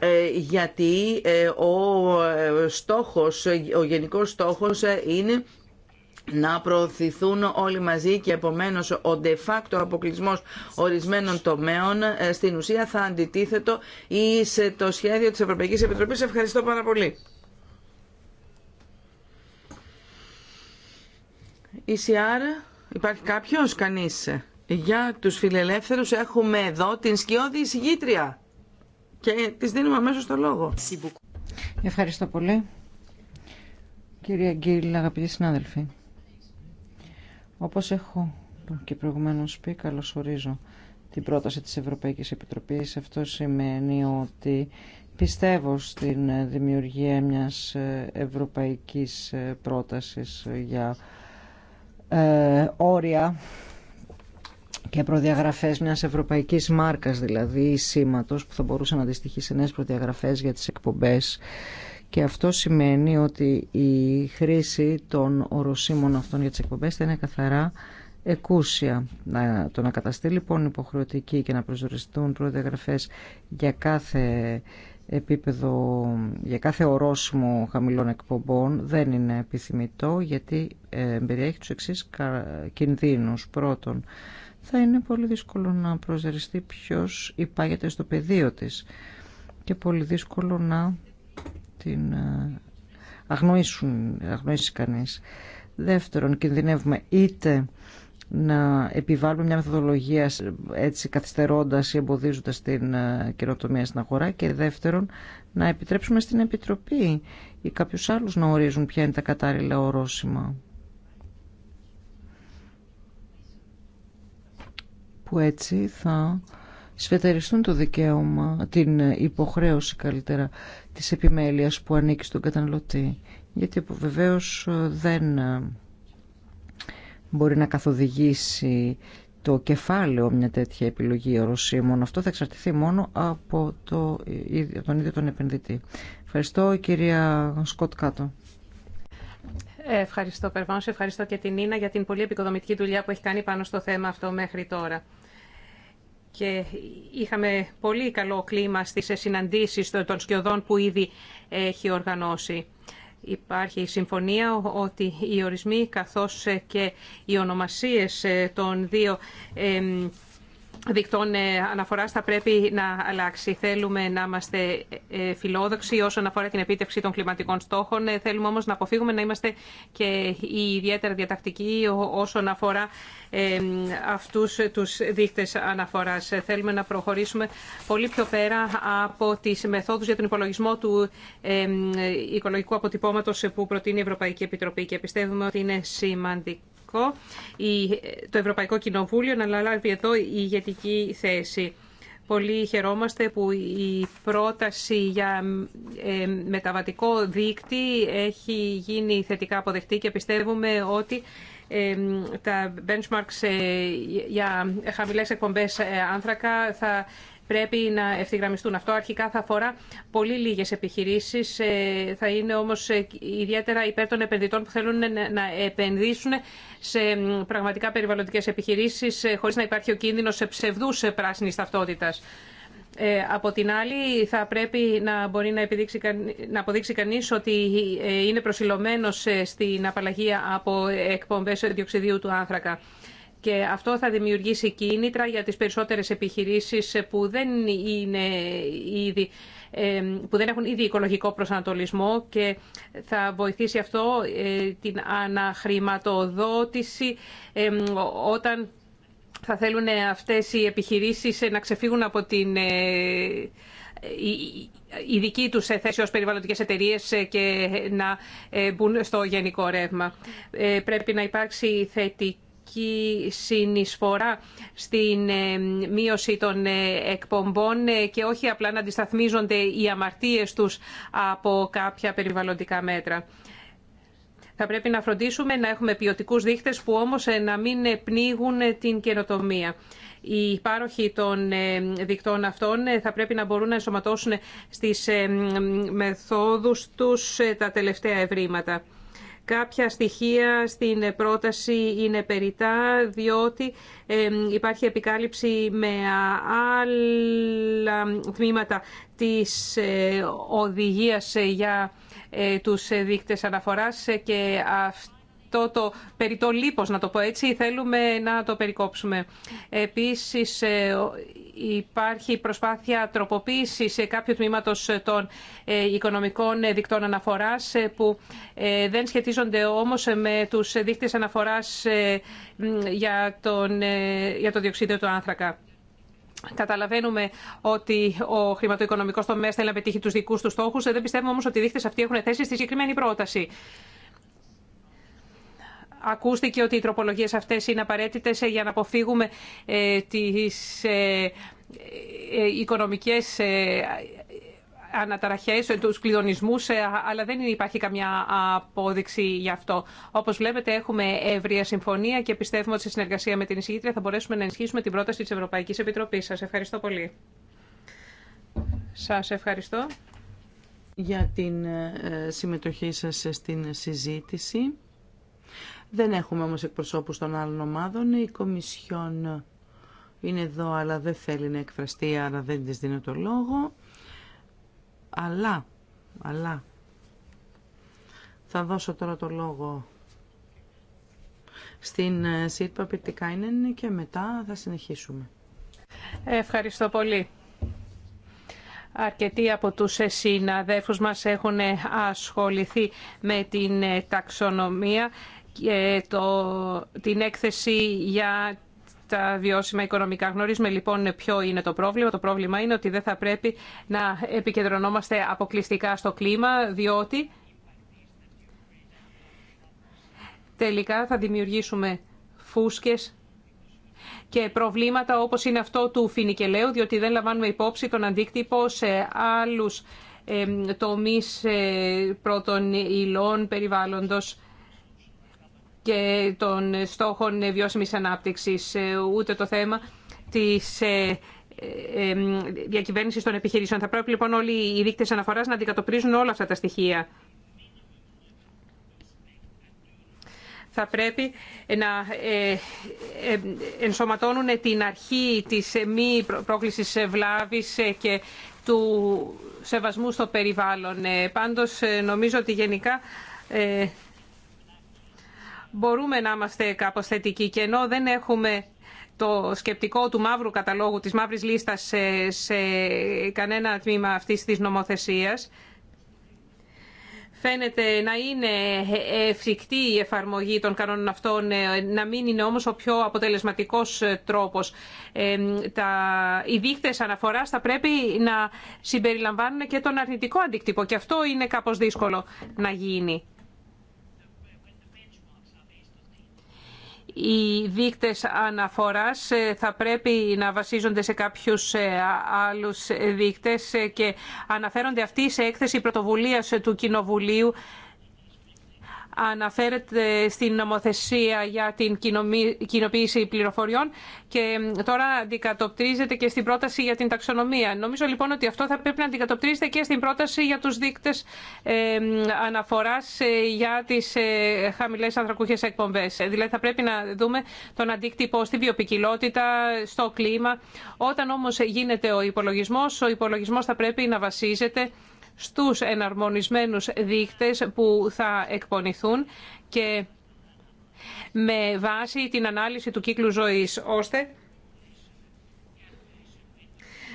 ε, γιατί ο στόχος, ο γενικός στόχος είναι να προωθηθούν όλοι μαζί και επομένως ο de facto αποκλεισμός ορισμένων τομέων ε, στην ουσία θα αντιτίθετο ή σε το σχέδιο της Ευρωπαϊκής Επιτροπής. Ευχαριστώ πάρα πολύ. ECR, υπάρχει κάποιος, κανείς. Για τους φιλελεύθερους έχουμε εδώ την σκιώδη εισηγήτρια και της δίνουμε αμέσως το λόγο. Ευχαριστώ πολύ. Κυρία Γκίλ, αγαπητοί συνάδελφοι. Όπως έχω και προηγουμένως πει, καλωσορίζω την πρόταση της Ευρωπαϊκής Επιτροπής. Αυτό σημαίνει ότι πιστεύω στην δημιουργία μιας ευρωπαϊκής πρότασης για ε, όρια και προδιαγραφές μιας ευρωπαϊκής μάρκας δηλαδή σήματος που θα μπορούσε να αντιστοιχεί σε νέες προδιαγραφές για τις εκπομπές και αυτό σημαίνει ότι η χρήση των οροσίμων αυτών για τις εκπομπές θα είναι καθαρά εκούσια. Να, το να καταστεί λοιπόν υποχρεωτική και να προσδοριστούν προδιαγραφές για κάθε επίπεδο, για κάθε ορόσημο χαμηλών εκπομπών δεν είναι επιθυμητό γιατί ε, περιέχει τους εξής κινδύνους. Πρώτον, θα είναι πολύ δύσκολο να προσδιοριστεί ποιος υπάγεται στο πεδίο της και πολύ δύσκολο να την ε, αγνοήσουν, αγνοήσει κανείς. Δεύτερον, κινδυνεύουμε είτε να επιβάλλουμε μια μεθοδολογία έτσι καθυστερώντας ή εμποδίζοντας την ε, καινοτομία στην αγορά και δεύτερον να επιτρέψουμε στην Επιτροπή ή κάποιους άλλους να ορίζουν ποια είναι τα κατάλληλα ορόσημα που έτσι θα σφετεριστούν το δικαίωμα, την υποχρέωση καλύτερα της επιμέλειας που ανήκει στον καταναλωτή. Γιατί βεβαίω ε, δεν ε, μπορεί να καθοδηγήσει το κεφάλαιο μια τέτοια επιλογή μόνο Αυτό θα εξαρτηθεί μόνο από, το, ε, τον ίδιο τον επενδυτή. Ευχαριστώ κυρία Σκοτ Κάτω. Ευχαριστώ Περβάνο, ευχαριστώ και την Νίνα για την πολύ επικοδομητική δουλειά που έχει κάνει πάνω στο θέμα αυτό μέχρι τώρα και είχαμε πολύ καλό κλίμα στις συναντήσεις των σκιωδών που ήδη έχει οργανώσει. Υπάρχει συμφωνία ότι οι ορισμοί καθώς και οι ονομασίες ε, των δύο ε, δικτών ε, αναφοράς θα πρέπει να αλλάξει. Θέλουμε να είμαστε ε, φιλόδοξοι όσον αφορά την επίτευξη των κλιματικών στόχων. Ε, θέλουμε όμως να αποφύγουμε να είμαστε και ιδιαίτερα διατακτικοί όσον αφορά αυτούς τους δείκτες αναφοράς. Θέλουμε να προχωρήσουμε πολύ πιο πέρα από τις μεθόδους για τον υπολογισμό του οικολογικού αποτυπώματος που προτείνει η Ευρωπαϊκή Επιτροπή και πιστεύουμε ότι είναι σημαντικό το Ευρωπαϊκό Κοινοβούλιο να λάβει εδώ η ηγετική θέση. Πολύ χαιρόμαστε που η πρόταση για ε, μεταβατικό δίκτυ έχει γίνει θετικά αποδεκτή και πιστεύουμε ότι ε, τα benchmarks ε, για χαμηλές εκπομπές άνθρακα θα πρέπει να ευθυγραμμιστούν. Αυτό αρχικά θα αφορά πολύ λίγες επιχειρήσεις, ε, θα είναι όμως ε, ιδιαίτερα υπέρ των επενδυτών που θέλουν να επενδύσουν σε πραγματικά περιβαλλοντικές επιχειρήσεις ε, χωρίς να υπάρχει ο κίνδυνος σε ψευδούς ταυτότητα. ταυτότητας. Από την άλλη, θα πρέπει να μπορεί να, να αποδείξει κανείς ότι είναι προσιλωμένος στην απαλλαγή από εκπομπές διοξιδίου του άνθρακα και αυτό θα δημιουργήσει κίνητρα για τις περισσότερες επιχειρήσεις που δεν, είναι ήδη, που δεν έχουν ήδη οικολογικό προσανατολισμό και θα βοηθήσει αυτό ε, την αναχρηματοδότηση όταν θα θέλουν αυτές οι επιχειρήσεις να ξεφύγουν από την ε, η δική τους θέση ως περιβαλλοντικές εταιρείες και να ε, μπουν στο γενικό ρεύμα. Πρέπει να υπάρξει θετική και συνεισφορά στην ε, μείωση των ε, εκπομπών ε, και όχι απλά να αντισταθμίζονται οι αμαρτίες τους από κάποια περιβαλλοντικά μέτρα. Θα πρέπει να φροντίσουμε να έχουμε ποιοτικούς δείχτες που όμως να μην πνίγουν την καινοτομία. Οι πάροχοι των δικτών αυτών θα πρέπει να μπορούν να ενσωματώσουν στις μεθόδους τους τα τελευταία ευρήματα. Κάποια στοιχεία στην πρόταση είναι περιτά, διότι υπάρχει επικάλυψη με άλλα τμήματα της ε, οδηγίας ε, για ε, τους δείκτες αναφοράς και αυτή το, το περιττό λίπος, να το πω έτσι, θέλουμε να το περικόψουμε. Επίσης ε, υπάρχει προσπάθεια τροποποίησης σε κάποιο τμήματος των ε, οικονομικών δικτών αναφοράς ε, που δεν σχετίζονται όμως με τους δείκτες αναφοράς για, τον, για το διοξίδιο του άνθρακα. Καταλαβαίνουμε ότι ο χρηματοοικονομικός τομέας θέλει να πετύχει τους δικούς του στόχους. Δεν πιστεύουμε όμως ότι οι δείκτε αυτοί έχουν θέσει στη συγκεκριμένη πρόταση. Ακούστηκε ότι οι τροπολογίες αυτές είναι απαραίτητες ε, για να αποφύγουμε ε, τις ε, οικονομικές αναταραχές, τους κλειδονισμούς, αλλά δεν υπάρχει καμιά απόδειξη γι' αυτό. Όπως βλέπετε έχουμε εύρια συμφωνία και πιστεύουμε ότι σε συνεργασία με την εισηγήτρια θα μπορέσουμε να ενισχύσουμε την πρόταση της Ευρωπαϊκής Επιτροπής. Σας ευχαριστώ πολύ. Σας ευχαριστώ για την συμμετοχή σας στην συζήτηση. Δεν έχουμε όμως εκπροσώπους των άλλων ομάδων. Η Κομισιόν είναι εδώ, αλλά δεν θέλει να εκφραστεί, άρα δεν της δίνω το λόγο. Αλλά, αλλά, θα δώσω τώρα το λόγο στην ε, ΣΥΡΠΑ είναι και μετά θα συνεχίσουμε. Ευχαριστώ πολύ. Αρκετοί από τους ε, συναδέλφους μας έχουν ε, ασχοληθεί με την ταξονομία ε, το, την έκθεση για τα βιώσιμα οικονομικά. Γνωρίζουμε λοιπόν ποιο είναι το πρόβλημα. Το πρόβλημα είναι ότι δεν θα πρέπει να επικεντρωνόμαστε αποκλειστικά στο κλίμα, διότι τελικά θα δημιουργήσουμε φούσκες και προβλήματα όπως είναι αυτό του φινικελαίου, διότι δεν λαμβάνουμε υπόψη τον αντίκτυπο σε άλλους ε, τομείς ε, πρώτων υλών περιβάλλοντος και των στόχων βιώσιμης ανάπτυξης, ε, ούτε το θέμα της ε, ε, διακυβέρνησης των επιχειρήσεων. Θα πρέπει λοιπόν όλοι οι δείκτες αναφοράς να αντικατοπρίζουν όλα αυτά τα στοιχεία. θα πρέπει να ενσωματώνουν την αρχή της μη πρόκλησης βλάβης και του σεβασμού στο περιβάλλον. Πάντως νομίζω ότι γενικά μπορούμε να είμαστε κάπως θετικοί και ενώ δεν έχουμε το σκεπτικό του μαύρου καταλόγου, της μαύρης λίστας σε, κανένα τμήμα αυτής της νομοθεσίας, Φαίνεται να είναι εφικτή η εφαρμογή των κανόνων αυτών, ε, να μην είναι όμως ο πιο αποτελεσματικός ε, τρόπος. Ε, τα, οι δείχτες αναφοράς θα πρέπει να συμπεριλαμβάνουν και τον αρνητικό αντίκτυπο και αυτό είναι κάπως δύσκολο να γίνει. οι δείκτες αναφοράς ε, θα πρέπει να βασίζονται σε κάποιους ε, άλλους δείκτες ε, και αναφέρονται αυτοί σε έκθεση πρωτοβουλίας του Κοινοβουλίου αναφέρεται στην νομοθεσία για την κοινοποίηση πληροφοριών και τώρα αντικατοπτρίζεται και στην πρόταση για την ταξονομία. Νομίζω λοιπόν ότι αυτό θα πρέπει να αντικατοπτρίζεται και στην πρόταση για τους δείκτες ε, αναφοράς ε, για τις ε, χαμηλές ανθρακούχες εκπομπές. Δηλαδή θα πρέπει να δούμε τον αντίκτυπο στη βιοπικιλότητα, στο κλίμα. Όταν όμως γίνεται ο υπολογισμός, ο υπολογισμός θα πρέπει να βασίζεται στους εναρμονισμένους δείκτες που θα εκπονηθούν και με βάση την ανάλυση του κύκλου ζωής, ώστε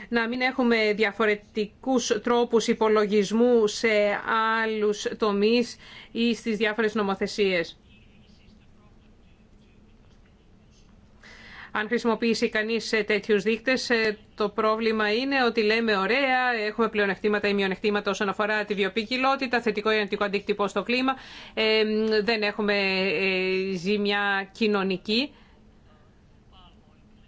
να μην έχουμε διαφορετικούς τρόπους υπολογισμού σε άλλους τομείς ή στις διάφορες νομοθεσίες. Αν χρησιμοποιήσει κανεί ε, τέτοιου δείκτε, ε, το πρόβλημα είναι ότι λέμε ωραία, έχουμε πλεονεκτήματα ή μειονεκτήματα όσον αφορά τη βιοπικιλότητα, θετικό ή αρνητικό αντίκτυπο στο κλίμα, ε, δεν έχουμε ζημιά κοινωνική. διότι αναφέρθηκε η μειονεκτηματα οσον αφορα τη βιοποικιλοτητα θετικο η αρνητικο αντικτυπο στο κλιμα δεν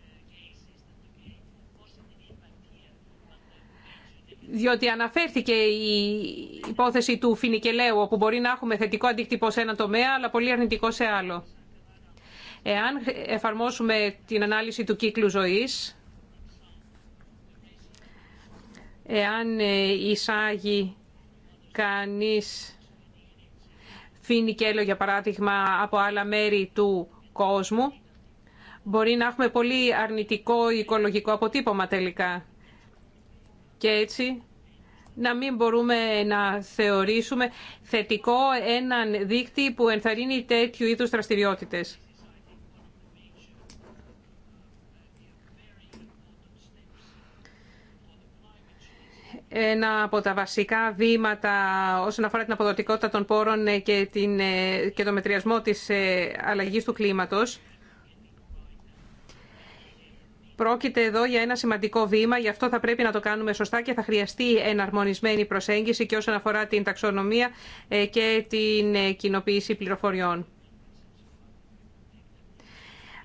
εχουμε ζημια κοινωνικη διοτι αναφερθηκε η υποθεση του φινικελαίου, όπου μπορεί να έχουμε θετικό αντίκτυπο σε ένα τομέα, αλλά πολύ αρνητικό σε άλλο. Εάν εφαρμόσουμε την ανάλυση του κύκλου ζωής, εάν ε, εισάγει κανείς φινικέλο, για παράδειγμα, από άλλα μέρη του κόσμου, μπορεί να έχουμε πολύ αρνητικό οικολογικό αποτύπωμα τελικά. Και έτσι να μην μπορούμε να θεωρήσουμε θετικό έναν δίκτυ που ενθαρρύνει τέτοιου είδους δραστηριότητες. ένα από τα βασικά βήματα όσον αφορά την αποδοτικότητα των πόρων ε, και, την, ε, και το μετριασμό της ε, αλλαγής του κλίματος. Πρόκειται εδώ για ένα σημαντικό βήμα, γι' αυτό θα πρέπει να το κάνουμε σωστά και θα χρειαστεί εναρμονισμένη προσέγγιση και όσον αφορά την ταξονομία και την κοινοποίηση πληροφοριών.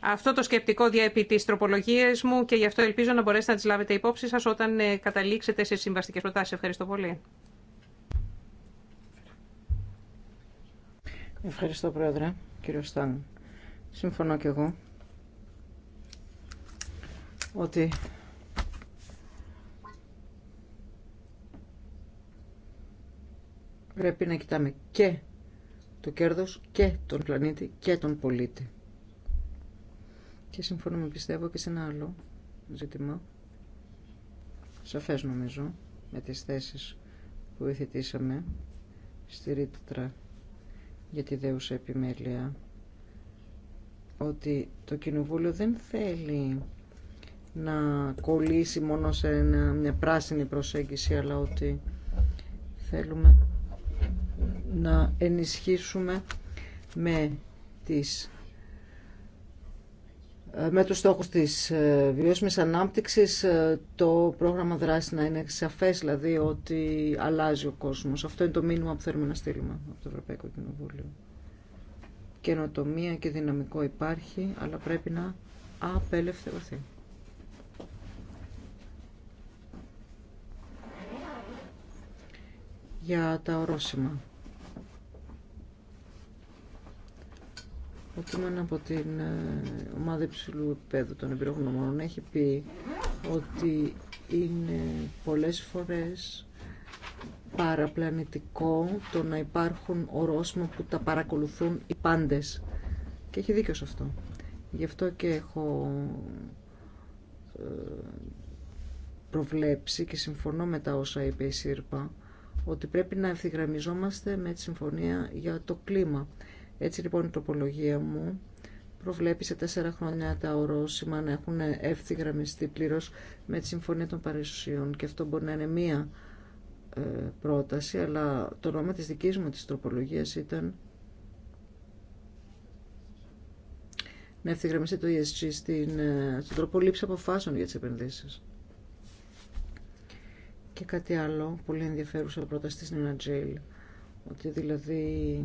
Αυτό το σκεπτικό διέπει τις τροπολογίες μου και γι' αυτό ελπίζω να μπορέσετε να τι λάβετε υπόψη σας όταν ε, καταλήξετε σε συμβαστικές προτάσει. Ευχαριστώ πολύ. Ευχαριστώ Πρόεδρε, κύριο Στάν. Συμφωνώ κι εγώ ότι πρέπει να κοιτάμε και το κέρδος και τον πλανήτη και τον πολίτη και συμφωνούμε πιστεύω και σε ένα άλλο ζήτημα σαφές νομίζω με τις θέσεις που υθετήσαμε στη Ρήτρα για τη δέουσα επιμέλεια ότι το Κοινοβούλιο δεν θέλει να κολλήσει μόνο σε μια πράσινη προσέγγιση αλλά ότι θέλουμε να ενισχύσουμε με τις ε, με τους στόχους της ε, βιώσιμης ανάπτυξης ε, το πρόγραμμα δράση να είναι σαφές δηλαδή ότι αλλάζει ο κόσμος. Αυτό είναι το μήνυμα που θέλουμε να στείλουμε από το Ευρωπαϊκό Κοινοβούλιο. Καινοτομία και δυναμικό υπάρχει αλλά πρέπει να απελευθερωθεί. Για τα ορόσημα. Το κείμενο από την ε, ομάδα υψηλού επίπεδου των εμπειρογνωμόνων έχει πει ότι είναι πολλές φορές παραπλανητικό το να υπάρχουν ορόσημα που τα παρακολουθούν οι πάντες. Και έχει δίκιο σε αυτό. Γι' αυτό και έχω ε, προβλέψει και συμφωνώ με τα όσα είπε η ΣΥΡΠΑ ότι πρέπει να ευθυγραμμιζόμαστε με τη Συμφωνία για το Κλίμα. Έτσι λοιπόν η τροπολογία μου προβλέπει σε τέσσερα χρόνια τα ορόσημα να έχουν ευθυγραμμιστεί πλήρω με τη Συμφωνία των παρουσιών. Και αυτό μπορεί να είναι μία ε, πρόταση, αλλά το όνομα της δικής μου της τροπολογίας ήταν να ευθυγραμμιστεί το ESG στην, ε, στον τρόπο λήψη αποφάσεων για τις επενδύσεις. Και κάτι άλλο πολύ ενδιαφέρουσα πρόταση της Νίνα Τζέιλ, ότι δηλαδή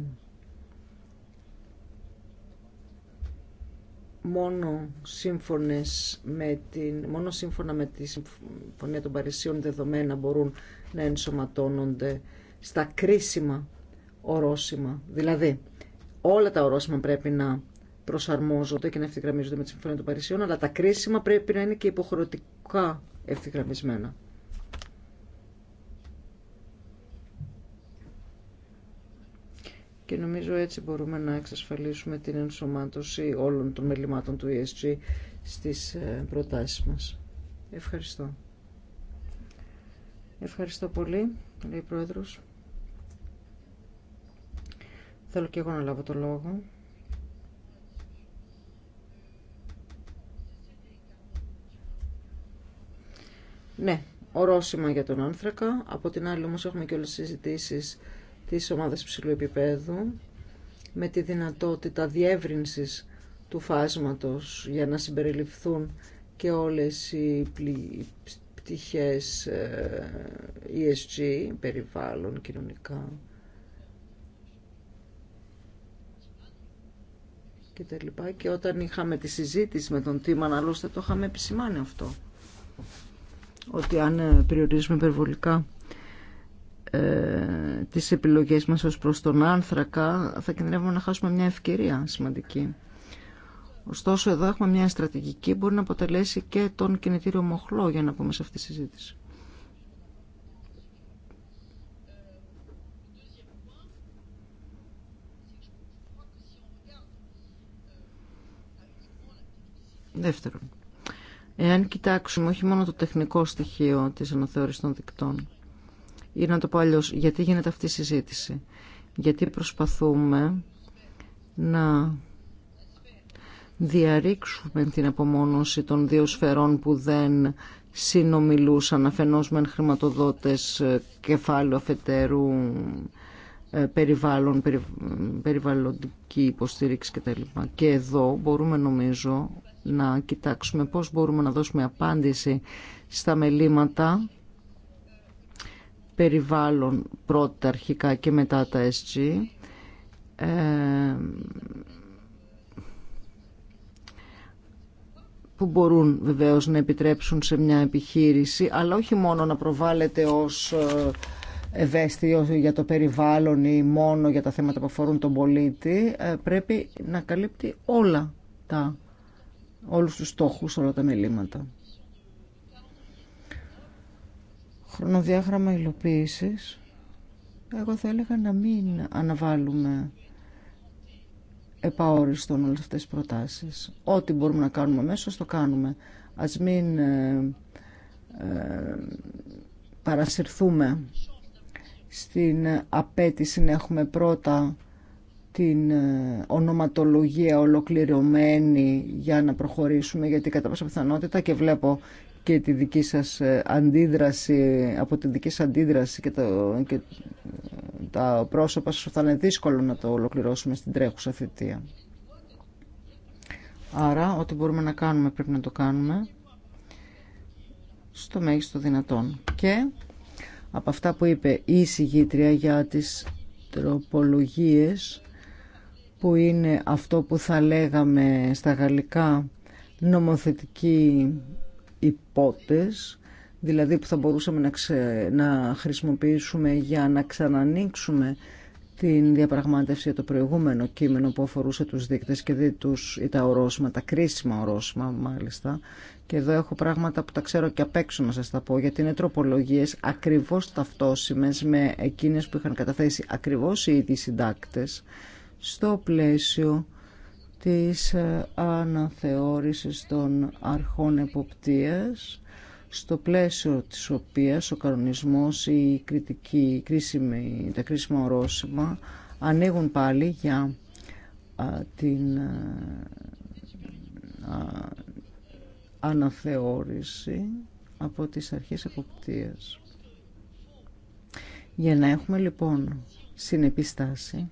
μόνο, σύμφωνες με την, μόνο σύμφωνα με τη Συμφωνία των Παρισίων δεδομένα μπορούν να ενσωματώνονται στα κρίσιμα ορόσημα. Δηλαδή, όλα τα ορόσημα πρέπει να προσαρμόζονται και να ευθυγραμμίζονται με τη Συμφωνία των Παρισιών, αλλά τα κρίσιμα πρέπει να είναι και υποχρεωτικά ευθυγραμμισμένα. και νομίζω έτσι μπορούμε να εξασφαλίσουμε την ενσωμάτωση όλων των μελημάτων του ESG στις ε, προτάσεις μας. Ευχαριστώ. Ευχαριστώ πολύ, λέει Πρόεδρος. Θέλω και εγώ να λάβω το λόγο. Ναι, ορόσημα για τον άνθρακα. Από την άλλη όμως έχουμε και όλες τις συζητήσεις της ομάδας ψηλού επίπεδου με τη δυνατότητα διεύρυνσης του φάσματος για να συμπεριληφθούν και όλες οι πτυχές ε, ESG, περιβάλλον, κοινωνικά και τα λοιπά. Και όταν είχαμε τη συζήτηση με τον Τίμαν, άλλωστε το είχαμε επισημάνει αυτό, ότι αν ε, περιορίζουμε υπερβολικά ε, τις επιλογές μας ως προς τον άνθρακα θα κινδυνεύουμε να χάσουμε μια ευκαιρία σημαντική. Ωστόσο εδώ έχουμε μια στρατηγική που μπορεί να αποτελέσει και τον κινητήριο μοχλό για να πούμε σε αυτή τη συζήτηση. Δεύτερον, εάν κοιτάξουμε όχι μόνο το τεχνικό στοιχείο της αναθεώρησης των δικτών, ή να το πω αλλιώς, γιατί γίνεται αυτή η συζήτηση. Γιατί προσπαθούμε να διαρρήξουμε την απομόνωση των δύο σφαιρών που δεν συνομιλούσαν αφενός μεν χρηματοδότες ε, κεφάλαιο αφετέρου ε, περιβάλλον, περιβαλλοντική υποστήριξη κτλ. Και εδώ μπορούμε νομίζω να κοιτάξουμε πώς μπορούμε να δώσουμε απάντηση στα μελήματα περιβάλλον πρώτα αρχικά και μετά τα SG. Ε, που μπορούν βεβαίως να επιτρέψουν σε μια επιχείρηση, αλλά όχι μόνο να προβάλλεται ως ε, ευαίσθητο για το περιβάλλον ή μόνο για τα θέματα που αφορούν τον πολίτη, ε, πρέπει να καλύπτει όλα τα, όλους τους στόχους, όλα τα μελήματα. χρονοδιάγραμμα υλοποίησης εγώ θα έλεγα να μην αναβάλουμε επαόριστον όλες αυτές τις προτάσεις. Ό,τι μπορούμε να κάνουμε μέσα το κάνουμε. Ας μην ε, ε, παρασυρθούμε στην απέτηση να έχουμε πρώτα την ε, ονοματολογία ολοκληρωμένη για να προχωρήσουμε γιατί κατά πάσα πιθανότητα και βλέπω και τη δική σας ε, αντίδραση, από τη δική σας αντίδραση και, το, τα πρόσωπα σας θα είναι δύσκολο να το ολοκληρώσουμε στην τρέχουσα θητεία. Άρα, ό,τι μπορούμε να κάνουμε πρέπει να το κάνουμε στο μέγιστο δυνατόν. Και από αυτά που είπε η συγγήτρια για τις τροπολογίες που είναι αυτό που θα λέγαμε στα γαλλικά νομοθετική υπότες, δηλαδή που θα μπορούσαμε να, να χρησιμοποιήσουμε για να ξανανοίξουμε την διαπραγμάτευση για το προηγούμενο κείμενο που αφορούσε τους δείκτες και τους, τα ορόσημα, τα κρίσιμα ορόσημα μάλιστα. Και εδώ έχω πράγματα που τα ξέρω και απ' έξω να σας τα πω, γιατί είναι τροπολογίες ακριβώς ταυτόσιμες με εκείνες που είχαν καταθέσει ακριβώς οι ίδιοι συντάκτες στο πλαίσιο της ε, αναθεώρησης των αρχών εποπτείας στο πλαίσιο της οποίας ο κανονισμός ή η η κρίσιμη, τα κρίσιμα ορόσημα ανοίγουν πάλι για την ε, αναθεώρηση από τις αρχές εποπτείας. Για να έχουμε λοιπόν συνεπιστάση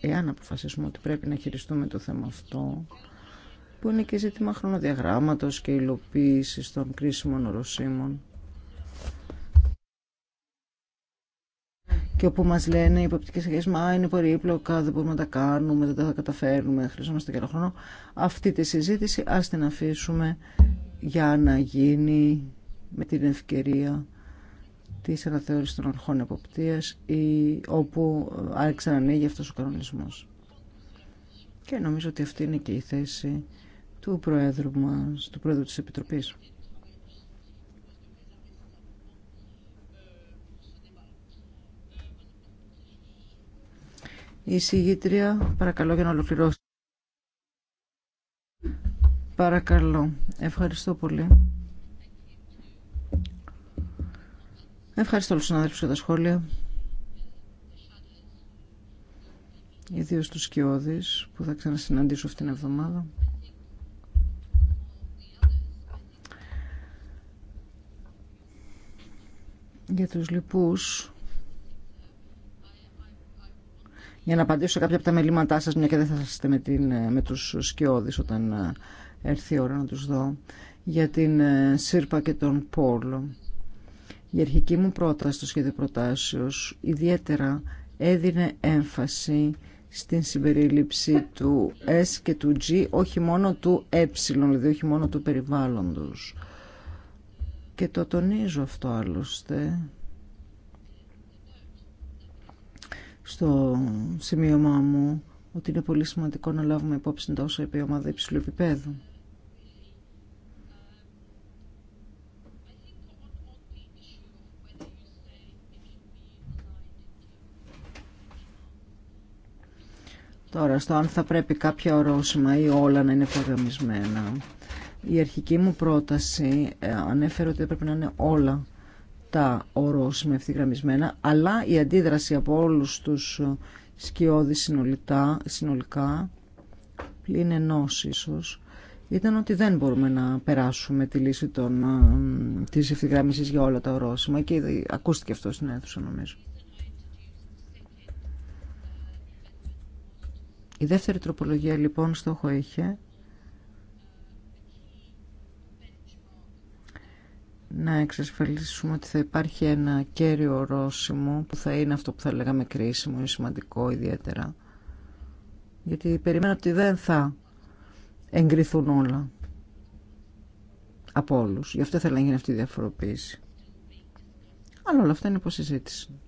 εάν αποφασίσουμε ότι πρέπει να χειριστούμε το θέμα αυτό, που είναι και ζήτημα χρονοδιαγράμματος και υλοποίησης των κρίσιμων οροσίμων. Και όπου μας λένε οι υποπτικές αρχές, μα είναι περίπλοκα, δεν μπορούμε να τα κάνουμε, δεν τα καταφέρνουμε, χρειαζόμαστε και χρόνο. Αυτή τη συζήτηση ας την αφήσουμε για να γίνει με την ευκαιρία της αναθεώρησης των αρχών εποπτείας ή όπου άρχισε να ανοίγει αυτός ο κανονισμός. Και νομίζω ότι αυτή είναι και η θέση του Προέδρου μας, του Πρόεδρου της Επιτροπής. Η συγγήτρια, παρακαλώ για να ολοκληρώσω. Παρακαλώ. Ευχαριστώ πολύ. Ευχαριστώ όλους τους συνάδελφους για τα σχόλια. Ιδίως τους Σκιώδης που θα ξανασυναντήσω αυτήν την εβδομάδα. Για τους λοιπούς... Για να απαντήσω σε κάποια από τα μελήματά σας, μια και δεν θα είστε με, την, ε, με τους σκιώδεις όταν ε, έρθει η ώρα να τους δω, για την ε, Σύρπα και τον Πόρλο η αρχική μου πρόταση στο σχέδιο προτάσεως ιδιαίτερα έδινε έμφαση στην συμπερίληψη του S και του G, όχι μόνο του ε, δηλαδή όχι μόνο του περιβάλλοντος. Και το τονίζω αυτό άλλωστε στο σημείωμά μου ότι είναι πολύ σημαντικό να λάβουμε υπόψη τόσο επί ομάδα υψηλού επίπεδου. Τώρα, στο αν θα πρέπει κάποια ορόσημα ή όλα να είναι προγραμμισμένα. Η αρχική μου πρόταση ε, ανέφερε ότι έπρεπε να είναι όλα τα ορόσημα ευθυγραμμισμένα, αλλά η αντίδραση από όλους τους σκιώδεις συνολικά, συνολικά πλην ενός ίσως, ήταν ότι δεν μπορούμε να ειναι ολα τα οροσημα ευθυγραμμισμενα αλλα η αντιδραση απο ολους τους σκιωδη συνολικα συνολικα πλην ενος ισως ηταν οτι δεν μπορουμε να περασουμε τη λύση των, ε, της ευθυγράμμισης για όλα τα ορόσημα και ακούστηκε αυτό στην αίθουσα νομίζω. Η δεύτερη τροπολογία λοιπόν στόχο είχε να εξασφαλίσουμε ότι θα υπάρχει ένα κέριο ορόσημο που θα είναι αυτό που θα λέγαμε κρίσιμο ή σημαντικό ιδιαίτερα. Γιατί περιμένω ότι δεν θα εγκριθούν όλα από όλου. Γι' αυτό θέλω να γίνει αυτή η διαφοροποίηση. Αλλά όλα αυτά είναι υποσυζήτηση.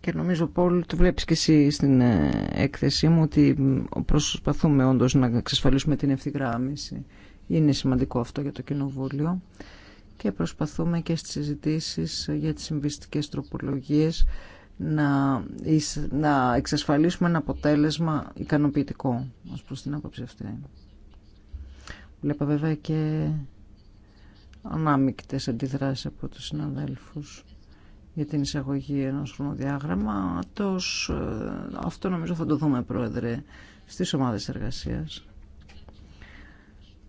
και νομίζω Πολ το βλέπεις και εσύ στην ε, έκθεσή μου ότι προσπαθούμε όντως να εξασφαλίσουμε την ευθυγράμμιση. Είναι σημαντικό αυτό για το Κοινοβούλιο και προσπαθούμε και στις συζητήσεις για τις συμβιστικές τροπολογίες να, να εξασφαλίσουμε ένα αποτέλεσμα ικανοποιητικό ως προς την άποψη αυτή. Βλέπα βέβαια και ανάμεικτες αντιδράσεις από τους συναδέλφους για την εισαγωγή ενός χρονοδιάγραμματος. Ε, αυτό νομίζω θα το δούμε, Πρόεδρε, στις ομάδες εργασίας.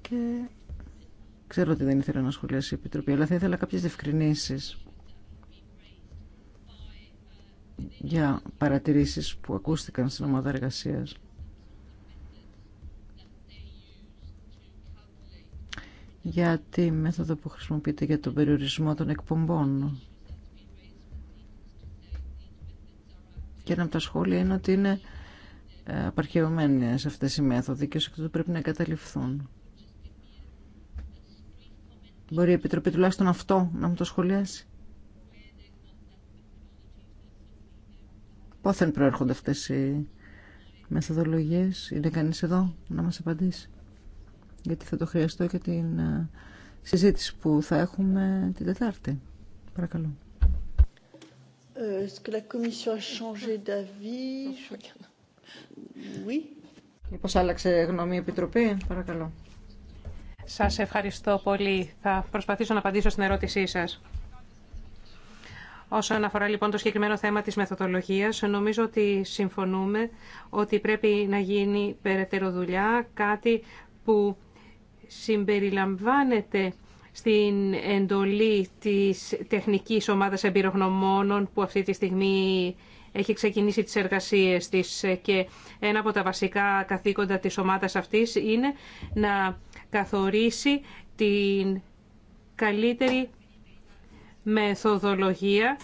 Και ξέρω ότι δεν ήθελα να σχολιάσει η Επιτροπή, αλλά θα ήθελα κάποιες διευκρινήσεις για παρατηρήσεις που ακούστηκαν στην ομάδα εργασίας. για τη μέθοδο που χρησιμοποιείται για τον περιορισμό των εκπομπών. και ένα από τα σχόλια είναι ότι είναι σε αυτές οι μέθοδοι και όσο πρέπει να εγκαταλειφθούν. Μπορεί η Επιτροπή τουλάχιστον αυτό να μου το σχολιάσει. Πόθεν προέρχονται αυτές οι μεθοδολογίες. Είναι κανείς εδώ να μας απαντήσει. Γιατί θα το χρειαστώ και την ε, συζήτηση που θα έχουμε την Τετάρτη. Παρακαλώ. Euh, est-ce que la άλλαξε γνώμη Επιτροπή, Σα ευχαριστώ πολύ. Θα προσπαθήσω να απαντήσω στην ερώτησή σα. Όσον αφορά λοιπόν το συγκεκριμένο θέμα της μεθοδολογίας, νομίζω ότι συμφωνούμε ότι πρέπει να γίνει περαιτέρω δουλειά, κάτι που συμπεριλαμβάνεται στην εντολή της τεχνικής ομάδας εμπειρογνωμόνων που αυτή τη στιγμή έχει ξεκινήσει τις εργασίες της και ένα από τα βασικά καθήκοντα της ομάδας αυτής είναι να καθορίσει την καλύτερη μεθοδολογία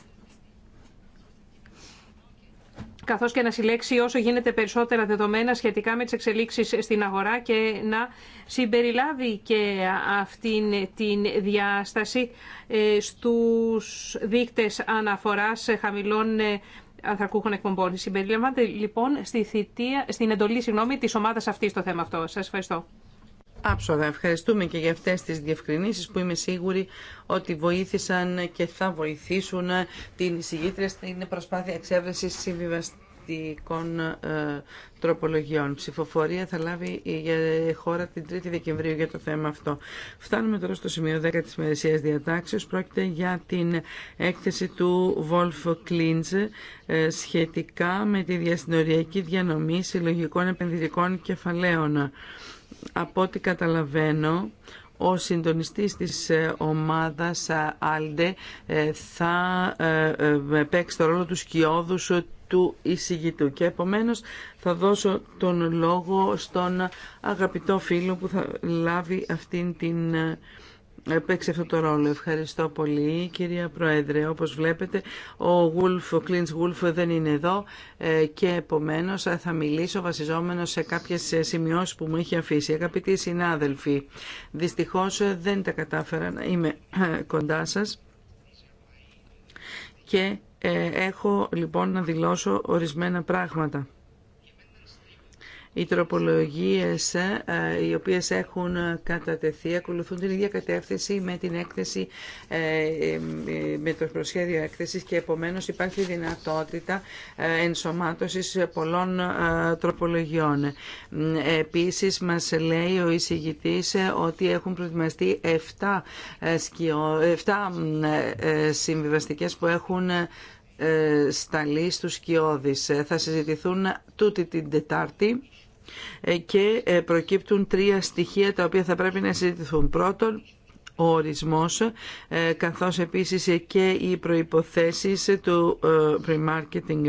καθώς και να συλλέξει όσο γίνεται περισσότερα δεδομένα σχετικά με τις εξελίξεις στην αγορά και να συμπεριλάβει και αυτήν την διάσταση ε, στους δείκτες αναφοράς χαμηλών ε, ανθρακούχων εκπομπών. Συμπεριλαμβάνεται λοιπόν στη θητεία, στην εντολή συγγνώμη, της ομάδας αυτής το θέμα αυτό. Σας ευχαριστώ άψογα. Ευχαριστούμε και για αυτές τις διευκρινήσεις που είμαι σίγουρη ότι βοήθησαν και θα βοηθήσουν την εισηγήτρια στην προσπάθεια εξέβρεσης συμβιβαστικών ε, τροπολογιών. Ψηφοφορία θα λάβει η χώρα την 3η Δεκεμβρίου για το θέμα αυτό. Φτάνουμε τώρα στο σημείο 10 της μερισίας διατάξεως. Πρόκειται για την έκθεση του Wolf Klintz ε, σχετικά με τη διασυνοριακή διανομή συλλογικών επενδυτικών κεφαλαίων από ό,τι καταλαβαίνω, ο συντονιστής της ε, ομάδας ε, Άλντε ε, θα παίξει το ρόλο του σκιώδου του εισηγητού και επομένως θα δώσω τον λόγο στον αγαπητό φίλο που θα λάβει αυτήν την παίξει αυτό το ρόλο. Ευχαριστώ πολύ κυρία Πρόεδρε. Όπως βλέπετε ο, Γουλφ ο Κλίντς Γουλφ δεν είναι εδώ ε, και επομένως θα μιλήσω βασιζόμενο σε κάποιες σημειώσει που μου είχε αφήσει. Αγαπητοί συνάδελφοι, Δυστυχώ δεν τα κατάφερα να είμαι ε, κοντά σα. και ε, έχω λοιπόν να δηλώσω ορισμένα πράγματα. Οι τροπολογίες ε, οι οποίες έχουν κατατεθεί ακολουθούν την ίδια κατεύθυνση με την έκθεση, ε, ε, με το προσχέδιο έκθεσης και επομένως υπάρχει δυνατότητα ενσωμάτωσης πολλών τροπολογιών. Επίσης μας λέει ο εισηγητής ότι έχουν προετοιμαστεί 7, σκιό, 7 συμβιβαστικές που έχουν σταλεί στους σκιώδεις. Θα συζητηθούν τούτη την Τετάρτη ε, και ε, προκύπτουν τρία στοιχεία τα οποία θα πρέπει να συζητηθούν. Πρώτον, ο ορισμός, ε, καθώς επίσης και οι προϋποθέσεις του pre-marketing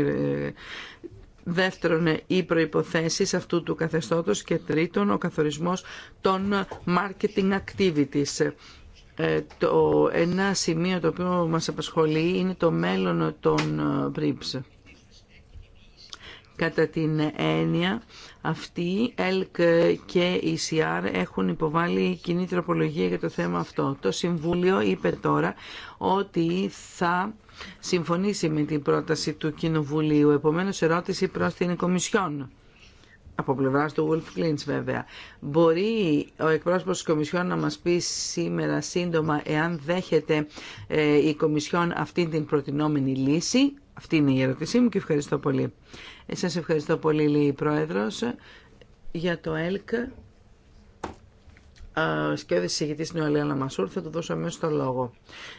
δεύτερον οι προϋποθέσεις αυτού του καθεστώτος και τρίτον ο καθορισμός των marketing activities. το ένα σημείο το οποίο μας απασχολεί είναι το μέλλον των BRIPS. Κατά την έννοια αυτοί, ΕΛΚ και ΣΥΑΡ έχουν υποβάλει κοινή τροπολογία για το θέμα αυτό. Το Συμβούλιο είπε τώρα ότι θα συμφωνήσει με την πρόταση του Κοινοβουλίου. Επομένως, ερώτηση προς την Κομισιόν από πλευρά του Wolf Klintz βέβαια. Μπορεί ο εκπρόσωπος της Κομισιόν να μας πει σήμερα σύντομα εάν δέχεται ε, η Κομισιόν αυτή την προτινόμενη λύση. Αυτή είναι η ερώτησή μου και ευχαριστώ πολύ. Ε, σας ευχαριστώ πολύ, λέει η Πρόεδρος, για το ΕΛΚ. Ο Σκέδης συγητής είναι ο Μασούρ. Θα του δώσω αμέσως το λόγο.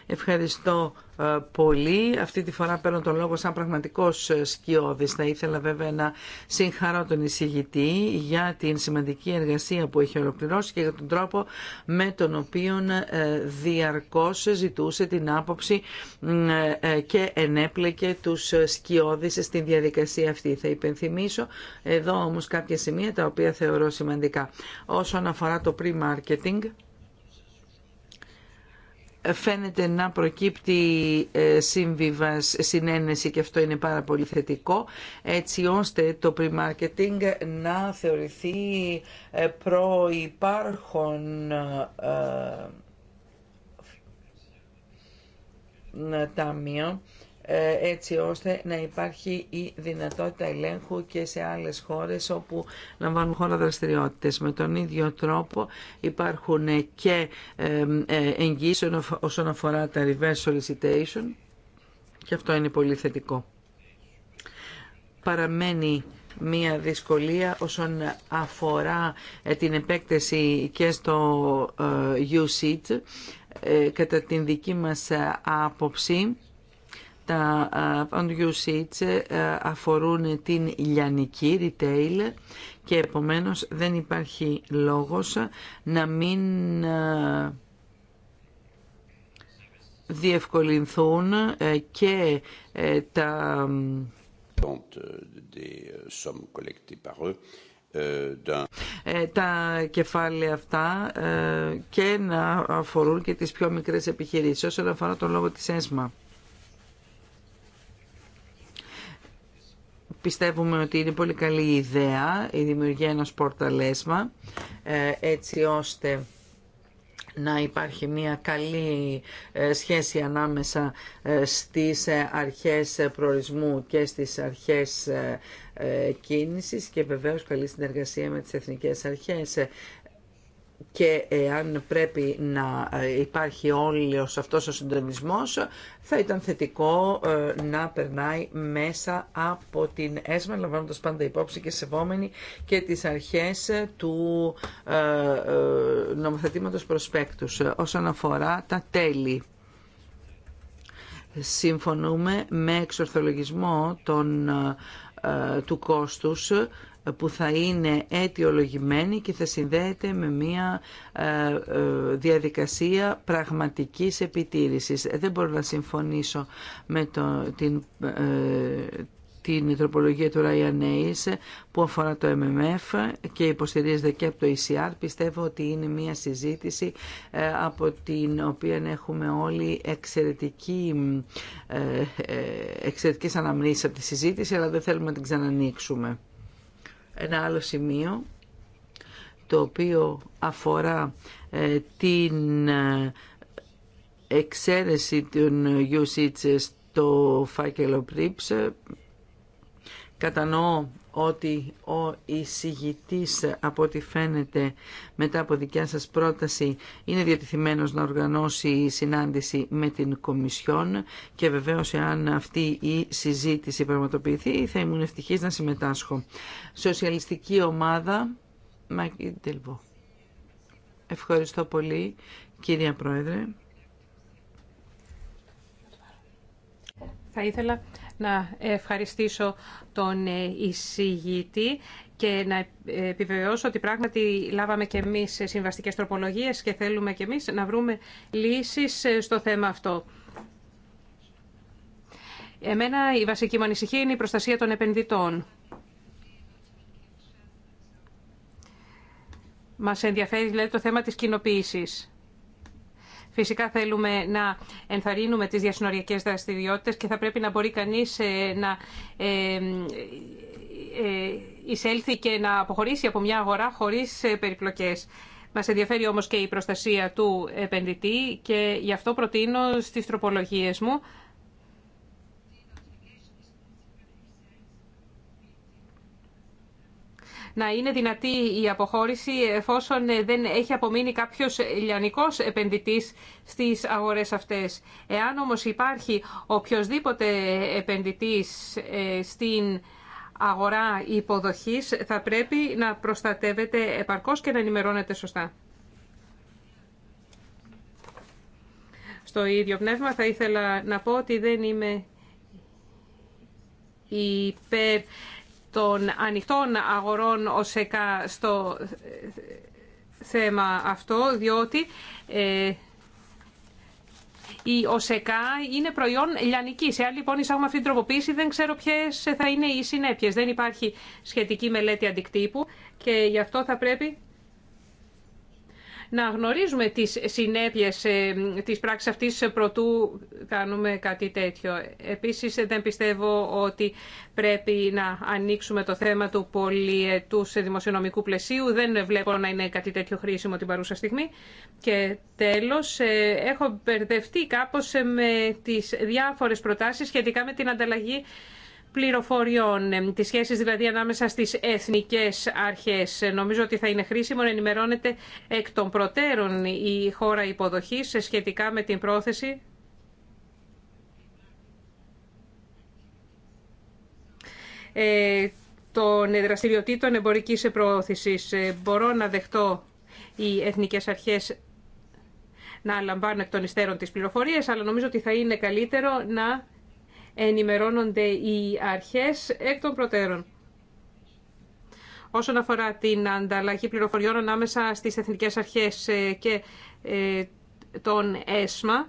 Ευχαριστώ ε, πολύ. Αυτή τη φορά παίρνω τον λόγο σαν πραγματικός ε, σκιώδης. Θα ήθελα βέβαια να συγχαρώ τον εισηγητή για την σημαντική εργασία που έχει ολοκληρώσει και για τον τρόπο με τον οποίο ε, διαρκώς ζητούσε την άποψη και ενέπλεκε τους σκιώδης στην διαδικασία αυτή. Θα υπενθυμίσω εδώ όμως κάποια σημεία τα οποία θεωρώ σημαντικά. Όσον αφορά το pre-marketing, φαίνεται να προκύπτει ε, συμβιβας, συνένεση και αυτό είναι πάρα πολύ θετικό έτσι ώστε το pre-marketing να θεωρηθεί ε, προϋπάρχον ε, ταμείο ε, έτσι ώστε να υπάρχει η δυνατότητα ελέγχου και σε άλλες χώρες όπου λαμβάνουν χώρα δραστηριότητες. Με τον ίδιο τρόπο υπάρχουν και ε, ε, εγγύσεις όσον αφορά τα reverse solicitation και αυτό είναι πολύ θετικό. Παραμένει μία δυσκολία όσον αφορά την επέκταση και στο usage Κατά την δική μας άποψη, τα on usage ε, αφορούν την λιανική retail και επομένως δεν υπάρχει λόγος να μην διευκολυνθούν ε, και ε, τα euh, euh, euh, τα κεφάλαια αυτά και να αφορούν και τις πιο μικρές επιχειρήσεις όσον αφορά τον λόγο της ΕΣΜΑ. Πιστεύουμε ότι είναι πολύ καλή ιδέα η δημιουργία ενός πορταλέσμα ε, έτσι ώστε να υπάρχει μια καλή ε, σχέση ανάμεσα ε, στις αρχές προορισμού και στις αρχές κίνησης και βεβαίως καλή συνεργασία με τις εθνικές αρχές και εάν πρέπει να ε, υπάρχει όλος αυτός ο συντονισμός θα ήταν θετικό ε, να περνάει μέσα από την ΕΣΜΑ λαμβάνοντα πάντα υπόψη και σεβόμενη, και τις αρχές του ε, νομοθετήματος προσπέκτους όσον αφορά τα τέλη. Συμφωνούμε με εξορθολογισμό των, του κόστους που θα είναι αιτιολογημένη και θα συνδέεται με μια ε, ε, διαδικασία πραγματικής επιτήρησης. Δεν μπορώ να συμφωνήσω με την, ε, την τροπολογία του Ryan που αφορά το MMF και υποστηρίζεται και από το ECR. Πιστεύω ότι είναι μια συζήτηση από την οποία έχουμε όλοι εξαιρετική, εξαιρετικές αναμνήσεις από τη συζήτηση, αλλά δεν θέλουμε να την ξανανοίξουμε ένα άλλο σημείο το οποίο αφορά ε, την ε, εξαίρεση των usage στο φάκελο Πρίψε. Κατανοώ ότι ο εισηγητής από ό,τι φαίνεται μετά από δικιά σας πρόταση είναι διατηθειμένος να οργανώσει συνάντηση με την Κομισιόν και βεβαίως εάν αυτή η συζήτηση πραγματοποιηθεί θα ήμουν ευτυχής να συμμετάσχω. Σοσιαλιστική ομάδα Ευχαριστώ πολύ κυρία Πρόεδρε. Θα ήθελα να ευχαριστήσω τον ε, εισηγητή και να ε, επιβεβαιώσω ότι πράγματι λάβαμε και εμείς συμβαστικές τροπολογίες και θέλουμε και εμείς να βρούμε λύσεις ε, στο θέμα αυτό. Εμένα η βασική μου ανησυχία είναι η προστασία των επενδυτών. Μας ενδιαφέρει δηλαδή, το θέμα της κοινοποίησης. Φυσικά θέλουμε να ενθαρρύνουμε τις διασυνοριακές δραστηριότητες και θα πρέπει να μπορεί κανείς ε, να ε, ε, εισέλθει και να αποχωρήσει από μια αγορά χωρίς περιπλοκές. Μας ενδιαφέρει όμως και η προστασία του επενδυτή και γι' αυτό προτείνω στις τροπολογίες μου να είναι δυνατή η αποχώρηση εφόσον ε, δεν έχει απομείνει κάποιος λιανικός επενδυτής στις αγορές αυτές. Εάν όμως υπάρχει οποιοδήποτε επενδυτής ε, στην αγορά υποδοχής θα πρέπει να προστατεύεται επαρκώς και να ενημερώνεται σωστά. Στο ίδιο πνεύμα θα ήθελα να πω ότι δεν είμαι υπέρ των ανοιχτών αγορών ΟΣΕΚΑ στο θέμα αυτό, διότι ε, η ΟΣΕΚΑ είναι προϊόν λιανική. Εάν λοιπόν εισάγουμε αυτή την τροποποίηση, δεν ξέρω ποιε θα είναι οι συνέπειε. Δεν υπάρχει σχετική μελέτη αντικτύπου και γι' αυτό θα πρέπει να γνωρίζουμε τις συνέπειες ε, της πράξης αυτής ε, προτού κάνουμε κάτι τέτοιο. Επίσης ε, δεν πιστεύω ότι πρέπει να ανοίξουμε το θέμα του πολιετού σε δημοσιονομικού πλαισίου. Δεν βλέπω να είναι κάτι τέτοιο χρήσιμο την παρούσα στιγμή. Και τέλος, έχω μπερδευτεί κάπως με τις διάφορες προτάσεις σχετικά με την ανταλλαγή πληροφοριών, ε, τις σχέσεις δηλαδή ανάμεσα στις εθνικές αρχές. Ε, νομίζω ότι θα είναι χρήσιμο να ενημερώνεται εκ των προτέρων η χώρα υποδοχής σε σχετικά με την πρόθεση ε, των δραστηριοτήτων εμπορικής προώθησης. Μπορώ να δεχτώ οι εθνικές αρχές να λαμβάνουν εκ των υστέρων τις πληροφορίες, αλλά νομίζω ότι θα είναι καλύτερο να ενημερώνονται οι αρχές εκ των προτέρων. Όσον αφορά την ανταλλαγή πληροφοριών ανάμεσα στις εθνικές αρχές ε, και ε, τον ΕΣΜΑ,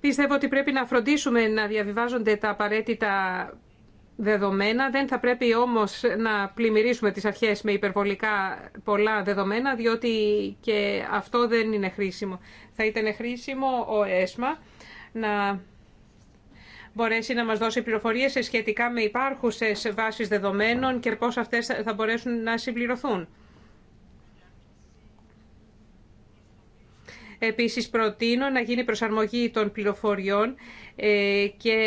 Πιστεύω ότι πρέπει να φροντίσουμε να διαβιβάζονται τα απαραίτητα δεδομένα. Δεν θα πρέπει όμως να πλημμυρίσουμε τις αρχές με υπερβολικά πολλά δεδομένα, διότι και αυτό δεν είναι χρήσιμο. Θα ήταν χρήσιμο ο ΕΣΜΑ να μπορέσει να μας δώσει πληροφορίες σχετικά με υπάρχουσες βάσεις δεδομένων και πώς αυτές θα μπορέσουν να συμπληρωθούν. Επίσης προτείνω να γίνει προσαρμογή των πληροφοριών ε, και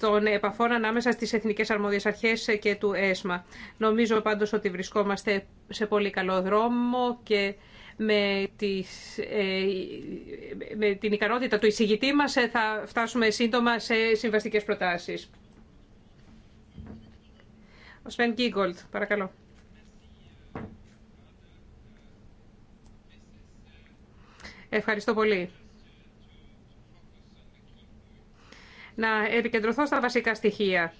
των επαφών ανάμεσα στις Εθνικές Αρμόδιες Αρχές και του ΕΣΜΑ. Νομίζω πάντως ότι βρισκόμαστε σε πολύ καλό δρόμο και ε, με, την ικανότητα του εισηγητή μας ε, θα φτάσουμε σύντομα σε συμβαστικές προτάσεις. Ο παρακαλώ. Ευχαριστώ πολύ. Να επικεντρωθώ στα βασικά στοιχεία.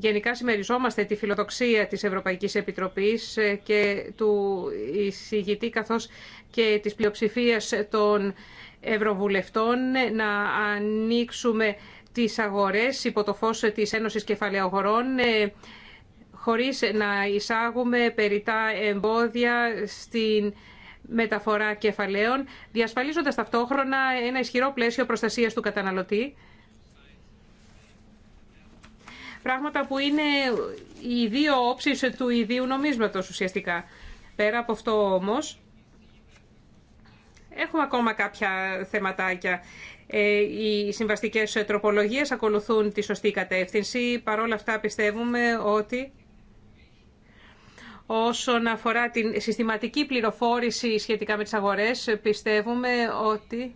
Γενικά συμμεριζόμαστε τη φιλοδοξία της Ευρωπαϊκής Επιτροπής ε, και του εισηγητή καθώς και της πλειοψηφίας των Ευρωβουλευτών να ανοίξουμε τις αγορές υπό το φως της Ένωσης Κεφαλαιογορών ε, χωρίς να εισάγουμε περιτά εμπόδια στην μεταφορά κεφαλαίων, διασφαλίζοντας ταυτόχρονα ένα ισχυρό πλαίσιο προστασίας του καταναλωτή πράγματα που είναι οι δύο όψεις του ιδίου νομίσματος ουσιαστικά. Πέρα από αυτό όμως, έχουμε ακόμα κάποια θεματάκια. Ε, οι συμβαστικές τροπολογίες ακολουθούν τη σωστή κατεύθυνση. Παρ' όλα αυτά πιστεύουμε ότι όσον αφορά την συστηματική πληροφόρηση σχετικά με τις αγορές, πιστεύουμε ότι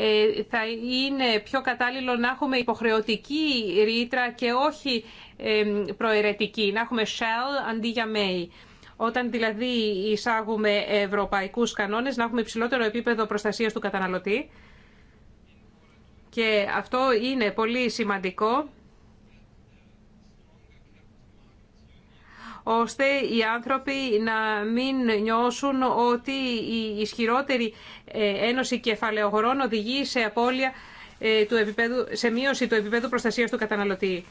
ε, θα είναι πιο κατάλληλο να έχουμε υποχρεωτική ρήτρα και όχι ε, προαιρετική, να έχουμε shell αντί για may. Όταν δηλαδή εισάγουμε ευρωπαϊκούς κανόνες, να έχουμε υψηλότερο επίπεδο προστασίας του καταναλωτή. Και αυτό είναι πολύ σημαντικό ώστε οι άνθρωποι να μην νιώσουν ότι η ισχυρότερη ε, ένωση κεφαλαιοχωρών οδηγεί σε, απώλεια, ε, του επίπεδου, σε μείωση του επίπεδου προστασίας του καταναλωτή.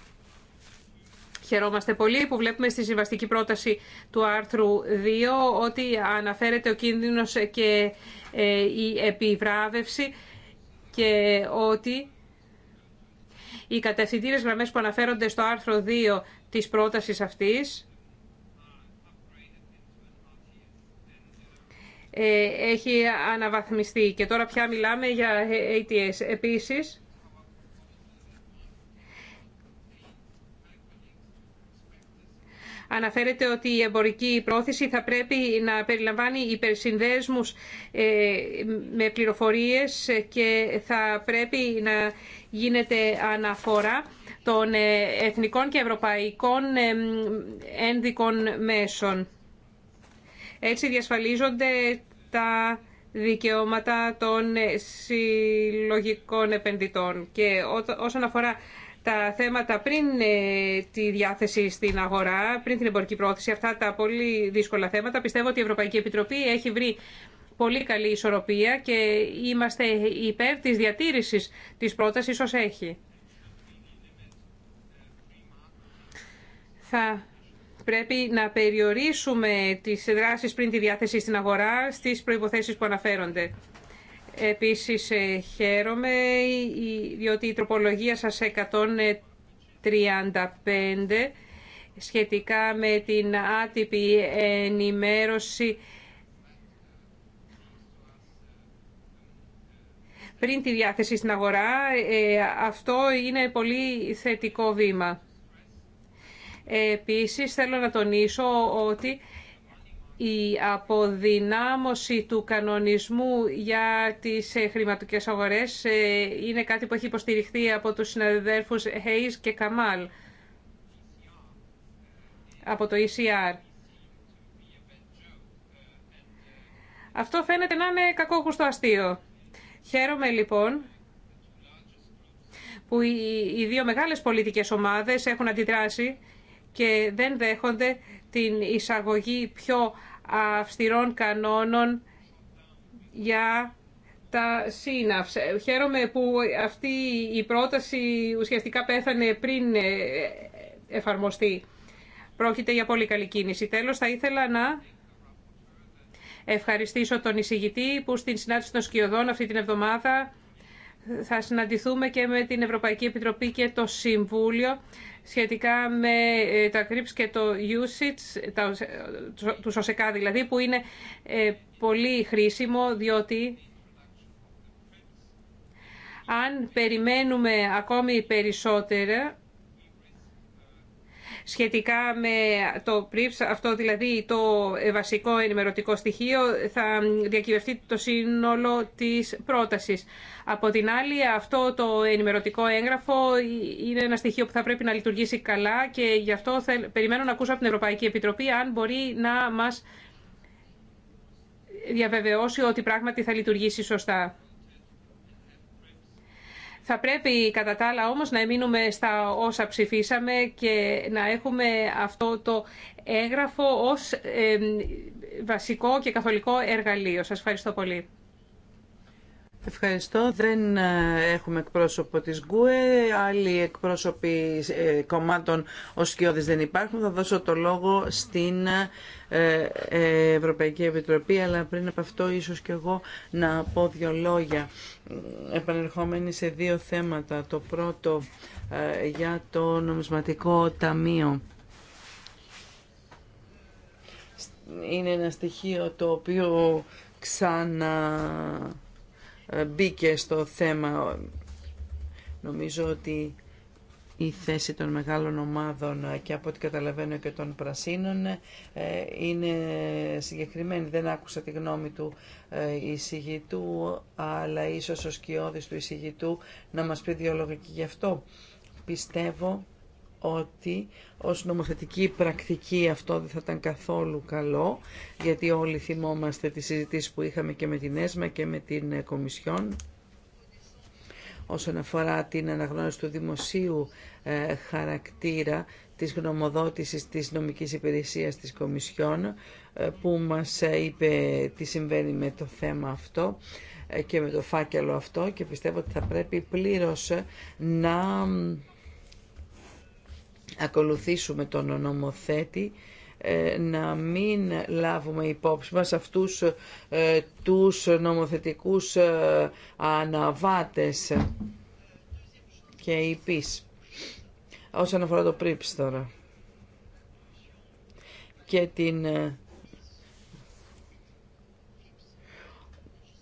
Χαιρόμαστε πολύ που βλέπουμε στη συμβαστική πρόταση του άρθρου 2 ότι αναφέρεται ο κίνδυνος και ε, η επιβράβευση και ότι οι κατευθυντήρες γραμμές που αναφέρονται στο άρθρο 2 της πρότασης αυτής Ε, έχει αναβαθμιστεί και τώρα πια μιλάμε για ATS. Ε Επίσης, Αναφέρεται ότι η εμπορική πρόθεση θα πρέπει να περιλαμβάνει υπερσυνδέσμους ε, με πληροφορίες και θα πρέπει να γίνεται αναφορά των εθνικών και ευρωπαϊκών ένδικων μέσων. Έτσι διασφαλίζονται τα δικαιώματα των συλλογικών επενδυτών. Και όσον αφορά τα θέματα πριν ε, τη διάθεση στην αγορά, πριν την εμπορική πρόθεση, αυτά τα πολύ δύσκολα θέματα, πιστεύω ότι η Ευρωπαϊκή Επιτροπή έχει βρει πολύ καλή ισορροπία και είμαστε υπέρ της διατήρησης της πρότασης ως έχει πρέπει να περιορίσουμε τις δράσεις πριν τη διάθεση στην αγορά στις προϋποθέσεις που αναφέρονται. Επίσης ε, χαίρομαι διότι η τροπολογία σας 135 σχετικά με την άτυπη ενημέρωση πριν τη διάθεση στην αγορά. Ε, αυτό είναι πολύ θετικό βήμα. Επίσης θέλω να τονίσω ότι η αποδυνάμωση του κανονισμού για τις ε, χρηματικές αγορές ε, είναι κάτι που έχει υποστηριχθεί από τους συναδέλφους Hayes και Καμάλ από το ECR. Αυτό φαίνεται να είναι κακό γουστο αστείο. Χαίρομαι λοιπόν που οι δύο μεγάλες πολιτικές ομάδες έχουν αντιδράσει και δεν δέχονται την εισαγωγή πιο αυστηρών κανόνων για τα σύναυς. Χαίρομαι που αυτή η πρόταση ουσιαστικά πέθανε πριν ε, εφαρμοστεί. Πρόκειται για πολύ καλή κίνηση. Τέλος, θα ήθελα να ευχαριστήσω τον εισηγητή που στην συνάντηση των Σκιωδών αυτή την εβδομάδα θα συναντηθούμε και με την Ευρωπαϊκή Επιτροπή και το Συμβούλιο σχετικά με ε, τα κρυψ και το usage, τα, ε, τους οσεκά δηλαδή, που είναι ε, πολύ χρήσιμο διότι αν περιμένουμε ακόμη περισσότερα, σχετικά με το PRIPS, αυτό δηλαδή το βασικό ενημερωτικό στοιχείο, θα διακυβευτεί το σύνολο της πρότασης. Από την άλλη, αυτό το ενημερωτικό έγγραφο είναι ένα στοιχείο που θα πρέπει να λειτουργήσει καλά και γι' αυτό περιμένω να ακούσω από την Ευρωπαϊκή Επιτροπή αν μπορεί να μας διαβεβαιώσει ότι πράγματι θα λειτουργήσει σωστά. Θα πρέπει κατά τα άλλα όμως να μείνουμε στα όσα ψηφίσαμε και να έχουμε αυτό το έγγραφο ως βασικό και καθολικό εργαλείο. Σας ευχαριστώ πολύ. Ευχαριστώ. Δεν ε, έχουμε εκπρόσωπο της ΓΚΟΕ, άλλοι εκπρόσωποι ε, κομμάτων ο σκιώδες δεν υπάρχουν. Θα δώσω το λόγο στην ε, Ευρωπαϊκή Επιτροπή, αλλά πριν από αυτό ίσως και εγώ να πω δύο λόγια. Επανερχόμενοι σε δύο θέματα. Το πρώτο για το νομισματικό ταμείο. Είναι ένα στοιχείο το οποίο ξανα ε, μπήκε στο θέμα. Νομίζω ότι η θέση των μεγάλων ομάδων ε, και από ό,τι καταλαβαίνω και των πρασίνων ε, είναι συγκεκριμένη. Δεν άκουσα τη γνώμη του εισηγητού, αλλά ίσως ο σκιώδης του εισηγητού να μας πει δύο λόγια και γι' αυτό. Πιστεύω ότι ως νομοθετική πρακτική αυτό δεν θα ήταν καθόλου καλό, γιατί όλοι θυμόμαστε τις συζητήσεις που είχαμε και με την ΕΣΜΑ και με την ε, Κομισιόν όσον αφορά την αναγνώριση του δημοσίου ε, χαρακτήρα της γνωμοδότησης της νομικής υπηρεσίας της Κομισιόν ε, που μας είπε τι συμβαίνει με το θέμα αυτό και με το φάκελο αυτό και πιστεύω ότι θα πρέπει πλήρως να ακολουθήσουμε τον νομοθέτη ε, να μην λάβουμε υπόψη μας αυτούς ε, τους νομοθετικούς ε, αναβάτες και υπείς. Όσον αφορά το πρίψ τώρα και την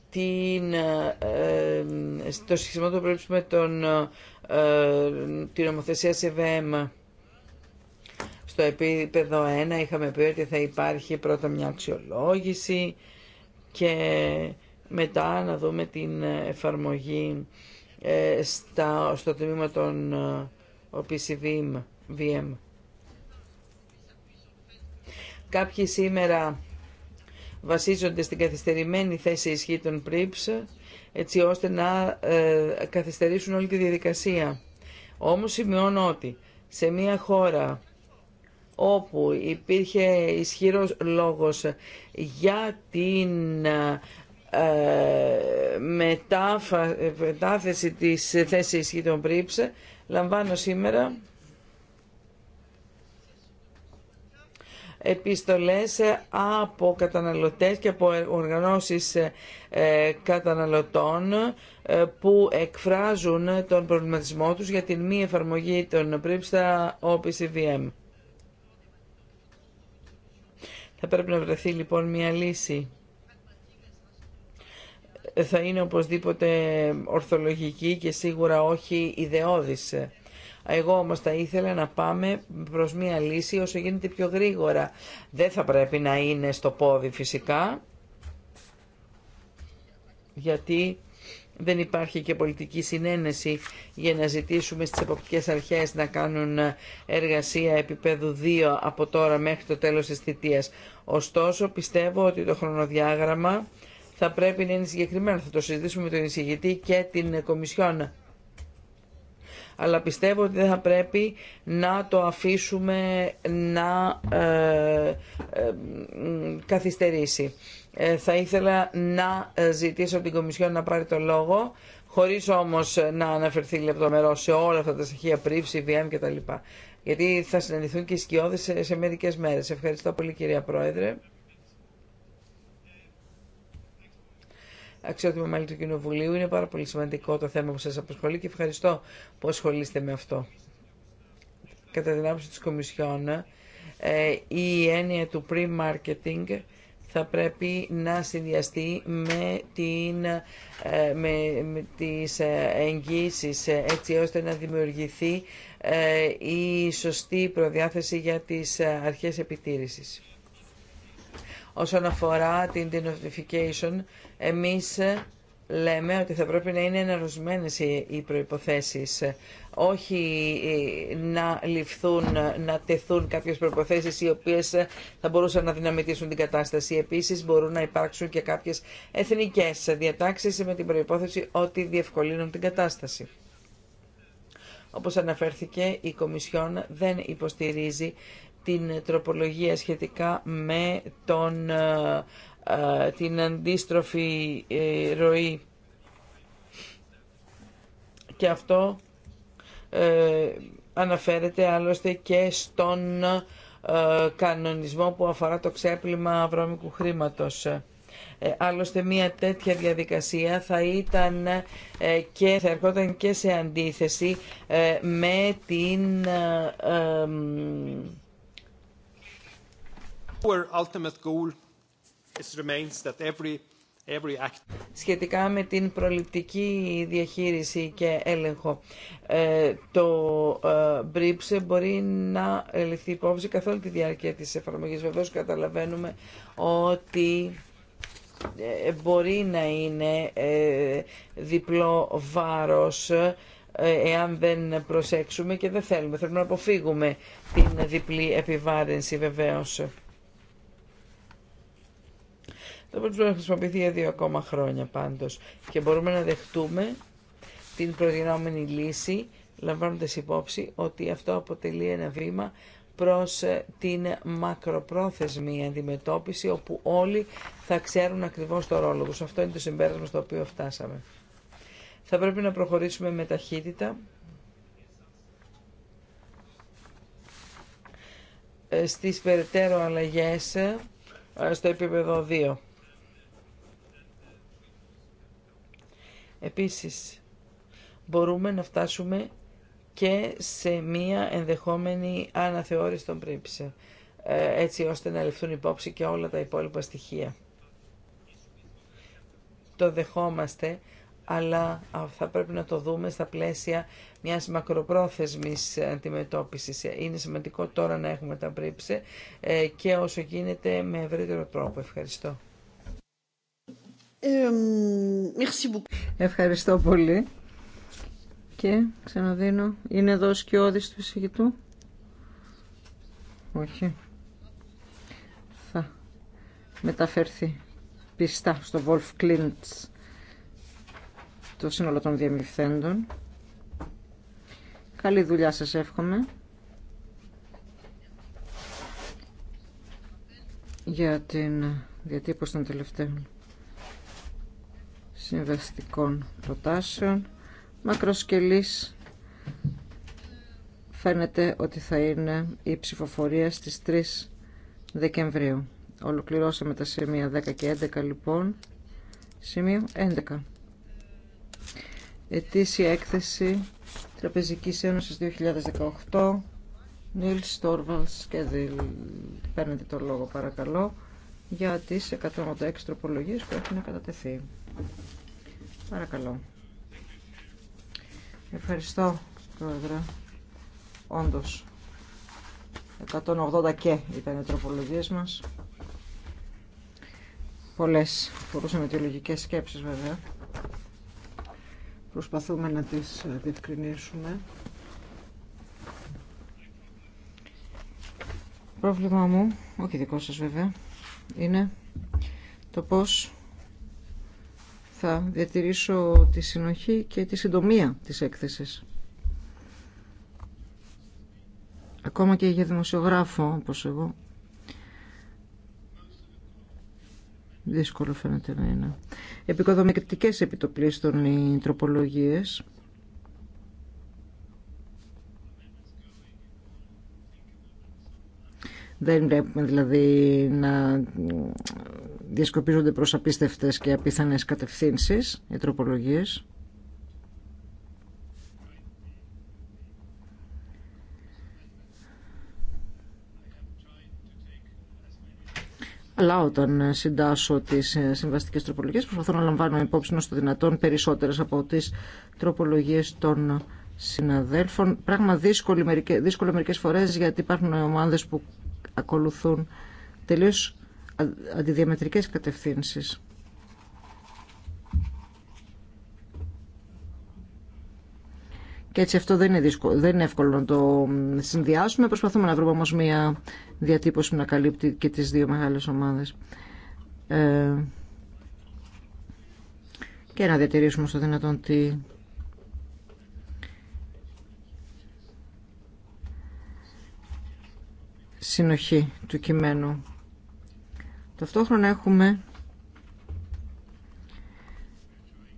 την, ε, στο με τον, ε, την νομοθεσία βέμα. Στο επίπεδο 1 είχαμε πει ότι θα υπάρχει πρώτα μια αξιολόγηση και μετά να δούμε την εφαρμογή ε, στα, στο τμήμα των OPCVM. Ε, VM. Κάποιοι σήμερα βασίζονται στην καθυστερημένη θέση ισχύ των PRIPS έτσι ώστε να ε, καθυστερήσουν όλη τη διαδικασία. Όμως σημειώνω ότι σε μια χώρα όπου υπήρχε ισχύρος λόγος για την ε, μετάθεση της θέσης ισχύ των πρίψε, λαμβάνω σήμερα επιστολές από καταναλωτές και από οργανώσεις ε, καταναλωτών ε, που εκφράζουν τον προβληματισμό τους για την μη εφαρμογή των πρίψ στα OPCVM. Θα πρέπει να βρεθεί λοιπόν μια λύση. Θα είναι οπωσδήποτε ορθολογική και σίγουρα όχι ιδεώδης. Εγώ όμως θα ήθελα να πάμε προς μια λύση όσο γίνεται πιο γρήγορα. Δεν θα πρέπει να είναι στο πόδι φυσικά, γιατί δεν υπάρχει και πολιτική συνένεση για να ζητήσουμε στις εποπτικές αρχές να κάνουν εργασία επίπεδου 2 από τώρα μέχρι το τέλος της θητείας. Ωστόσο, πιστεύω ότι το χρονοδιάγραμμα θα πρέπει να είναι συγκεκριμένο. Θα το συζητήσουμε με τον εισηγητή και την Κομισιόν. Αλλά πιστεύω ότι δεν θα πρέπει να το αφήσουμε να ε, ε, καθυστερήσει. Ε, θα ήθελα να ε, ζητήσω την Κομισιόν να πάρει το λόγο, χωρίς όμως ε, να αναφερθεί λεπτομερό σε όλα αυτά τα στοιχεία και τα λοιπά. Γιατί θα συναντηθούν και οι σκιώδες σε, σε μερικές μέρες. Ευχαριστώ πολύ κυρία Πρόεδρε. Αξιότιμο μέλη του Κοινοβουλίου, είναι πάρα πολύ σημαντικό το θέμα που σας απασχολεί και ευχαριστώ που ασχολείστε με αυτό. Κατά την άποψη της Κομισιόν, η έννοια του pre-marketing θα πρέπει να συνδυαστεί με, την, ε, με, τις ε, εγγύσεις ε, έτσι ώστε να δημιουργηθεί η σωστή προδιάθεση για τις αρχές επιτήρησης. Όσον αφορά την denotification, εμείς λέμε ότι θα πρέπει να είναι εναρρωσμένες οι προϋποθέσεις, όχι ε, να ληφθούν, να τεθούν κάποιες προϋποθέσεις οι οποίες θα μπορούσαν να δυναμητήσουν την κατάσταση. Επίσης μπορούν να υπάρξουν και κάποιες εθνικές διατάξεις με την προϋπόθεση ότι διευκολύνουν την κατάσταση. Όπως αναφέρθηκε, η Κομισιόν δεν υποστηρίζει την τροπολογία σχετικά με τον ε, ε, την αντίστροφη ε, ροή. Και αυτό ε, αναφέρεται άλλωστε και στον κανονισμό που αφορά το ξέπλυμα βρώμικου χρήματος. Άλλωστε μια τέτοια διαδικασία θα ήταν και θα ερχόταν και σε αντίθεση με την ultimate goal Σχετικά με την προληπτική διαχείριση και έλεγχο, ε, το ε, BRIPS μπορεί να ληφθεί υπόψη καθ' όλη τη διάρκεια της εφαρμογής. Βεβαίως καταλαβαίνουμε ότι ε, μπορεί να είναι διπλό βάρος εάν δεν προσέξουμε και δεν θέλουμε. Θέλουμε να αποφύγουμε την διπλή επιβάρυνση βεβαίως. Δεν μπορεί να χρησιμοποιηθεί για δύο ακόμα χρόνια πάντως και μπορούμε να δεχτούμε την προδυνόμενη λύση λαμβάνοντας υπόψη ότι αυτό αποτελεί ένα βήμα προς ε, την μακροπρόθεσμη αντιμετώπιση όπου όλοι θα ξέρουν ακριβώς το ρόλο τους. Αυτό είναι το συμπέρασμα στο οποίο φτάσαμε. Θα πρέπει να προχωρήσουμε με ταχύτητα ε, στις περαιτέρω αλλαγές ε, στο επίπεδο 2. Επίσης, μπορούμε να φτάσουμε και σε μία ενδεχόμενη αναθεώρηση των πρίψε, έτσι ώστε να ληφθούν υπόψη και όλα τα υπόλοιπα στοιχεία. Το δεχόμαστε, αλλά θα πρέπει να το δούμε στα πλαίσια μιας μακροπρόθεσμης αντιμετώπισης. Είναι σημαντικό τώρα να έχουμε τα πρίψε ε, και όσο γίνεται με ευρύτερο τρόπο. Ευχαριστώ. Ευχαριστώ πολύ. Και ξαναδίνω. Είναι εδώ ο σκιώδη του εισηγητού. Όχι. Θα μεταφέρθει πιστά στο Wolf Klintz το σύνολο των διαμυφθέντων. Καλή δουλειά σας εύχομαι. Για την διατύπωση των τελευταίων συμβαστικών προτάσεων. Μακροσκελής φαίνεται ότι θα είναι η ψηφοφορία στις 3 Δεκεμβρίου. Ολοκληρώσαμε τα σημεία 10 και 11 λοιπόν. Σημείο 11. Ετήσια έκθεση Τραπεζικής Ένωσης 2018. Νίλ Στόρβαλς και Διλ. Παίρνετε το λόγο παρακαλώ για τις 186 τροπολογίες που έχουν κατατεθεί. Παρακαλώ. Ευχαριστώ, Πρόεδρε. Όντως, 180 και ήταν οι τροπολογίες μας. Πολλές φορούσαν λογική σκέψεις βέβαια. Προσπαθούμε να τις ε, διευκρινίσουμε. Πρόβλημά μου, όχι δικό σας βέβαια, είναι το πώς θα διατηρήσω τη συνοχή και τη συντομία της έκθεσης. Ακόμα και για δημοσιογράφο, όπως εγώ, δύσκολο φαίνεται να είναι. Επικοδομητικές επιτοπλίστων των τροπολογίες. Δεν βλέπουμε δηλαδή να διασκοπίζονται προς απίστευτες και απίθανες κατευθύνσεις οι τροπολογίες. Αλλά όταν συντάσω τις συμβαστικές τροπολογίες, προσπαθώ να λαμβάνω υπόψη στο δυνατόν περισσότερες από τις τροπολογίες των συναδέλφων. Πράγμα δύσκολο μερικές φορές, γιατί υπάρχουν ομάδες που ακολουθούν τελείως αντιδιαμετρικές κατευθύνσεις. Και έτσι αυτό δεν είναι, δύσκολο, δεν είναι εύκολο να το συνδυάσουμε. Προσπαθούμε να βρούμε όμως μία διατύπωση που να καλύπτει και τις δύο μεγάλες ομάδες. Ε, και να διατηρήσουμε στο δυνατόν τη συνοχή του κειμένου. Ταυτόχρονα έχουμε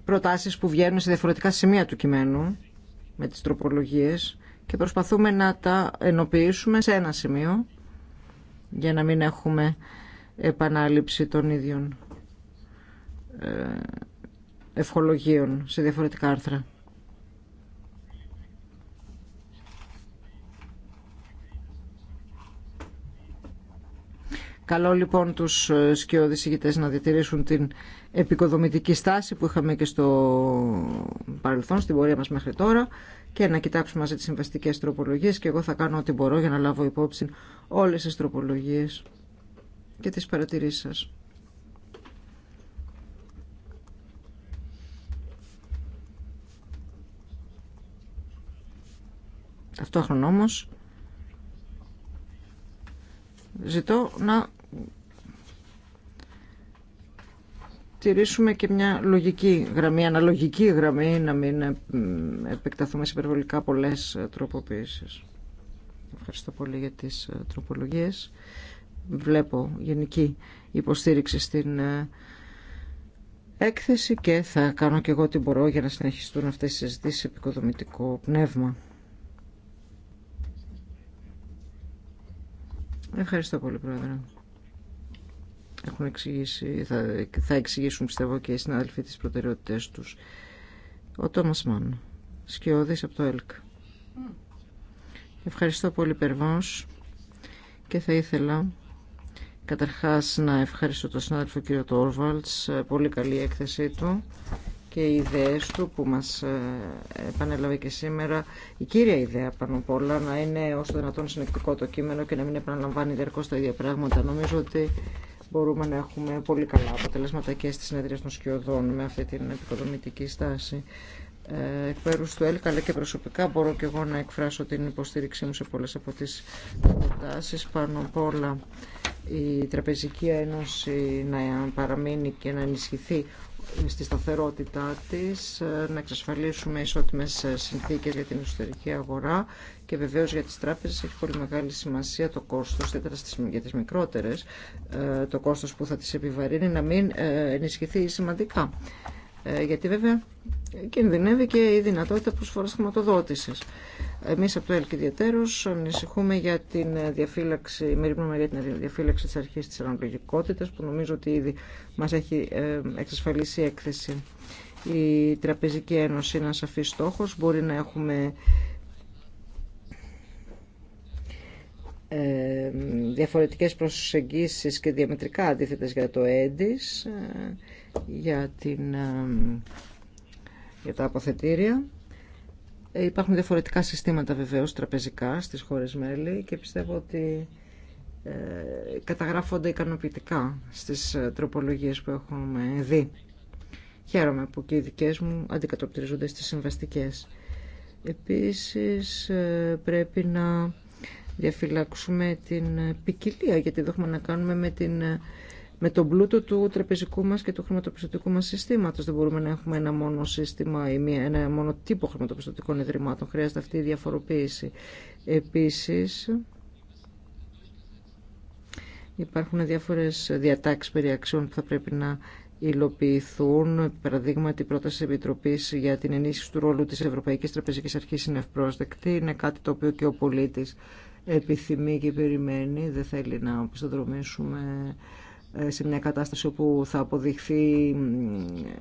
προτάσεις που βγαίνουν σε διαφορετικά σημεία του κειμένου με τις τροπολογίες και προσπαθούμε να τα ενοποιήσουμε σε ένα σημείο για να μην έχουμε επανάληψη των ίδιων ε, ευχολογίων σε διαφορετικά άρθρα. Καλό λοιπόν τους ε, σκιώδης ηγητές να διατηρήσουν την επικοδομητική στάση που είχαμε και στο παρελθόν, στην πορεία μας μέχρι τώρα και να κοιτάξουμε μαζί τις συμβαστικές τροπολογίες και εγώ θα κάνω ό,τι μπορώ για να λάβω υπόψη όλες τις τροπολογίες και τις παρατηρήσεις σας. Ταυτόχρονα όμως ζητώ να τηρήσουμε και μια λογική γραμμή, αναλογική γραμμή, να μην ε, επεκταθούμε σε υπερβολικά πολλές ε, τροποποιήσεις. Ευχαριστώ πολύ για τις ε, τροπολογίες. Βλέπω γενική υποστήριξη στην έκθεση και θα κάνω και εγώ ό,τι μπορώ για να συνεχιστούν αυτές οι συζητήσεις σε επικοδομητικό πνεύμα. Ευχαριστώ πολύ, Πρόεδρε. Έχουν εξηγήσει, θα, θα εξηγήσουν πιστεύω και οι συνάδελφοι τις προτεραιότητες τους. Ο Τόμας Μάν, σκιώδης από το ΕΛΚ. Ευχαριστώ πολύ περβός και θα ήθελα καταρχάς να ευχαριστώ τον συνάδελφο κύριο Τόρβαλτς, πολύ καλή έκθεσή του και οι ιδέες του που μας ε, επανέλαβε και σήμερα η κύρια ιδέα πάνω απ' όλα να είναι όσο δυνατόν συνεκτικό το κείμενο και να μην επαναλαμβάνει διαρκώς τα ίδια πράγματα νομίζω ότι μπορούμε να έχουμε πολύ καλά αποτελέσματα και στη συνεδρία των σκιωδών με αυτή την επικοδομητική στάση. Ε, εκ μέρους του ΕΛΚ αλλά και προσωπικά μπορώ και εγώ να εκφράσω την υποστήριξή μου σε πολλές από τις προτάσεις. Πάνω απ' όλα η Τραπεζική Ένωση να παραμείνει και να ενισχυθεί στη σταθερότητά της, ε, να εξασφαλίσουμε ισότιμες ε, συνθήκες για την εσωτερική αγορά και βεβαίως για τις τράπεζες έχει πολύ μεγάλη σημασία το κόστος, ιδιαίτερα για τις μικρότερες, ε, το κόστος που θα τις επιβαρύνει να μην ενισχυθεί σημαντικά. Γιατί βέβαια κινδυνεύει και η δυνατότητα προσφοράς χρηματοδότησης. Εμείς από το ΕΛΚ ιδιαίτερως ανησυχούμε για την διαφύλαξη, μεριμνούμε για την διαφύλαξη της αρχής της αναλογικότητας που νομίζω ότι ήδη μας έχει ε, εξασφαλίσει η έκθεση. Η Τραπεζική Ένωση είναι ένα σαφής στόχος, μπορεί να έχουμε ε, διαφορετικές προσεγγίσεις και διαμετρικά αντίθετες για το έντις, ε, για, την, για τα αποθετήρια. Υπάρχουν διαφορετικά συστήματα βεβαίως τραπεζικά στις χώρες μέλη και πιστεύω ότι ε, καταγράφονται ικανοποιητικά στις ε, τροπολογίες που έχουμε δει. Χαίρομαι που και οι δικές μου αντικατοπτρίζονται στις συμβαστικές. Επίσης ε, πρέπει να διαφυλάξουμε την ποικιλία γιατί εδώ έχουμε να κάνουμε με την με τον πλούτο του τραπεζικού μας και του χρηματοπιστωτικού μας συστήματος. Δεν μπορούμε να έχουμε ένα μόνο σύστημα ή ένα μόνο τύπο χρηματοπιστωτικών ιδρυμάτων. Χρειάζεται αυτή η διαφοροποίηση. Επίσης, υπάρχουν διάφορες διατάξεις περί αξιών που θα πρέπει να υλοποιηθούν. Παραδείγμα, η πρόταση Επιτροπή για την ενίσχυση του ρόλου τη Ευρωπαϊκή Τραπεζική Αρχή είναι ευπρόσδεκτη. Είναι κάτι το οποίο και ο πολίτη επιθυμεί και περιμένει. Δεν θέλει να οπισθοδρομήσουμε ε, σε μια κατάσταση όπου θα αποδειχθεί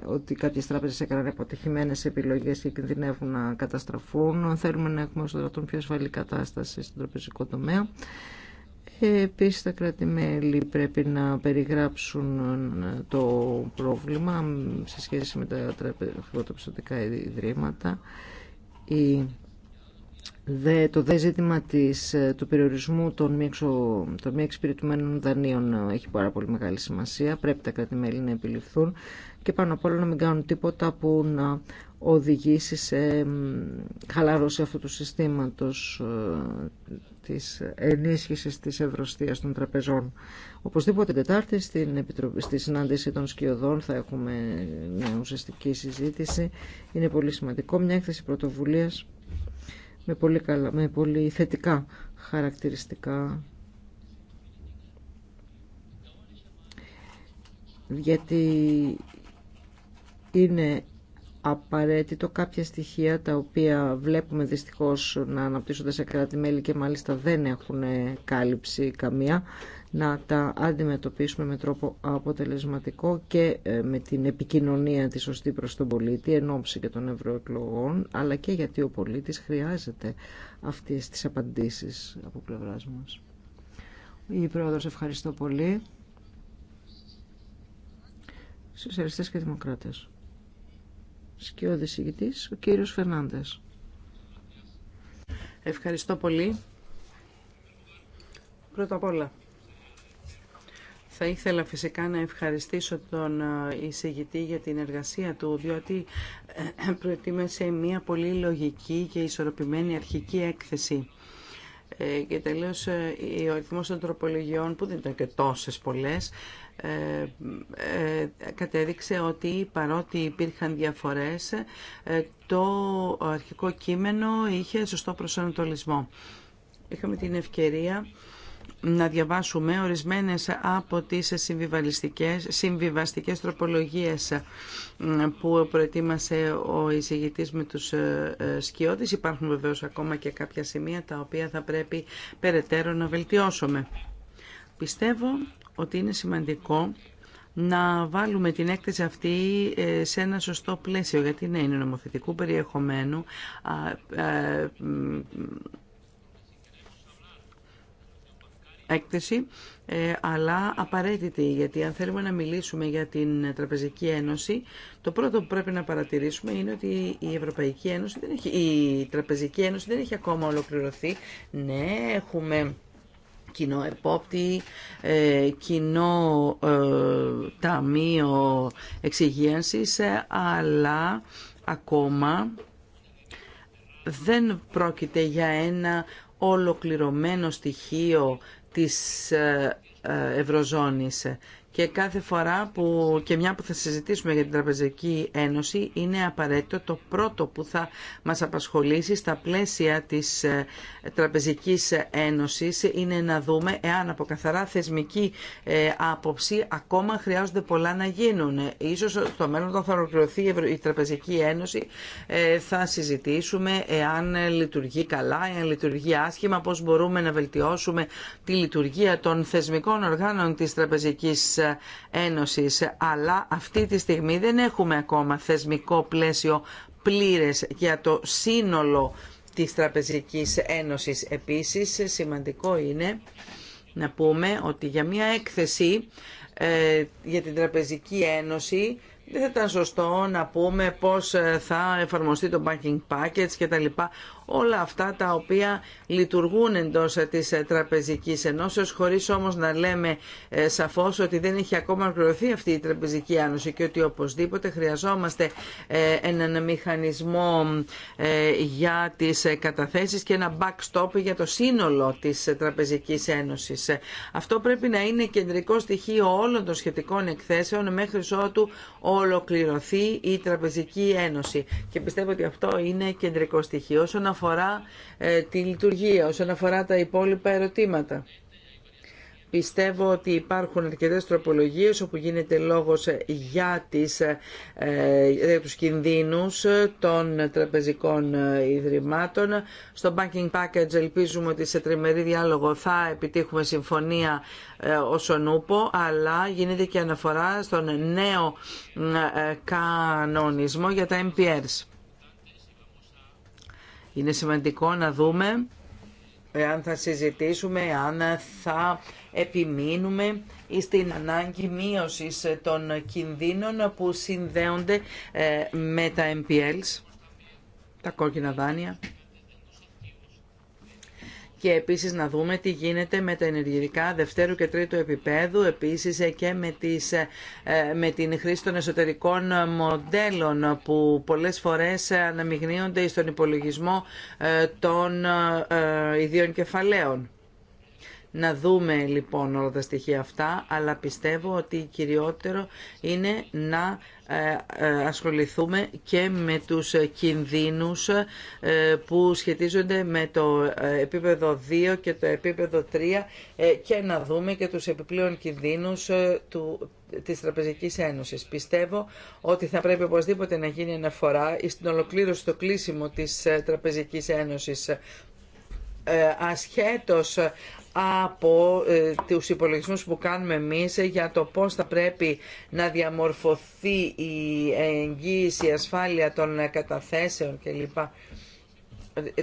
ότι κάποιες τράπεζες έκαναν αποτυχημένες επιλογές και κινδυνεύουν να καταστραφούν. Θέλουμε να έχουμε όσο δυνατόν πιο ασφαλή κατάσταση στον τραπεζικό τομέα. Επίσης τα κράτη-μέλη πρέπει να περιγράψουν ε, το πρόβλημα σε σχέση με τα χρηματοπιστωτικά ιδρύματα. Η δε, το δε ζήτημα της, ε, του περιορισμού των μη, εξο, των εξυπηρετουμένων δανείων ε, έχει πάρα πολύ μεγάλη σημασία. Πρέπει τα κράτη-μέλη να επιληφθούν και πάνω απ' όλα να μην κάνουν τίποτα που να οδηγήσει σε χαλάρωση αυτού του συστήματος ε, της ενίσχυσης της ευρωστίας των τραπεζών. Οπωσδήποτε την Τετάρτη στην Επιτροπή, στη συνάντηση των σκιωδών θα έχουμε μια ουσιαστική συζήτηση. Είναι πολύ σημαντικό μια έκθεση πρωτοβουλίας με πολύ, καλά, με πολύ θετικά χαρακτηριστικά. Γιατί είναι απαραίτητο κάποια στοιχεία τα οποία βλέπουμε δυστυχώς να αναπτύσσονται σε κράτη-μέλη και μάλιστα δεν έχουν κάλυψη καμία να τα αντιμετωπίσουμε με τρόπο αποτελεσματικό και ε, με την επικοινωνία τη σωστή προς τον πολίτη εν ώψη και των ευρωεκλογών αλλά και γιατί ο πολίτης χρειάζεται αυτές τις απαντήσεις από πλευράς μας. Η Πρόεδρος ευχαριστώ πολύ. Σοσιαλιστές και Δημοκράτες. Σκιώδης ηγητής, ο κύριος Φερνάντες. Ευχαριστώ πολύ. Πρώτα απ' όλα, θα ήθελα φυσικά να ευχαριστήσω τον ε, εισηγητή για την εργασία του, διότι ε, προετοίμασε μια πολύ λογική και ισορροπημένη αρχική έκθεση. Ε, και τελείως ο αριθμό των τροπολογιών, που δεν ήταν και τόσες πολλές, κατέδειξε ότι παρότι υπήρχαν διαφορές, το αρχικό κείμενο είχε σωστό προσανατολισμό. Είχαμε την ευκαιρία να διαβάσουμε ορισμένες από τις συμβιβαλιστικές συμβιβαστικές τροπολογίες που προετοίμασε ο εισηγητής με τους ε, ε, σκιώτες. Υπάρχουν βεβαίως ακόμα και κάποια σημεία τα οποία θα πρέπει περαιτέρω να βελτιώσουμε. Πιστεύω ότι είναι σημαντικό να βάλουμε την έκθεση αυτή ε, σε ένα σωστό πλαίσιο, γιατί ναι, είναι νομοθετικού περιεχομένου, έκθεση, ε, αλλά απαραίτητη, γιατί αν θέλουμε να μιλήσουμε για την Τραπεζική Ένωση, το πρώτο που πρέπει να παρατηρήσουμε είναι ότι η Ευρωπαϊκή Ένωση δεν έχει, η Τραπεζική Ένωση δεν έχει ακόμα ολοκληρωθεί. Ναι, έχουμε κοινό επόπτη, ε, κοινό ε, ταμείο εξυγίανσης, αλλά ακόμα δεν πρόκειται για ένα ολοκληρωμένο στοιχείο της ε, ε, Ευρωζώνης και κάθε φορά που και μια που θα συζητήσουμε για την Τραπεζική Ένωση είναι απαραίτητο το πρώτο που θα μας απασχολήσει στα πλαίσια της ε, Τραπεζικής Ένωσης είναι να δούμε εάν από καθαρά θεσμική ε, άποψη ακόμα χρειάζονται πολλά να γίνουν. Ίσως στο μέλλον όταν θα ολοκληρωθεί η Τραπεζική Ένωση ε, θα συζητήσουμε εάν λειτουργεί καλά, εάν λειτουργεί άσχημα, πώς μπορούμε να βελτιώσουμε τη λειτουργία των θεσμικών οργάνων της Τραπεζικής Ένωσης. Αλλά αυτή τη στιγμή δεν έχουμε ακόμα θεσμικό πλαίσιο πλήρες για το σύνολο της Τραπεζικής Ένωσης. Επίσης, σημαντικό είναι να πούμε ότι για μια έκθεση ε, για την Τραπεζική Ένωση δεν θα ήταν σωστό να πούμε πώς θα εφαρμοστεί το banking package και τα λοιπά όλα αυτά τα οποία λειτουργούν εντός της ε, Τραπεζικής Ενώσεως χωρίς όμως να λέμε ε, σαφώς ότι δεν έχει ακόμα ολοκληρωθεί αυτή η Τραπεζική Ένωση και ότι οπωσδήποτε χρειαζόμαστε ε, έναν μηχανισμό για τις καταθέσεις και ένα backstop για το σύνολο της Τραπεζικής Ένωσης. Αυτό πρέπει να είναι κεντρικό στοιχείο όλων των σχετικών εκθέσεων μέχρι ότου ολοκληρωθεί η Τραπεζική Ένωση. Και πιστεύω ότι αυτό είναι κεντρικό στοιχείο αφορά ε, τη λειτουργία, όσον αφορά τα υπόλοιπα ερωτήματα. Πιστεύω ότι υπάρχουν αρκετές τροπολογίες όπου γίνεται λόγος ε, για, τις, ε, για τους κινδύνους των τραπεζικών ιδρυμάτων. Στο banking package ελπίζουμε ότι σε τριμερή διάλογο θα επιτύχουμε συμφωνία όσον ούπο, αλλά γίνεται και αναφορά στον νέο κανονισμό για τα MPRs. Είναι σημαντικό να δούμε αν θα συζητήσουμε, αν θα επιμείνουμε στην ανάγκη μείωσης των κινδύνων που συνδέονται ε, με τα MPLs, τα κόκκινα δάνεια και επίσης να δούμε τι γίνεται με τα ενεργητικά δευτέρου και τρίτου επίπεδου, επίσης ε, και με, τις, ε, με την χρήση των εσωτερικών μοντέλων που πολλές φορές αναμειγνύονται στον υπολογισμό ε, των ιδίων κεφαλαίων. Να δούμε λοιπόν όλα τα στοιχεία αυτά, αλλά πιστεύω ότι κυριότερο είναι να ε, ε, ασχοληθούμε και με τους κινδύνους ε, που σχετίζονται με το επίπεδο 2 και το επίπεδο 3 και να δούμε και τους επιπλέον κινδύνους του της Τραπεζικής Ένωσης. Πιστεύω ότι θα πρέπει οπωσδήποτε να γίνει αναφορά στην ολοκλήρωση το κλείσιμο της Τραπεζικής Ένωσης ασχέτως από ε, τους υπολογισμούς που κάνουμε εμείς για το πώς θα πρέπει να διαμορφωθεί η εγγύηση, η ασφάλεια των καταθέσεων κλπ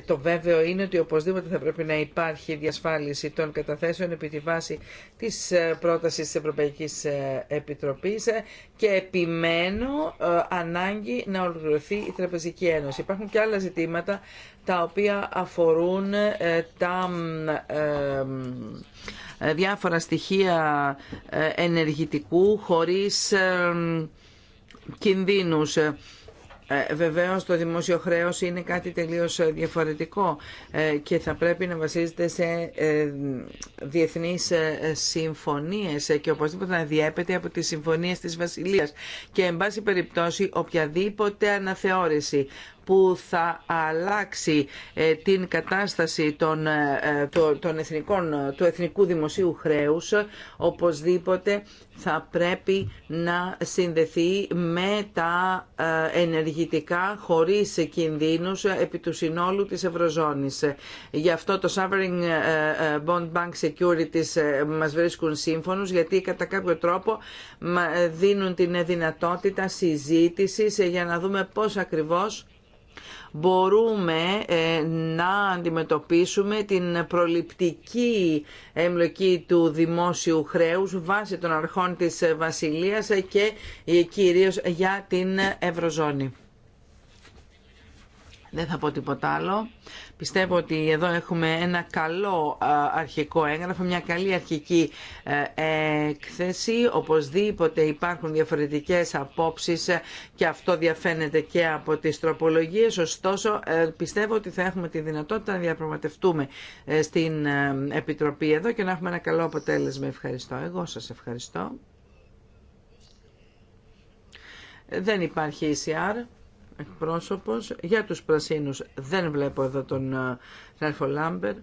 το βέβαιο είναι ότι οπωσδήποτε θα πρέπει να υπάρχει διασφάλιση των καταθέσεων επί τη βάση της ε, πρότασης της Ευρωπαϊκής ε, Επιτροπής ε, και επιμένω ανάγκη να ολοκληρωθεί η Τραπεζική Ένωση. Υπάρχουν και άλλα ζητήματα τα οποία αφορούν τα διάφορα στοιχεία ενεργητικού χωρίς κινδύνους. Ε, βεβαίως το δημόσιο χρέο είναι κάτι τελείως ε, διαφορετικό ε, και θα πρέπει να βασίζεται σε ε, συμφωνίε συμφωνίες ε, και οπωσδήποτε να διέπεται από τις συμφωνίες της Βασιλείας και εν πάση περιπτώσει οποιαδήποτε αναθεώρηση που θα αλλάξει ε, την κατάσταση των, ε, των εθνικών, του εθνικού δημοσίου χρέους οπωσδήποτε θα πρέπει να συνδεθεί με τα ε, ενεργητικά χωρίς κινδύνους επί του συνόλου της Ευρωζώνης. Γι' αυτό το Sovereign Bond Bank Securities μας βρίσκουν σύμφωνους γιατί κατά κάποιο τρόπο δίνουν την δυνατότητα συζήτησης για να δούμε πώς ακριβώς μπορούμε ε, να αντιμετωπίσουμε την προληπτική εμπλοκή του δημόσιου χρέους βάσει των αρχών της Βασιλείας και ε, κυρίως για την Ευρωζώνη. Δεν θα πω τίποτα άλλο. Πιστεύω ότι εδώ έχουμε ένα καλό αρχικό έγγραφο, μια καλή αρχική ε, έκθεση. Οπωσδήποτε υπάρχουν διαφορετικές απόψεις ε, και αυτό διαφαίνεται και από τις τροπολογίες. Ωστόσο, ε, πιστεύω ότι θα έχουμε τη δυνατότητα να διαπραγματευτούμε στην Επιτροπή εδώ και να έχουμε ένα καλό αποτέλεσμα. Ευχαριστώ. Εγώ σας ευχαριστώ. Δεν υπάρχει ECR εκπρόσωπος. Για τους πρασίνους δεν βλέπω εδώ τον Ράλφο ε, Λάμπερ.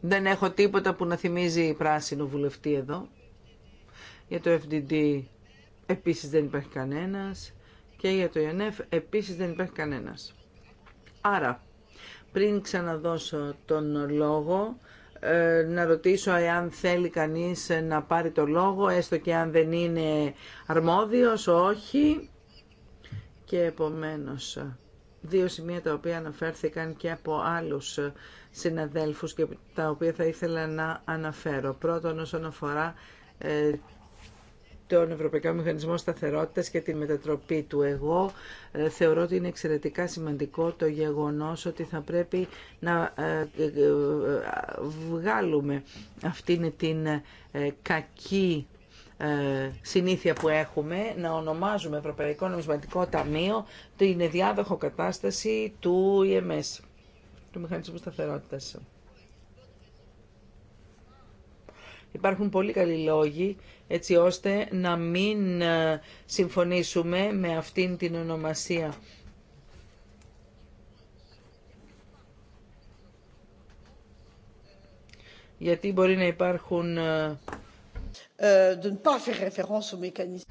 Δεν έχω τίποτα που να θυμίζει πράσινο βουλευτή εδώ. Για το FDD επίσης δεν υπάρχει κανένας. Και για το ΙΕΝΕΦ επίσης δεν υπάρχει κανένας. Άρα, πριν ξαναδώσω τον λόγο, ε, να ρωτήσω εάν θέλει κανείς να πάρει το λόγο, έστω και αν δεν είναι αρμόδιος, όχι και επομένως δύο σημεία τα οποία αναφέρθηκαν και από άλλους συναδέλφους και τα οποία θα ήθελα να αναφέρω. Πρώτον όσον αφορά ε, τον Ευρωπαϊκό Μηχανισμό Σταθερότητας και τη μετατροπή του. Εγώ ε, θεωρώ ότι είναι εξαιρετικά σημαντικό το γεγονός ότι θα πρέπει να ε, ε, βγάλουμε αυτήν την κακή ε, συνήθεια που έχουμε να ονομάζουμε Ευρωπαϊκό Νομισματικό Ταμείο την διάδοχο κατάσταση του EMS, του Μηχανισμού Σταθερότητας. Υπάρχουν πολύ καλοί λόγοι έτσι ώστε να μην ε, συμφωνήσουμε με αυτήν την ονομασία. Γιατί μπορεί να υπάρχουν ε, Euh, de ne pas faire référence au mécanisme.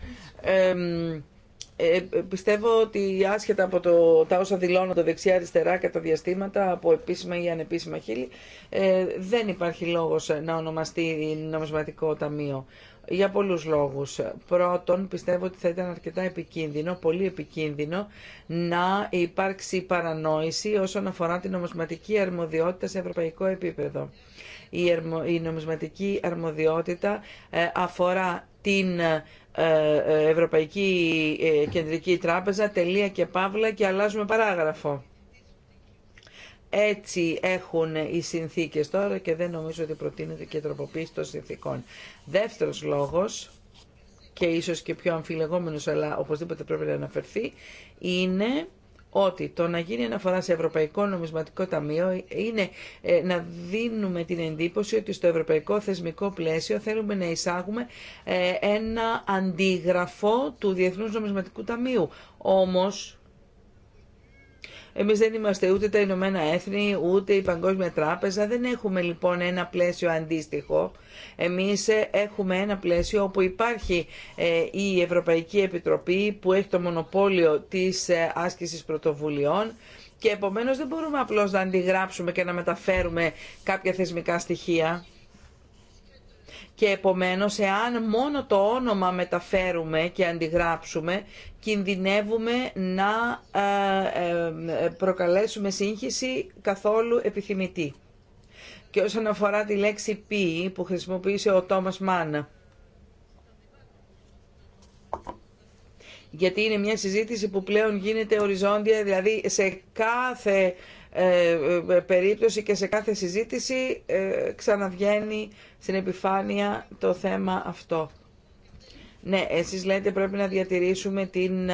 Ε, πιστεύω ότι άσχετα από το, τα οσα δηλώνω το δηλώνονται δεξιά-αριστερά και τα διαστήματα από επίσημα ή ανεπίσημα χείλη, ε, δεν υπάρχει λόγος να ονομαστεί νομισματικό ταμείο. Για πολλούς λόγους. Πρώτον, πιστεύω ότι θα ήταν αρκετά επικίνδυνο, πολύ επικίνδυνο, να υπάρξει παρανόηση όσον αφορά την νομισματική αρμοδιότητα σε ευρωπαϊκό επίπεδο η νομισματική αρμοδιότητα ε, αφορά την ε, ε, Ευρωπαϊκή Κεντρική Τράπεζα, τελεία και παύλα και αλλάζουμε παράγραφο. Έτσι έχουν οι συνθήκες τώρα και δεν νομίζω ότι προτείνεται και τροποποίηση των συνθήκων. Δεύτερος λόγος, και ίσως και πιο αμφιλεγόμενος, αλλά οπωσδήποτε πρέπει να αναφερθεί, είναι ότι το να γίνει αναφορά σε Ευρωπαϊκό Νομισματικό Ταμείο είναι ε, να δίνουμε την εντύπωση ότι στο ευρωπαϊκό θεσμικό πλαίσιο θέλουμε να εισάγουμε ε, ένα αντίγραφο του Διεθνούς Νομισματικού Ταμείου. Όμως εμείς δεν είμαστε ούτε τα Ηνωμένα Έθνη, ούτε η Παγκόσμια Τράπεζα. Δεν έχουμε λοιπόν ένα πλαίσιο αντίστοιχο. Εμείς ε, έχουμε ένα πλαίσιο όπου υπάρχει ε, η Ευρωπαϊκή Επιτροπή που έχει το μονοπόλιο της ε, άσκησης πρωτοβουλειών και επομένως δεν μπορούμε απλώς να αντιγράψουμε και να μεταφέρουμε κάποια θεσμικά στοιχεία και επομένως εάν μόνο το όνομα μεταφέρουμε και αντιγράψουμε κινδυνεύουμε να ε, ε, ε, προκαλέσουμε σύγχυση καθόλου επιθυμητή. Και όσον αφορά τη λέξη «πι» που χρησιμοποίησε ο Τόμας Μάνα, γιατί είναι μια συζήτηση που πλέον γίνεται οριζόντια, δηλαδή σε κάθε ε, ε, ε, περίπτωση και σε κάθε συζήτηση ξαναβγαίνει στην επιφάνεια το θέμα αυτό. Ναι, εσείς λέτε πρέπει να διατηρήσουμε την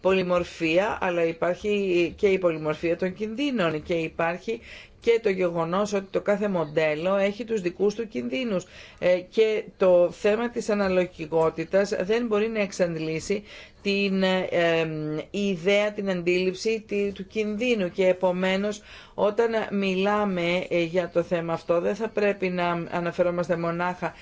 πολυμορφία, αλλά υπάρχει και η πολυμορφία των κινδύνων και υπάρχει και το γεγονός ότι το κάθε μοντέλο έχει τους δικούς του κινδύνους και το θέμα της αναλογικότητας δεν μπορεί να εξαντλήσει την ιδέα, την αντίληψη του κινδύνου και επομένως όταν μιλάμε ε, για το θέμα αυτό δεν θα πρέπει να αναφερόμαστε μονάχα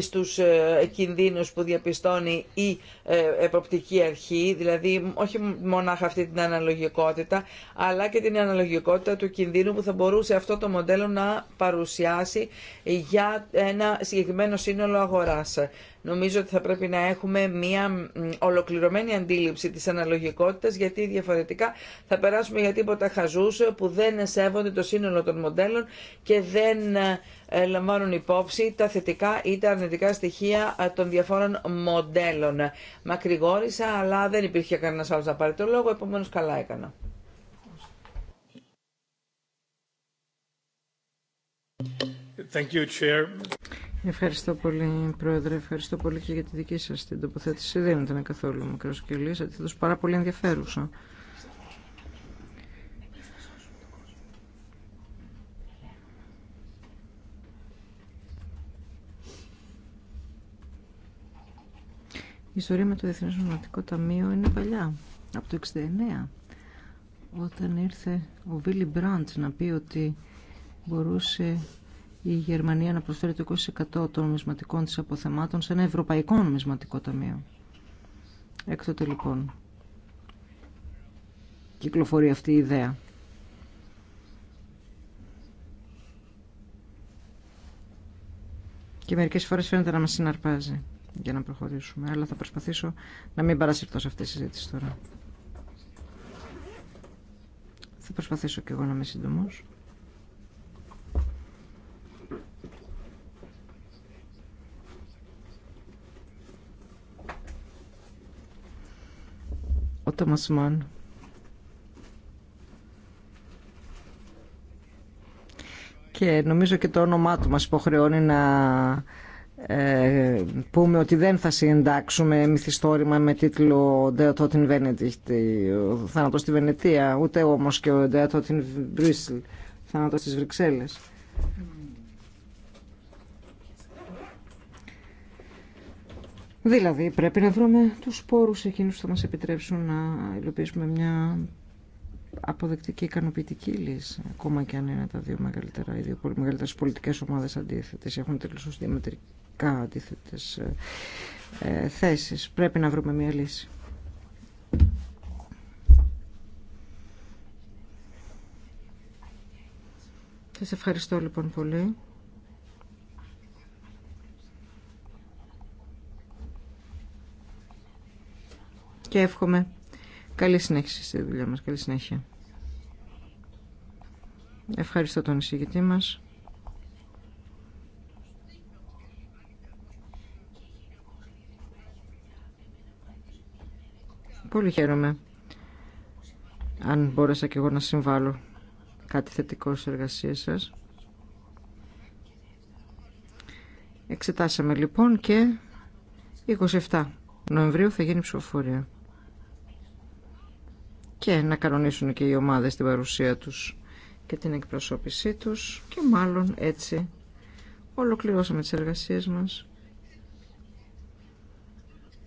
στους ε, κινδύνους που διαπιστώνει η ε, εποπτική αρχή, δηλαδή όχι μονάχα αυτή την αναλογικότητα αλλά και την αναλογικότητα του κινδύνου που θα μπορούσε αυτό το μοντέλο να παρουσιάσει για ένα συγκεκριμένο σύνολο αγοράς. Νομίζω ότι θα πρέπει να έχουμε μια ολοκληρωμένη αντίληψη της αναλογικότητας γιατί διαφορετικά θα περάσουμε για τίποτα χαζούς που δεν σέβονται το σύνολο των μοντέλων και δεν ε, ε, λαμβάνουν υπόψη τα θετικά ή τα αρνητικά στοιχεία ε, των διαφόρων μοντέλων. Μακρηγόρησα αλλά δεν υπήρχε κανένας άλλος να πάρει το λόγο, επομένως καλά έκανα. Thank you, Chair. Ευχαριστώ πολύ, Πρόεδρε. Ευχαριστώ πολύ και για τη δική σα την τοποθέτηση. Δεν ήταν καθόλου μικρό και αντίθετο πάρα πολύ ενδιαφέρουσα. Η ιστορία με το Διεθνές Συμβατικό Ταμείο είναι παλιά, από το 69, όταν ήρθε ο Βίλι Μπραντ να πει ότι μπορούσε η Γερμανία να προσφέρει το 20% των νομισματικών της αποθεμάτων σε ένα ευρωπαϊκό νομισματικό ταμείο. Έκτοτε λοιπόν κυκλοφορεί αυτή η ιδέα. Και μερικές φορές φαίνεται να μας συναρπάζει για να προχωρήσουμε. Αλλά θα προσπαθήσω να μην παρασυρθώ σε αυτή τη συζήτηση τώρα. Θα προσπαθήσω κι εγώ να είμαι σύντομος. o Και νομίζω και το όνομά του μας υποχρεώνει να ε, πούμε ότι δεν θα συντάξουμε μυθιστόρημα με τίτλο «Der Totin Venedicht», ο θάνατος στη Βενετία, ούτε όμως και ο «Der Totin Brüssel», θάνατος στις Βρυξέλλες. Mm. Δηλαδή πρέπει να βρούμε τους σπόρους εκείνους που θα μας επιτρέψουν να υλοποιήσουμε μια αποδεκτική ικανοποιητική λύση. Ακόμα και αν είναι τα δύο μεγαλύτερα, οι δύο πολύ μεγαλύτερες πολιτικές ομάδες αντίθετες, έχουν τελείως διαμετρικά αντίθετες ε, θέσεις. Πρέπει να βρούμε μια λύση. Σας ευχαριστώ λοιπόν πολύ. και εύχομαι καλή συνέχιση στη δουλειά μας. Καλή συνέχεια. Ευχαριστώ τον εισηγητή μας. Πολύ χαίρομαι αν μπόρεσα και εγώ να συμβάλλω κάτι θετικό στις εργασίες σας. Εξετάσαμε λοιπόν και 27 Νοεμβρίου θα γίνει ψηφοφορία και να κανονίσουν και οι ομάδες την παρουσία τους και την εκπροσώπησή τους και μάλλον έτσι ολοκληρώσαμε τις εργασίες μας.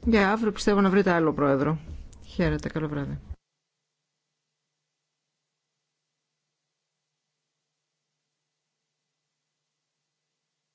Για αύριο πιστεύω να βρείτε άλλο πρόεδρο. Χαίρετε, καλό βράδυ.